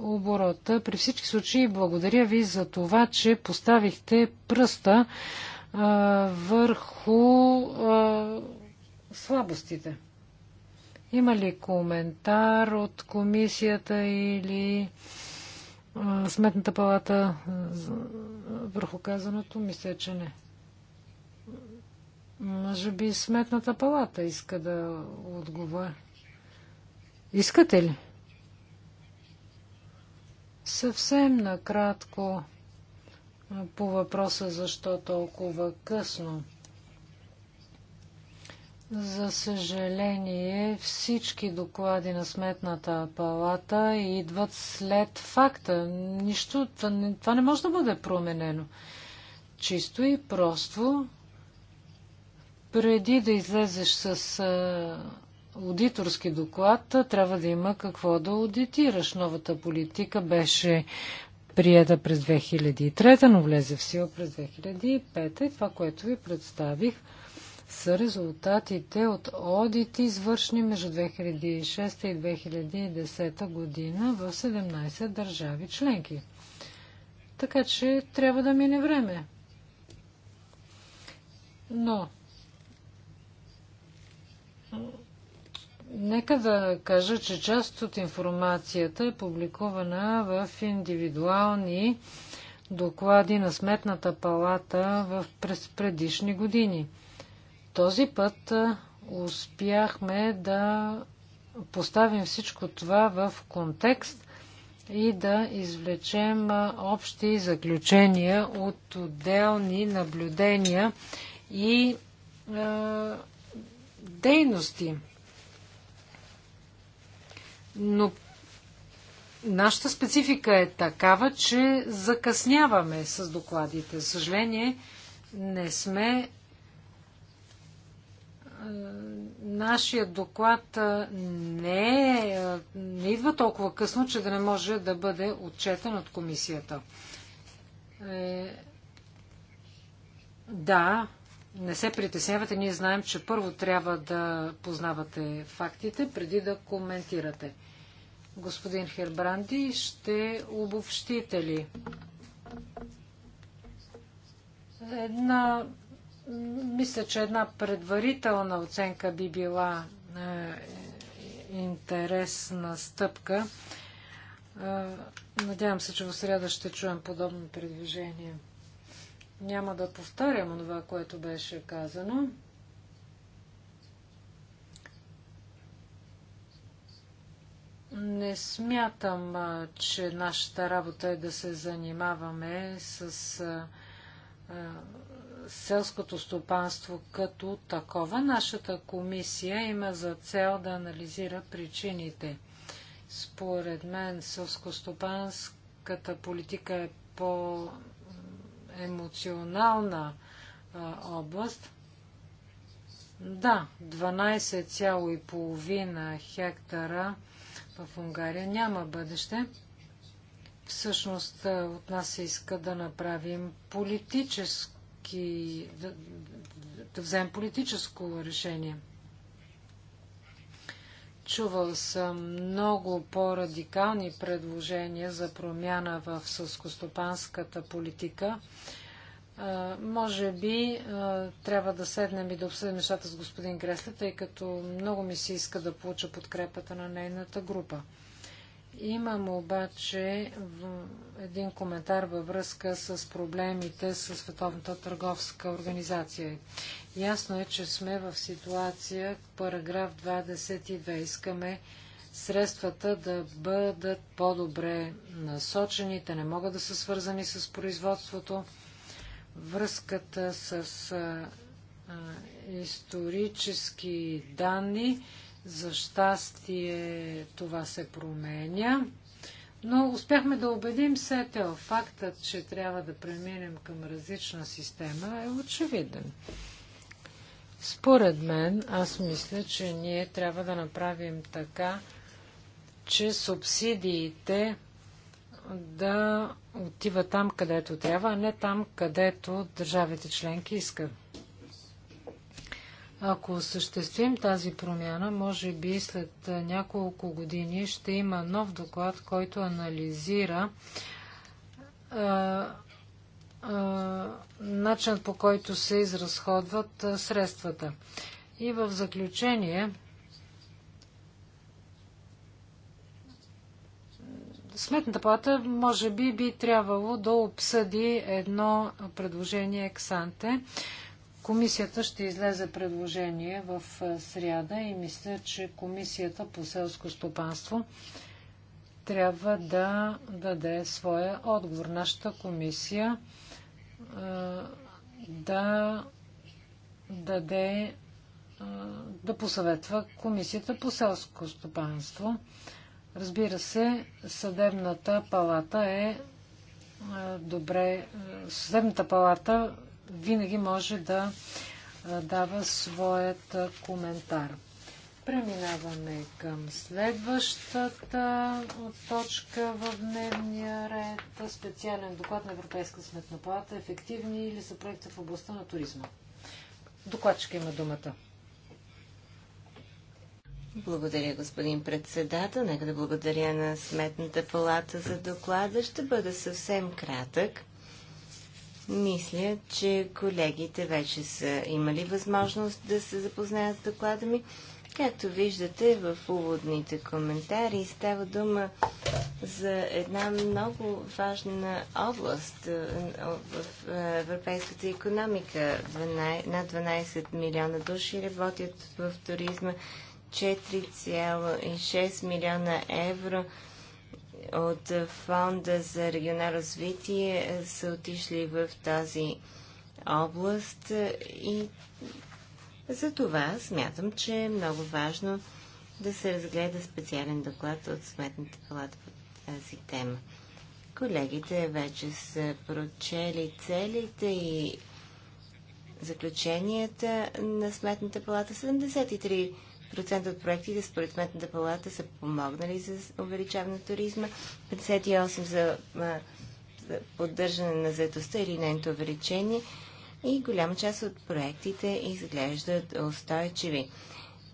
оборота. При всички случаи благодаря ви за това, че поставихте пръста върху слабостите. Има ли коментар от комисията или Сметната палата върху казаното, мисля, че не. Може би Сметната палата иска да отговоря. Искате ли? Съвсем накратко по въпроса защо толкова късно. За съжаление, всички доклади на Сметната палата идват след факта. Нищо, това не, това не може да бъде променено. Чисто и просто, преди да излезеш с а, аудиторски доклад, трябва да има какво да аудитираш. Новата политика беше прията през 2003, но влезе в сила през 2005. Това, което ви представих, са резултатите от одити, извършени между 2006 и 2010 година в 17 държави членки. Така че трябва да мине време. Но Нека да кажа, че част от информацията е публикувана в индивидуални доклади на Сметната палата в предишни години – този път успяхме да поставим всичко това в контекст и да извлечем общи заключения от отделни наблюдения и е, дейности. Но нашата специфика е такава, че закъсняваме с докладите. За съжаление, не сме нашия доклад не, е, не идва толкова късно, че да не може да бъде отчетен от комисията. Е, да, не се притеснявате, ние знаем, че първо трябва да познавате фактите, преди да коментирате. Господин Хербранди, ще обобщите ли? Една мисля, че една предварителна оценка би била е, интересна стъпка. Е, надявам се, че в среда ще чуем подобни предложения. Няма да повтарям това, което беше казано. Не смятам, е, че нашата работа е да се занимаваме с е, е, селското стопанство като такова. Нашата комисия има за цел да анализира причините. Според мен селскостопанската политика е по-емоционална област. Да, 12,5 хектара в Унгария няма бъдеще. Всъщност от нас се иска да направим политическо политически, да, да вземем политическо решение. Чувал съм много по-радикални предложения за промяна в сълскостопанската политика. може би трябва да седнем и да обсъдим нещата с господин Гресле, тъй като много ми се иска да получа подкрепата на нейната група. Имам обаче един коментар във връзка с проблемите с Световната търговска организация. Ясно е, че сме в ситуация, параграф 22, искаме средствата да бъдат по-добре насочени, те не могат да са свързани с производството. Връзката с а, исторически данни за щастие това се променя. Но успяхме да убедим СЕТЕЛ. Фактът, че трябва да преминем към различна система е очевиден. Според мен, аз мисля, че ние трябва да направим така, че субсидиите да отива там, където трябва, а не там, където държавите членки искат. Ако осъществим тази промяна, може би след няколко години ще има нов доклад, който анализира начинът по който се изразходват средствата. И в заключение, Сметната плата може би би трябвало да обсъди едно предложение ексанте. Комисията ще излезе предложение в сряда и мисля, че Комисията по селско стопанство трябва да даде своя отговор. Нашата комисия да даде да посъветва Комисията по селско стопанство. Разбира се, съдебната палата е добре. Съдебната палата винаги може да дава своят коментар. Преминаваме към следващата точка в дневния ред. Специален доклад на Европейска сметна палата. Ефективни или са проекти в областта на туризма? Докладчика има думата. Благодаря, господин председател. Нека да благодаря на Сметната палата за доклада. Ще бъда съвсем кратък. Мисля, че колегите вече са имали възможност да се запознаят с доклада ми. Както виждате в уводните коментари, става дума за една много важна област е, в е, европейската економика. Над 12 милиона души работят в туризма, 4,6 милиона евро от Фонда за регионално развитие са отишли в тази област и за това смятам, че е много важно да се разгледа специален доклад от Сметната палата по тази тема. Колегите вече са прочели целите и заключенията на Сметната палата. 73 50% от проектите според Сметната палата са помогнали за увеличаване на туризма, 58% за, а, за поддържане на заедостта или нейното увеличение и голяма част от проектите изглеждат устойчиви.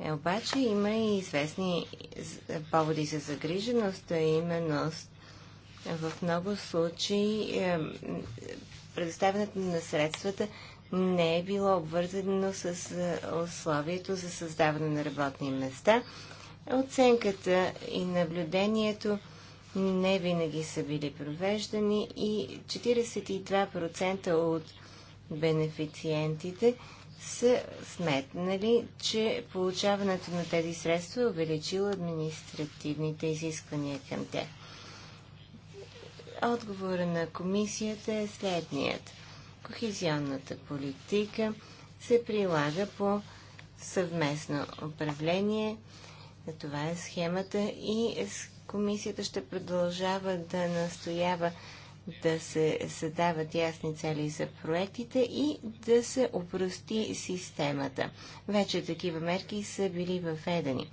Е, обаче има и известни поводи за загриженост, а именно в много случаи е, предоставянето на средствата не е било обвързано с условието за създаване на работни места. Оценката и наблюдението не винаги са били провеждани и 42% от бенефициентите са сметнали, че получаването на тези средства е увеличило административните изисквания към тях. Отговора на комисията е следният – Кохезионната политика се прилага по съвместно управление. Това е схемата и комисията ще продължава да настоява да се създават ясни цели за проектите и да се опрости системата. Вече такива мерки са били въведени.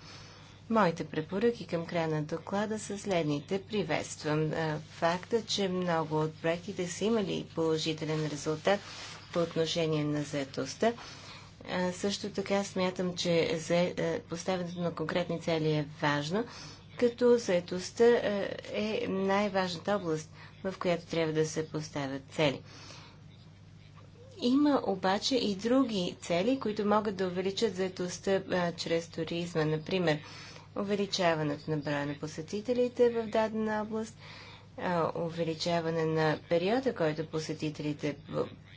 Моите препоръки към края на доклада са следните. Приветствам факта, че много от проектите са имали положителен резултат по отношение на заетостта. Също така смятам, че поставянето на конкретни цели е важно, като заетостта е най-важната област, в която трябва да се поставят цели. Има обаче и други цели, които могат да увеличат заетостта чрез туризма. Например, увеличаването на броя на посетителите в дадена област, увеличаване на периода, който посетителите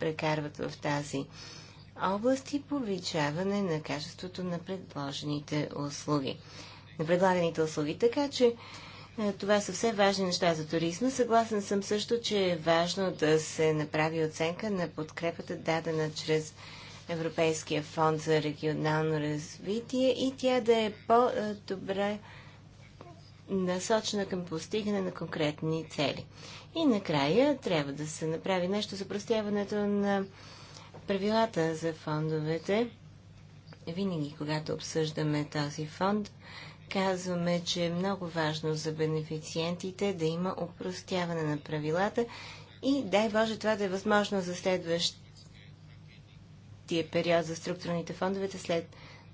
прекарват в тази област и повишаване на качеството на предложените услуги. На предлаганите услуги. Така че това са все важни неща за туризма. Съгласен съм също, че е важно да се направи оценка на подкрепата дадена чрез Европейския фонд за регионално развитие и тя да е по-добре насочена към постигане на конкретни цели. И накрая трябва да се направи нещо за простяването на правилата за фондовете. Винаги, когато обсъждаме този фонд, казваме, че е много важно за бенефициентите да има упростяване на правилата и дай Боже това да е възможно за следващ тия период за структурните след,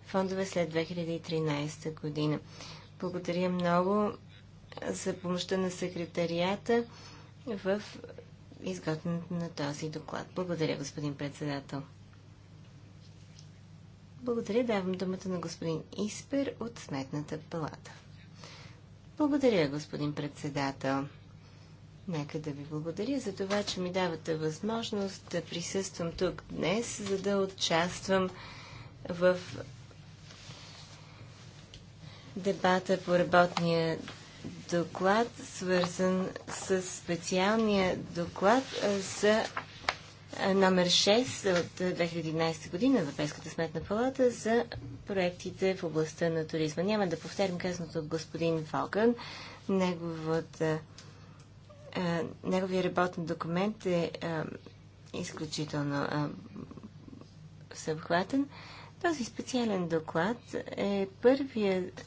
фондове след 2013 година. Благодаря много за помощта на секретарията в изготвянето на този доклад. Благодаря, господин председател. Благодаря. Давам думата на господин Испер от Сметната палата. Благодаря, господин председател. Нека да ви благодаря за това, че ми давате възможност да присъствам тук днес, за да участвам в дебата по работния доклад, свързан с специалния доклад за номер 6 от 2011 година Европейската сметна палата за проектите в областта на туризма. Няма да повторим казаното от господин Фоган. Неговата е, неговия работен документ е а, е, изключително а, е, съвхватен. Този специален доклад е първият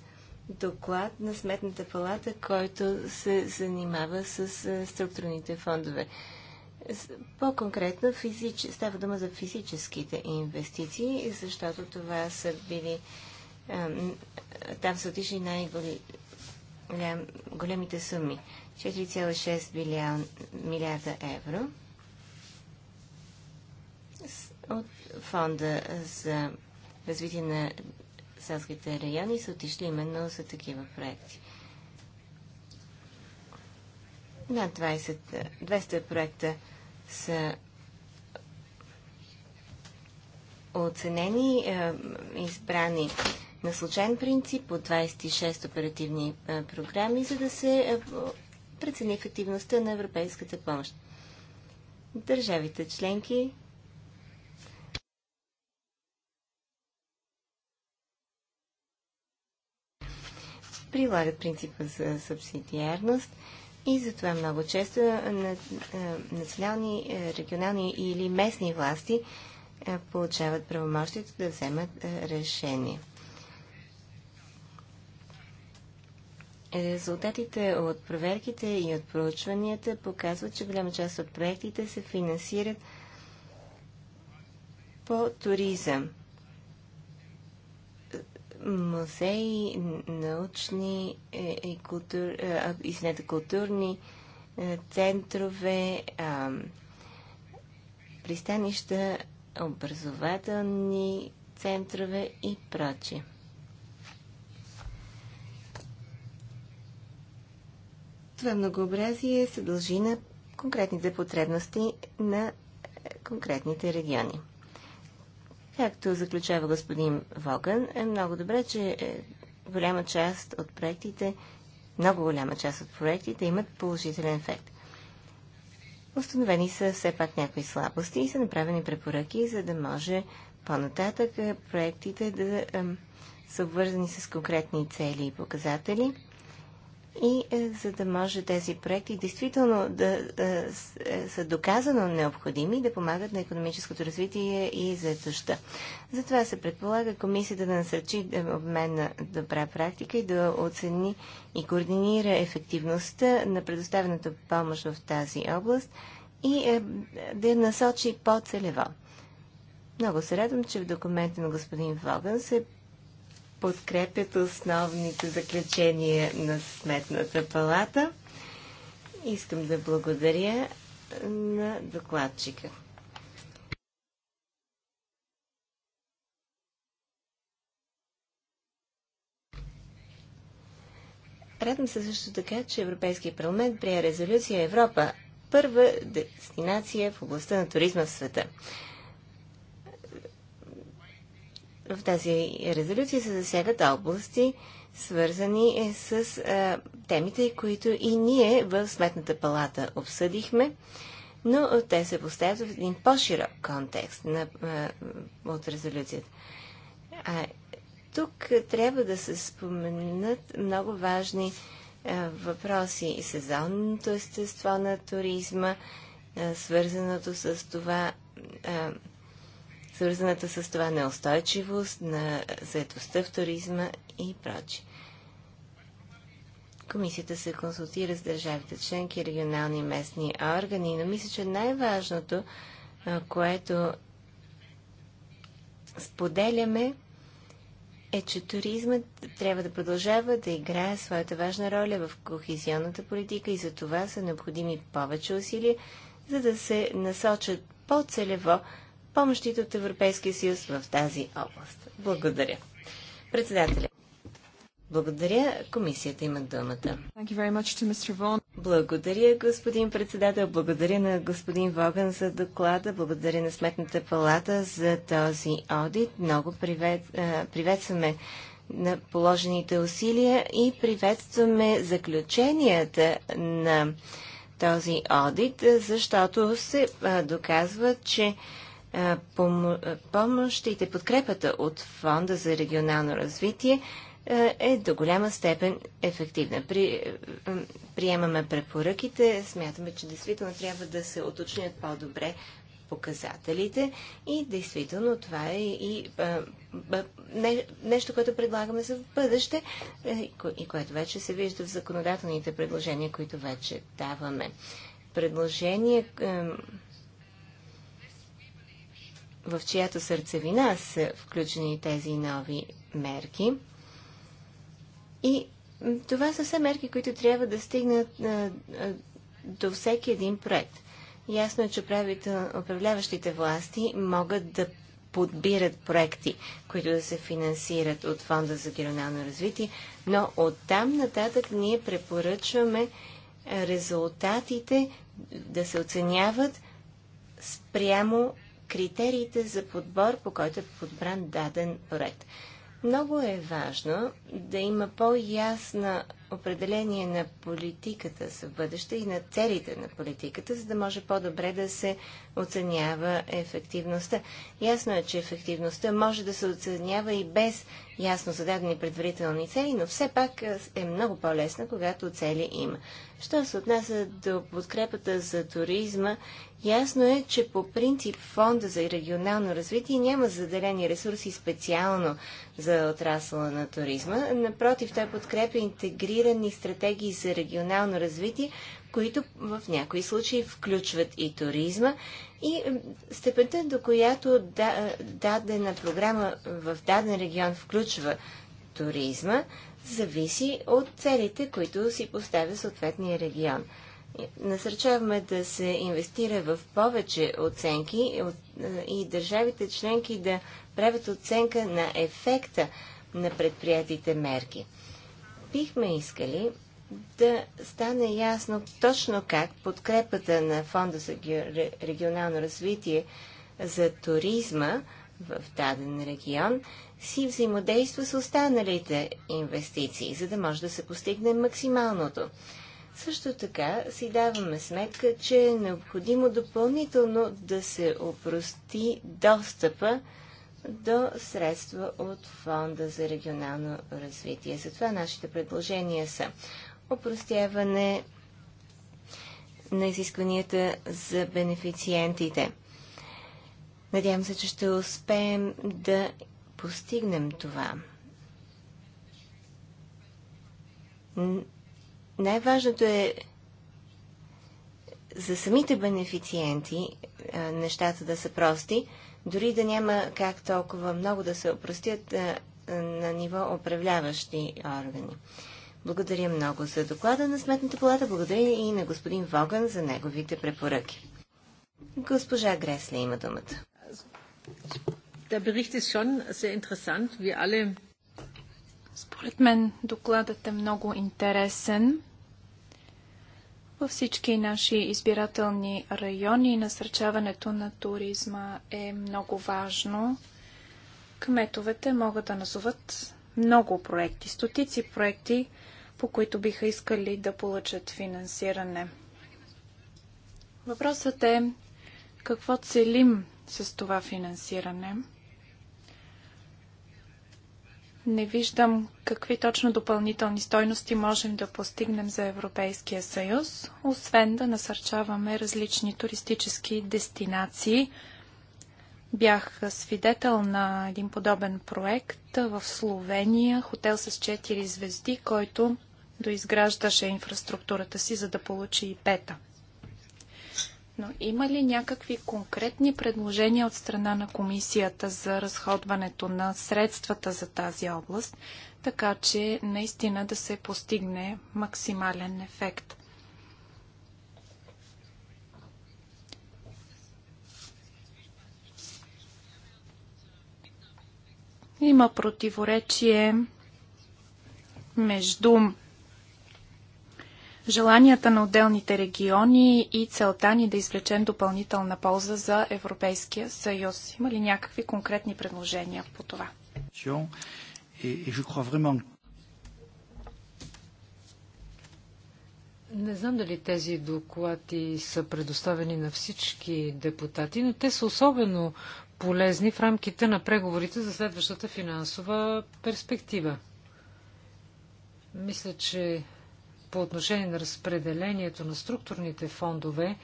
доклад на Сметната палата, който се занимава с структурните фондове. По-конкретно физич... става дума за физическите инвестиции, защото това са били... Там са отишли най-големите суми. 4,6 милиарда евро от фонда за развитие на селските райони са отишли именно за такива проекти. Над 20, 200 проекта са оценени, е, избрани на случайен принцип от 26 оперативни е, програми, за да се е, прецени ефективността на европейската помощ. Държавите членки прилагат принципа за субсидиарност и затова много често национални, регионални или местни власти получават правомощието да вземат решение. Е, резултатите от проверките и от проучванията показват, че голяма част от проектите се финансират по туризъм. Музеи, научни е, и култур, е, извинете, културни центрове, пристанища, образователни центрове и прочие. Това многообразие се дължи на конкретните потребности на конкретните региони. Както заключава господин Воган, е много добре, че е, голяма част от проектите, много голяма част от проектите имат положителен ефект. Установени са все пак някои слабости и са направени препоръки, за да може по-нататък е, проектите да са обвързани с конкретни цели и показатели – и е, за да може тези проекти действително да, е, е са доказано необходими да помагат на економическото развитие и заетостта. Затова се предполага комисията да насърчи е, обмен на добра практика и да оцени и координира ефективността на предоставената помощ в тази област и да я насочи по-целево. Много се радвам, че в документа на господин Воган се подкрепят основните заключения на Сметната палата. Искам да благодаря на докладчика. Радвам се също така, че Европейския парламент прие резолюция Европа първа дестинация в областта на туризма в света в тази резолюция се засягат области, свързани е, с а, темите, които и ние в Сметната палата обсъдихме, но те се поставят в един по-широк контекст на, а, от резолюцията. А, тук трябва да се споменат много важни а, въпроси. Сезонното естество на туризма, а, свързаното с това. А, свързаната с това неустойчивост на заетостта в туризма и прочи. Комисията се консултира с държавите членки, регионални и местни органи, но мисля, че най-важното, което споделяме, е, че туризмът трябва да продължава да играе своята важна роля в кохезионната политика и за това са необходими повече усилия, за да се насочат по-целево помощите от Европейския съюз в тази област. Благодаря. Председателя. Благодаря. Комисията има думата. Благодаря, господин председател. Благодаря на господин Воган за доклада. Благодаря на Сметната палата за този одит. Много привет, приветстваме на положените усилия и приветстваме заключенията на този одит, защото се доказва, че е, е, помощ и подкрепата от Фонда за регионално развитие е, е до голяма степен ефективна. При, приемаме препоръките, смятаме, че действително трябва да се оточнят по-добре показателите и действително това е и не, нещо, което предлагаме за бъдеще и, и което вече се вижда в законодателните предложения, които вече даваме. Предложения, в чиято сърцевина са включени тези нови мерки. И това са все мерки, които трябва да стигнат а, а, до всеки един проект. Ясно е, че управляващите власти могат да подбират проекти, които да се финансират от Фонда за регионално развитие, но от там нататък ние препоръчваме резултатите да се оценяват спрямо критериите за подбор, по който е подбран даден проект. Много е важно да има по-ясно определение на политиката за бъдеще и на целите на политиката, за да може по-добре да се оценява ефективността. Ясно е, че ефективността може да се оценява и без ясно зададени предварителни цели, но все пак е много по-лесна, когато цели има. Що се отнася до подкрепата за туризма Ясно е, че по принцип Фонда за регионално развитие няма заделени ресурси специално за отрасъла на туризма. Напротив, той подкрепя интегрирани стратегии за регионално развитие, които в някои случаи включват и туризма. И степента, до която дадена програма в даден регион включва туризма, зависи от целите, които си поставя съответния регион. Насърчаваме да се инвестира в повече оценки е, и държавите членки да правят оценка на ефекта на предприятите мерки. Бихме искали да стане ясно точно как подкрепата на Фонда за регионално развитие за туризма в даден регион си взаимодейства с останалите инвестиции, за да може да се постигне максималното. Също така си даваме сметка, че е необходимо допълнително да се опрости достъпа до средства от Фонда за регионално развитие. Затова нашите предложения са опростяване на изискванията за бенефициентите. Надявам се, че ще успеем да постигнем това най-важното е за самите бенефициенти нещата да са прости, дори да няма как толкова много да се опростят на ниво управляващи органи. Благодаря много за доклада на Сметната палата, благодаря и на господин Воган за неговите препоръки. Госпожа Гресле има думата. Според мен докладът е много интересен. Във всички наши избирателни райони насърчаването на туризма е много важно. Кметовете могат да назоват много проекти, стотици проекти, по които биха искали да получат финансиране. Въпросът е какво целим с това финансиране – не виждам какви точно допълнителни стойности можем да постигнем за Европейския съюз, освен да насърчаваме различни туристически дестинации. Бях свидетел на един подобен проект в Словения, хотел с 4 звезди, който доизграждаше инфраструктурата си, за да получи и пета. Но има ли някакви конкретни предложения от страна на комисията за разходването на средствата за тази област, така че наистина да се постигне максимален ефект? Има противоречие между желанията на отделните региони и целта ни да извлечем допълнителна полза за Европейския съюз. Има ли някакви конкретни предложения по това? Не знам дали тези доклади са предоставени на всички депутати, но те са особено полезни в рамките на преговорите за следващата финансова перспектива. Мисля, че по отношение на разпределението на структурните фондове,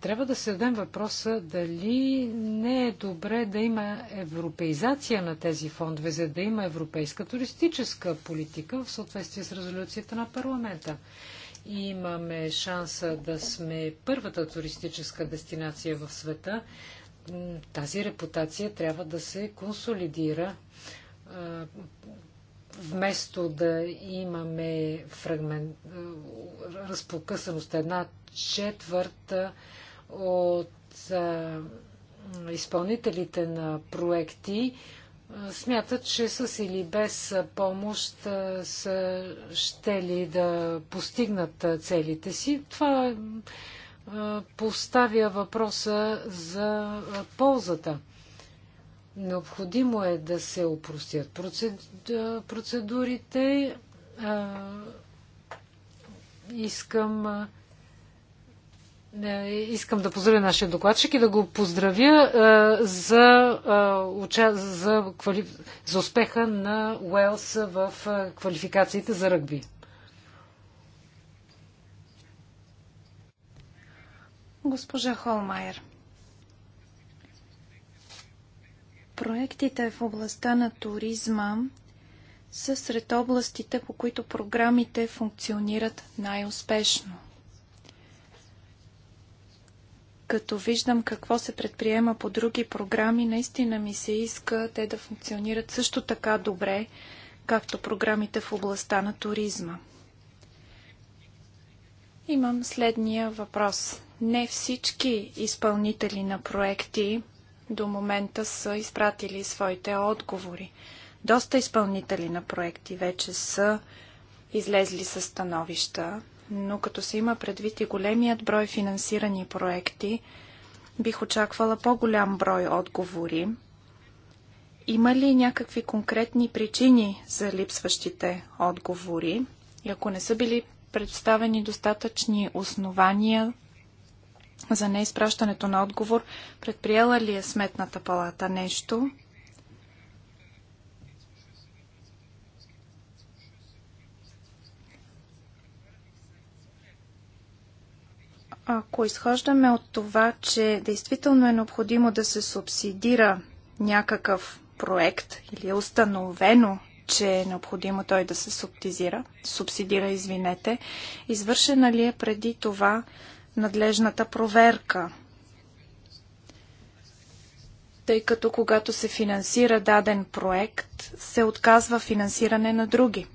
трябва да се дадем въпроса дали не е добре да има европеизация на тези фондове, за да има европейска туристическа политика в съответствие с резолюцията на парламента. И имаме шанса да сме първата туристическа дестинация в света. Тази репутация трябва да се консолидира вместо да имаме фрагмент, е, разпокъсаност една четвърта е, от а, е, изпълнителите на проекти смятат, че с или без помощ са ще ли да постигнат целите си. Това поставя въпроса за ползата. Необходимо е да се опростят процедурите. Искам, е, искам да поздравя нашия докладчик и да го поздравя за, за, за успеха на Уелс в квалификациите за ръгби. Госпожа Холмайер. Проектите в областта на туризма са сред областите, по които програмите функционират най-успешно. Като виждам какво се предприема по други програми, наистина ми се иска те да функционират също така добре, както програмите в областта на туризма. Имам следния въпрос. Не всички изпълнители на проекти до момента са изпратили своите отговори. Доста изпълнители на проекти вече са излезли със становища, но като се има предвид и големият брой финансирани проекти, бих очаквала по-голям брой отговори. Има ли някакви конкретни причини за липсващите отговори? И ако не са били представени достатъчни основания, за неизпращането на отговор. Предприела ли е Сметната палата нещо? Ако изхождаме от това, че действително е необходимо да се субсидира някакъв проект или е установено, че е необходимо той да се субсидира, субсидира, извинете, извършена ли е преди това надлежната проверка. Тъй като когато се финансира даден проект, се отказва финансиране на други.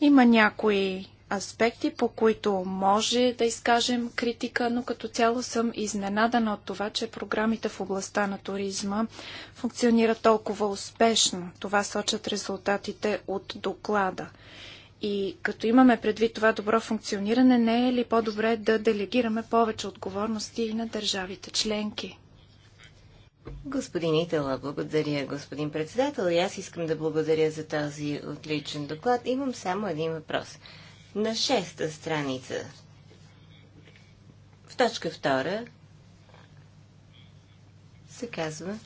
Има някои аспекти, по които може да изкажем критика, но като цяло съм изненадана от това, че програмите в областта на туризма функционират толкова успешно. Това сочат резултатите от доклада. И като имаме предвид това добро функциониране, не е ли по-добре да делегираме повече отговорности и на държавите членки? Господин Итала, благодаря, господин председател. И аз искам да благодаря за този отличен доклад. Имам само един въпрос. На шеста страница, в точка втора, се казва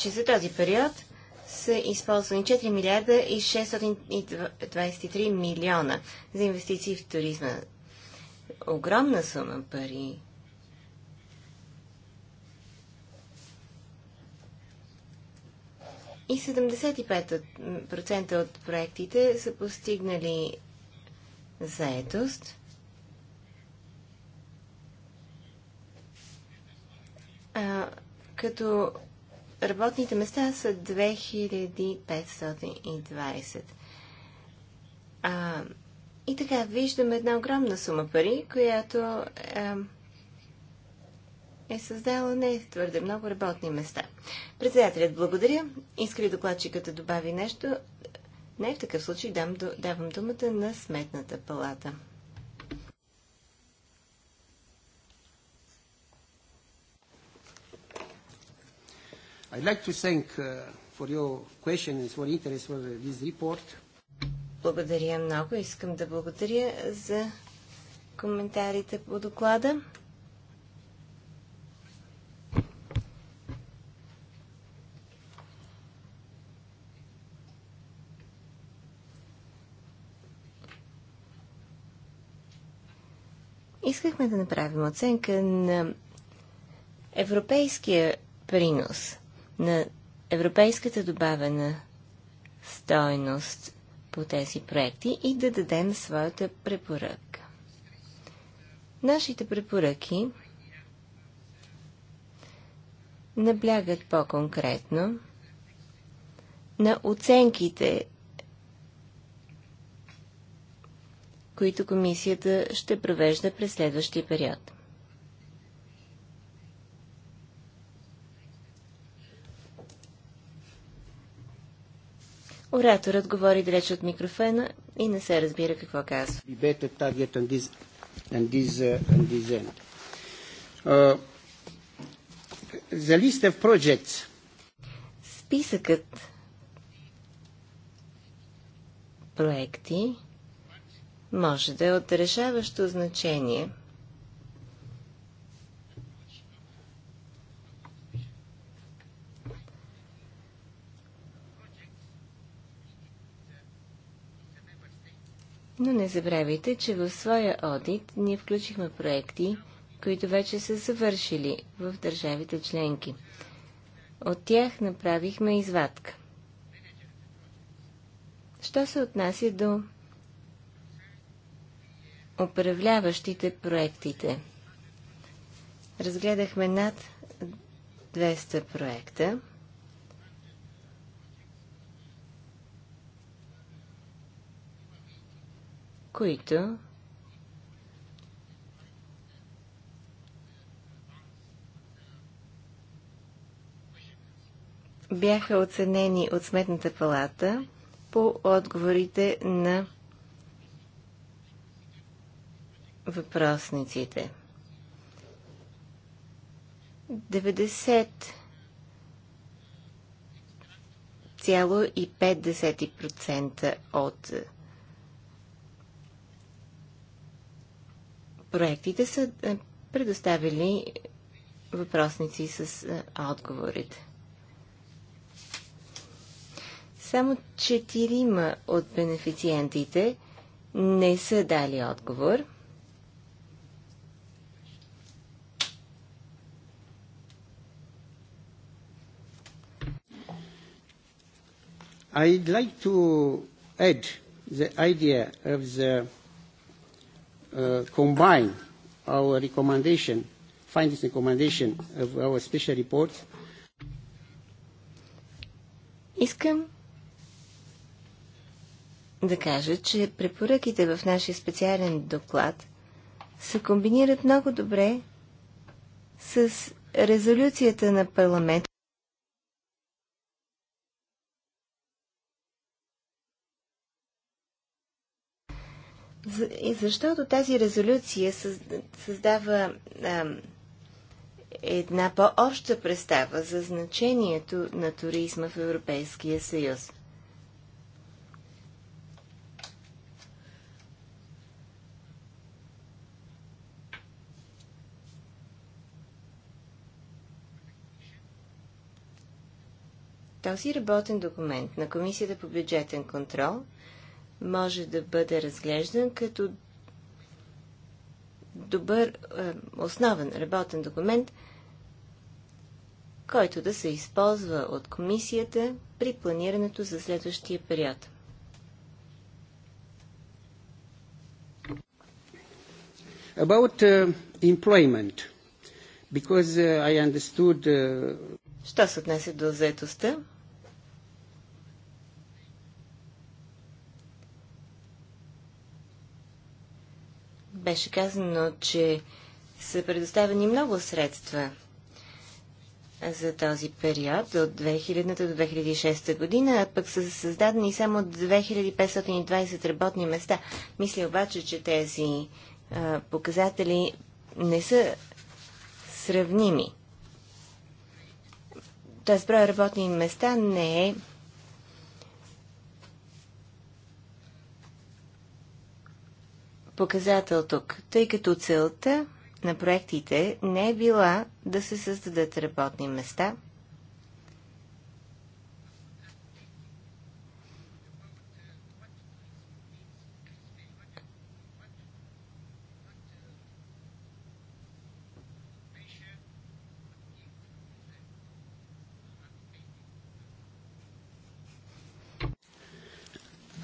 че за този период са използвани 4 милиарда и 623 милиона за инвестиции в туризма. Огромна сума пари. И 75% от проектите са постигнали заедост. А, като работните места са 2520. А, и така, виждаме една огромна сума пари, която а, е създала не твърде много работни места. Председателят благодаря. Искали ли докладчикът да добави нещо? Не в такъв случай дам, давам думата на Сметната палата. I'd like to thank uh, for your question and for interest for this report. Благодаря много. Искам да благодаря за коментарите по доклада. Искахме да направим оценка на европейския принос на европейската добавена стойност по тези проекти и да дадем своята препоръка. Нашите препоръки наблягат по-конкретно на оценките, които комисията ще провежда през следващия период. Ораторът говори далеч от микрофона и не се разбира какво казва. Uh, uh, Списъкът проекти може да е от решаващо значение – Но не забравяйте, че в своя одит ние включихме проекти, които вече са завършили в държавите членки. От тях направихме извадка. Що се отнася до управляващите проектите? Разгледахме над 200 проекта. които бяха оценени от Сметната палата по отговорите на въпросниците. 90,5% от проектите са е, предоставили въпросници с е, отговорите. Само четирима от бенефициентите не са дали отговор. I'd like to add the idea of the uh, combine our recommendation, findings and recommendation of our special report. Искам да кажа, че препоръките в нашия специален доклад се комбинират много добре с резолюцията на парламент защото тази резолюция създава а, една по-обща представа за значението на туризма в Европейския съюз. Този работен документ на Комисията по бюджетен контрол – може да бъде разглеждан като добър е, основен работен документ, който да се използва от комисията при планирането за следващия период. About uh, employment, because uh, I understood... Uh... Що се отнесе до заетостта? беше казано, че са предоставени много средства за този период от 2000 до 2006 година, а пък са създадени само 2520 работни места. Мисля обаче, че тези а, показатели не са сравними. Тоест, броя работни места не е показател тук, тъй като целта на проектите не е била да се създадат работни места,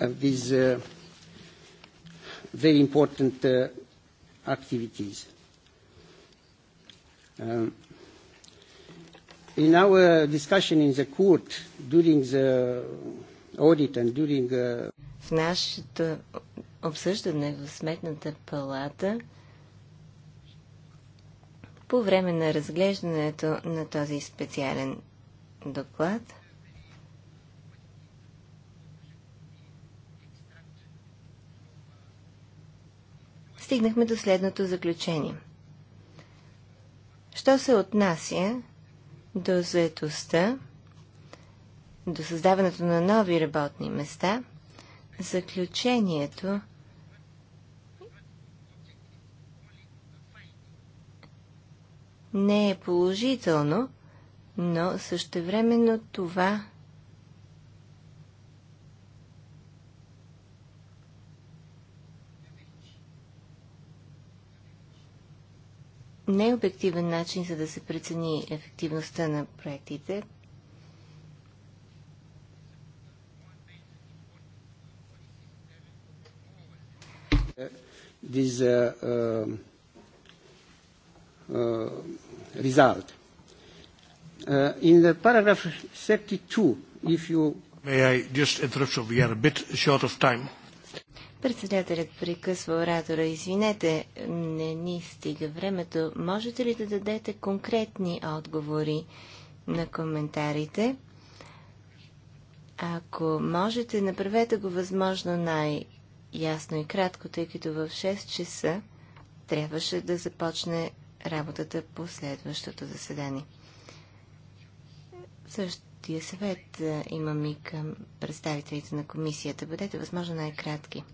These uh, very important uh, activities. Um, in our discussion in the court during the audit and during uh... в нашето обсъждане в сметната палата по време на разглеждането на този специален доклад стигнахме до следното заключение. Що се отнася до заетостта, до създаването на нови работни места, заключението не е положително, но същевременно това необективен начин, за да се прецени ефективността на проектите. This uh, uh, result. Uh, in the paragraph 32, if you... May I just interrupt you? We are a bit short of time. Председателят прекъсва оратора. Извинете, не ни стига времето. Можете ли да дадете конкретни отговори на коментарите? Ако можете, направете го възможно най-ясно и кратко, тъй като в 6 часа трябваше да започне работата по следващото заседание. Също общия съвет имам и към представителите на комисията. Бъдете възможно най-кратки.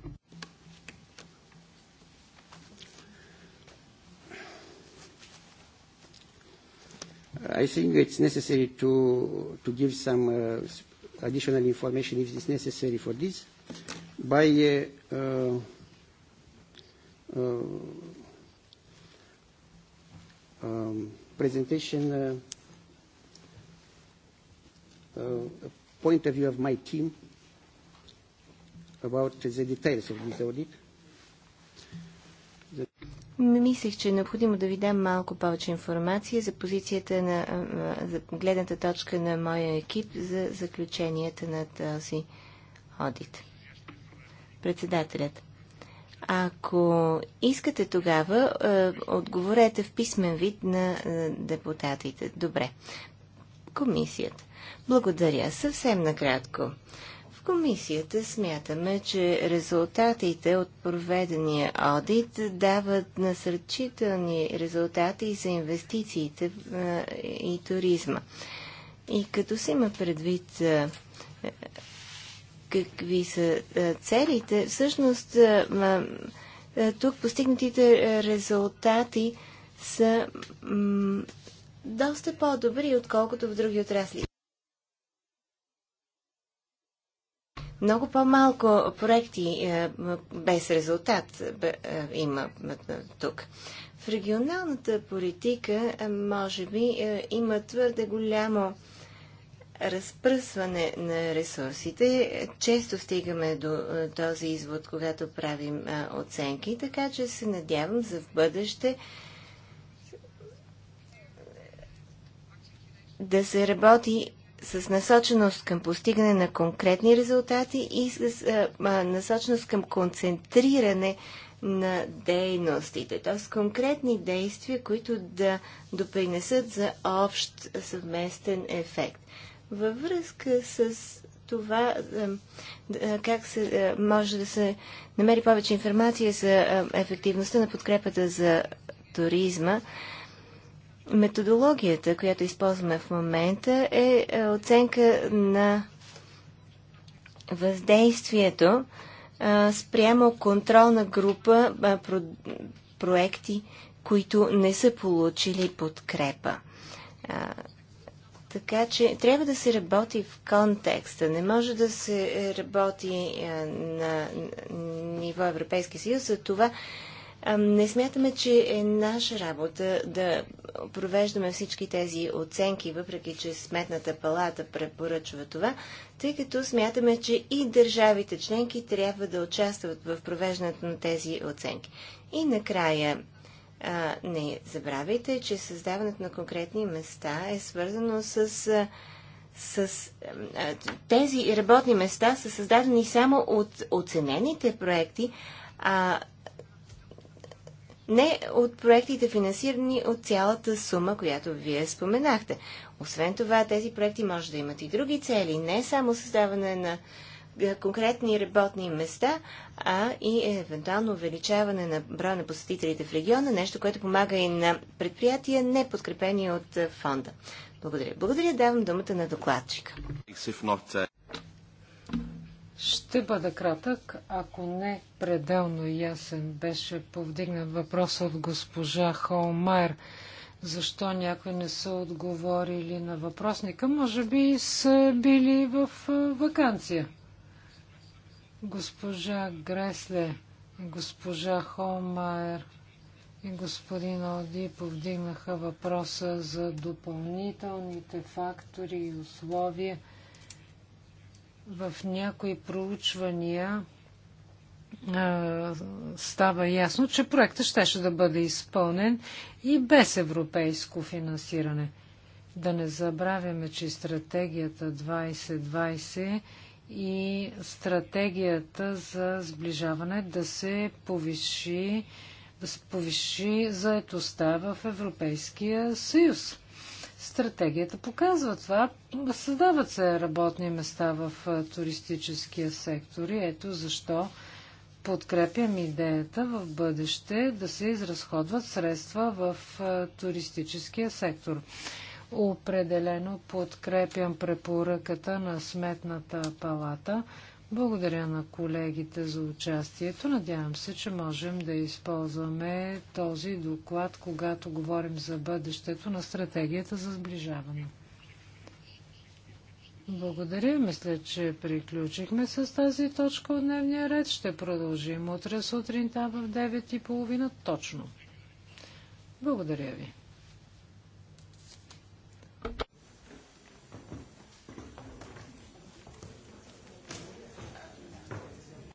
I think it's necessary to, to give some uh, additional information if it's necessary for this by uh, uh, um, presentation uh, Uh, point of view of my team about the details of this audit. Мислих, че е необходимо да ви дам малко повече информация за позицията на за гледната точка на моя екип за заключенията на този одит. Председателят. Ако искате тогава, отговорете в писмен вид на депутатите. Добре комисията. Благодаря. Съвсем накратко. В комисията смятаме, че резултатите от проведения одит дават насърчителни резултати за инвестициите и туризма. И като се има предвид е, какви са целите, всъщност тук постигнатите резултати са доста по-добри, отколкото в други отрасли. Много по-малко проекти е, без резултат е, има е, тук. В регионалната политика, може би, има твърде голямо разпръсване на ресурсите. Често стигаме до този извод, когато правим оценки, така че се надявам за в бъдеще да се работи с насоченост към постигане на конкретни резултати и с а, насоченост към концентриране на дейностите, т.е. конкретни действия, които да допринесат за общ съвместен ефект. Във връзка с това как се, може да се намери повече информация за ефективността на подкрепата за туризма, Методологията, която използваме в момента, е, е оценка на въздействието спрямо контролна група про, проекти, които не са получили подкрепа. А, така че трябва да се работи в контекста. Не може да се работи а, на, на ниво Европейски съюз за това не смятаме, че е наша работа да провеждаме всички тези оценки, въпреки че Сметната палата препоръчва това, тъй като смятаме, че и държавите членки трябва да участват в провеждането на тези оценки. И накрая, не забравяйте, че създаването на конкретни места е свързано с. с тези работни места са създадени само от оценените проекти, а не от проектите финансирани от цялата сума, която вие споменахте. Освен това, тези проекти може да имат и други цели, не само създаване на е, конкретни работни места, а и евентуално увеличаване на броя на посетителите в региона, нещо, което помага и на предприятия, не подкрепени от е, фонда. Благодаря. Благодаря. Давам думата на докладчика. Ще бъда кратък, ако не пределно ясен беше повдигнат въпрос от госпожа Холмайер. Защо някои не са отговорили на въпросника? Може би са били в вакансия. Госпожа Гресле, госпожа Холмайер и господин Оди повдигнаха въпроса за допълнителните фактори и условия – в някои проучвания става ясно, че проектът щеше да бъде изпълнен и без европейско финансиране. Да не забравяме, че стратегията 2020 и стратегията за сближаване да се повиши, да се повиши заетостта в Европейския съюз. Стратегията показва това. Създават се работни места в туристическия сектор и ето защо подкрепям идеята в бъдеще да се изразходват средства в туристическия сектор. Определено подкрепям препоръката на Сметната палата – благодаря на колегите за участието. Надявам се, че можем да използваме този доклад, когато говорим за бъдещето на стратегията за сближаване. Благодаря. Мисля, че приключихме с тази точка от дневния ред. Ще продължим утре сутринта в 9.30 точно. Благодаря ви.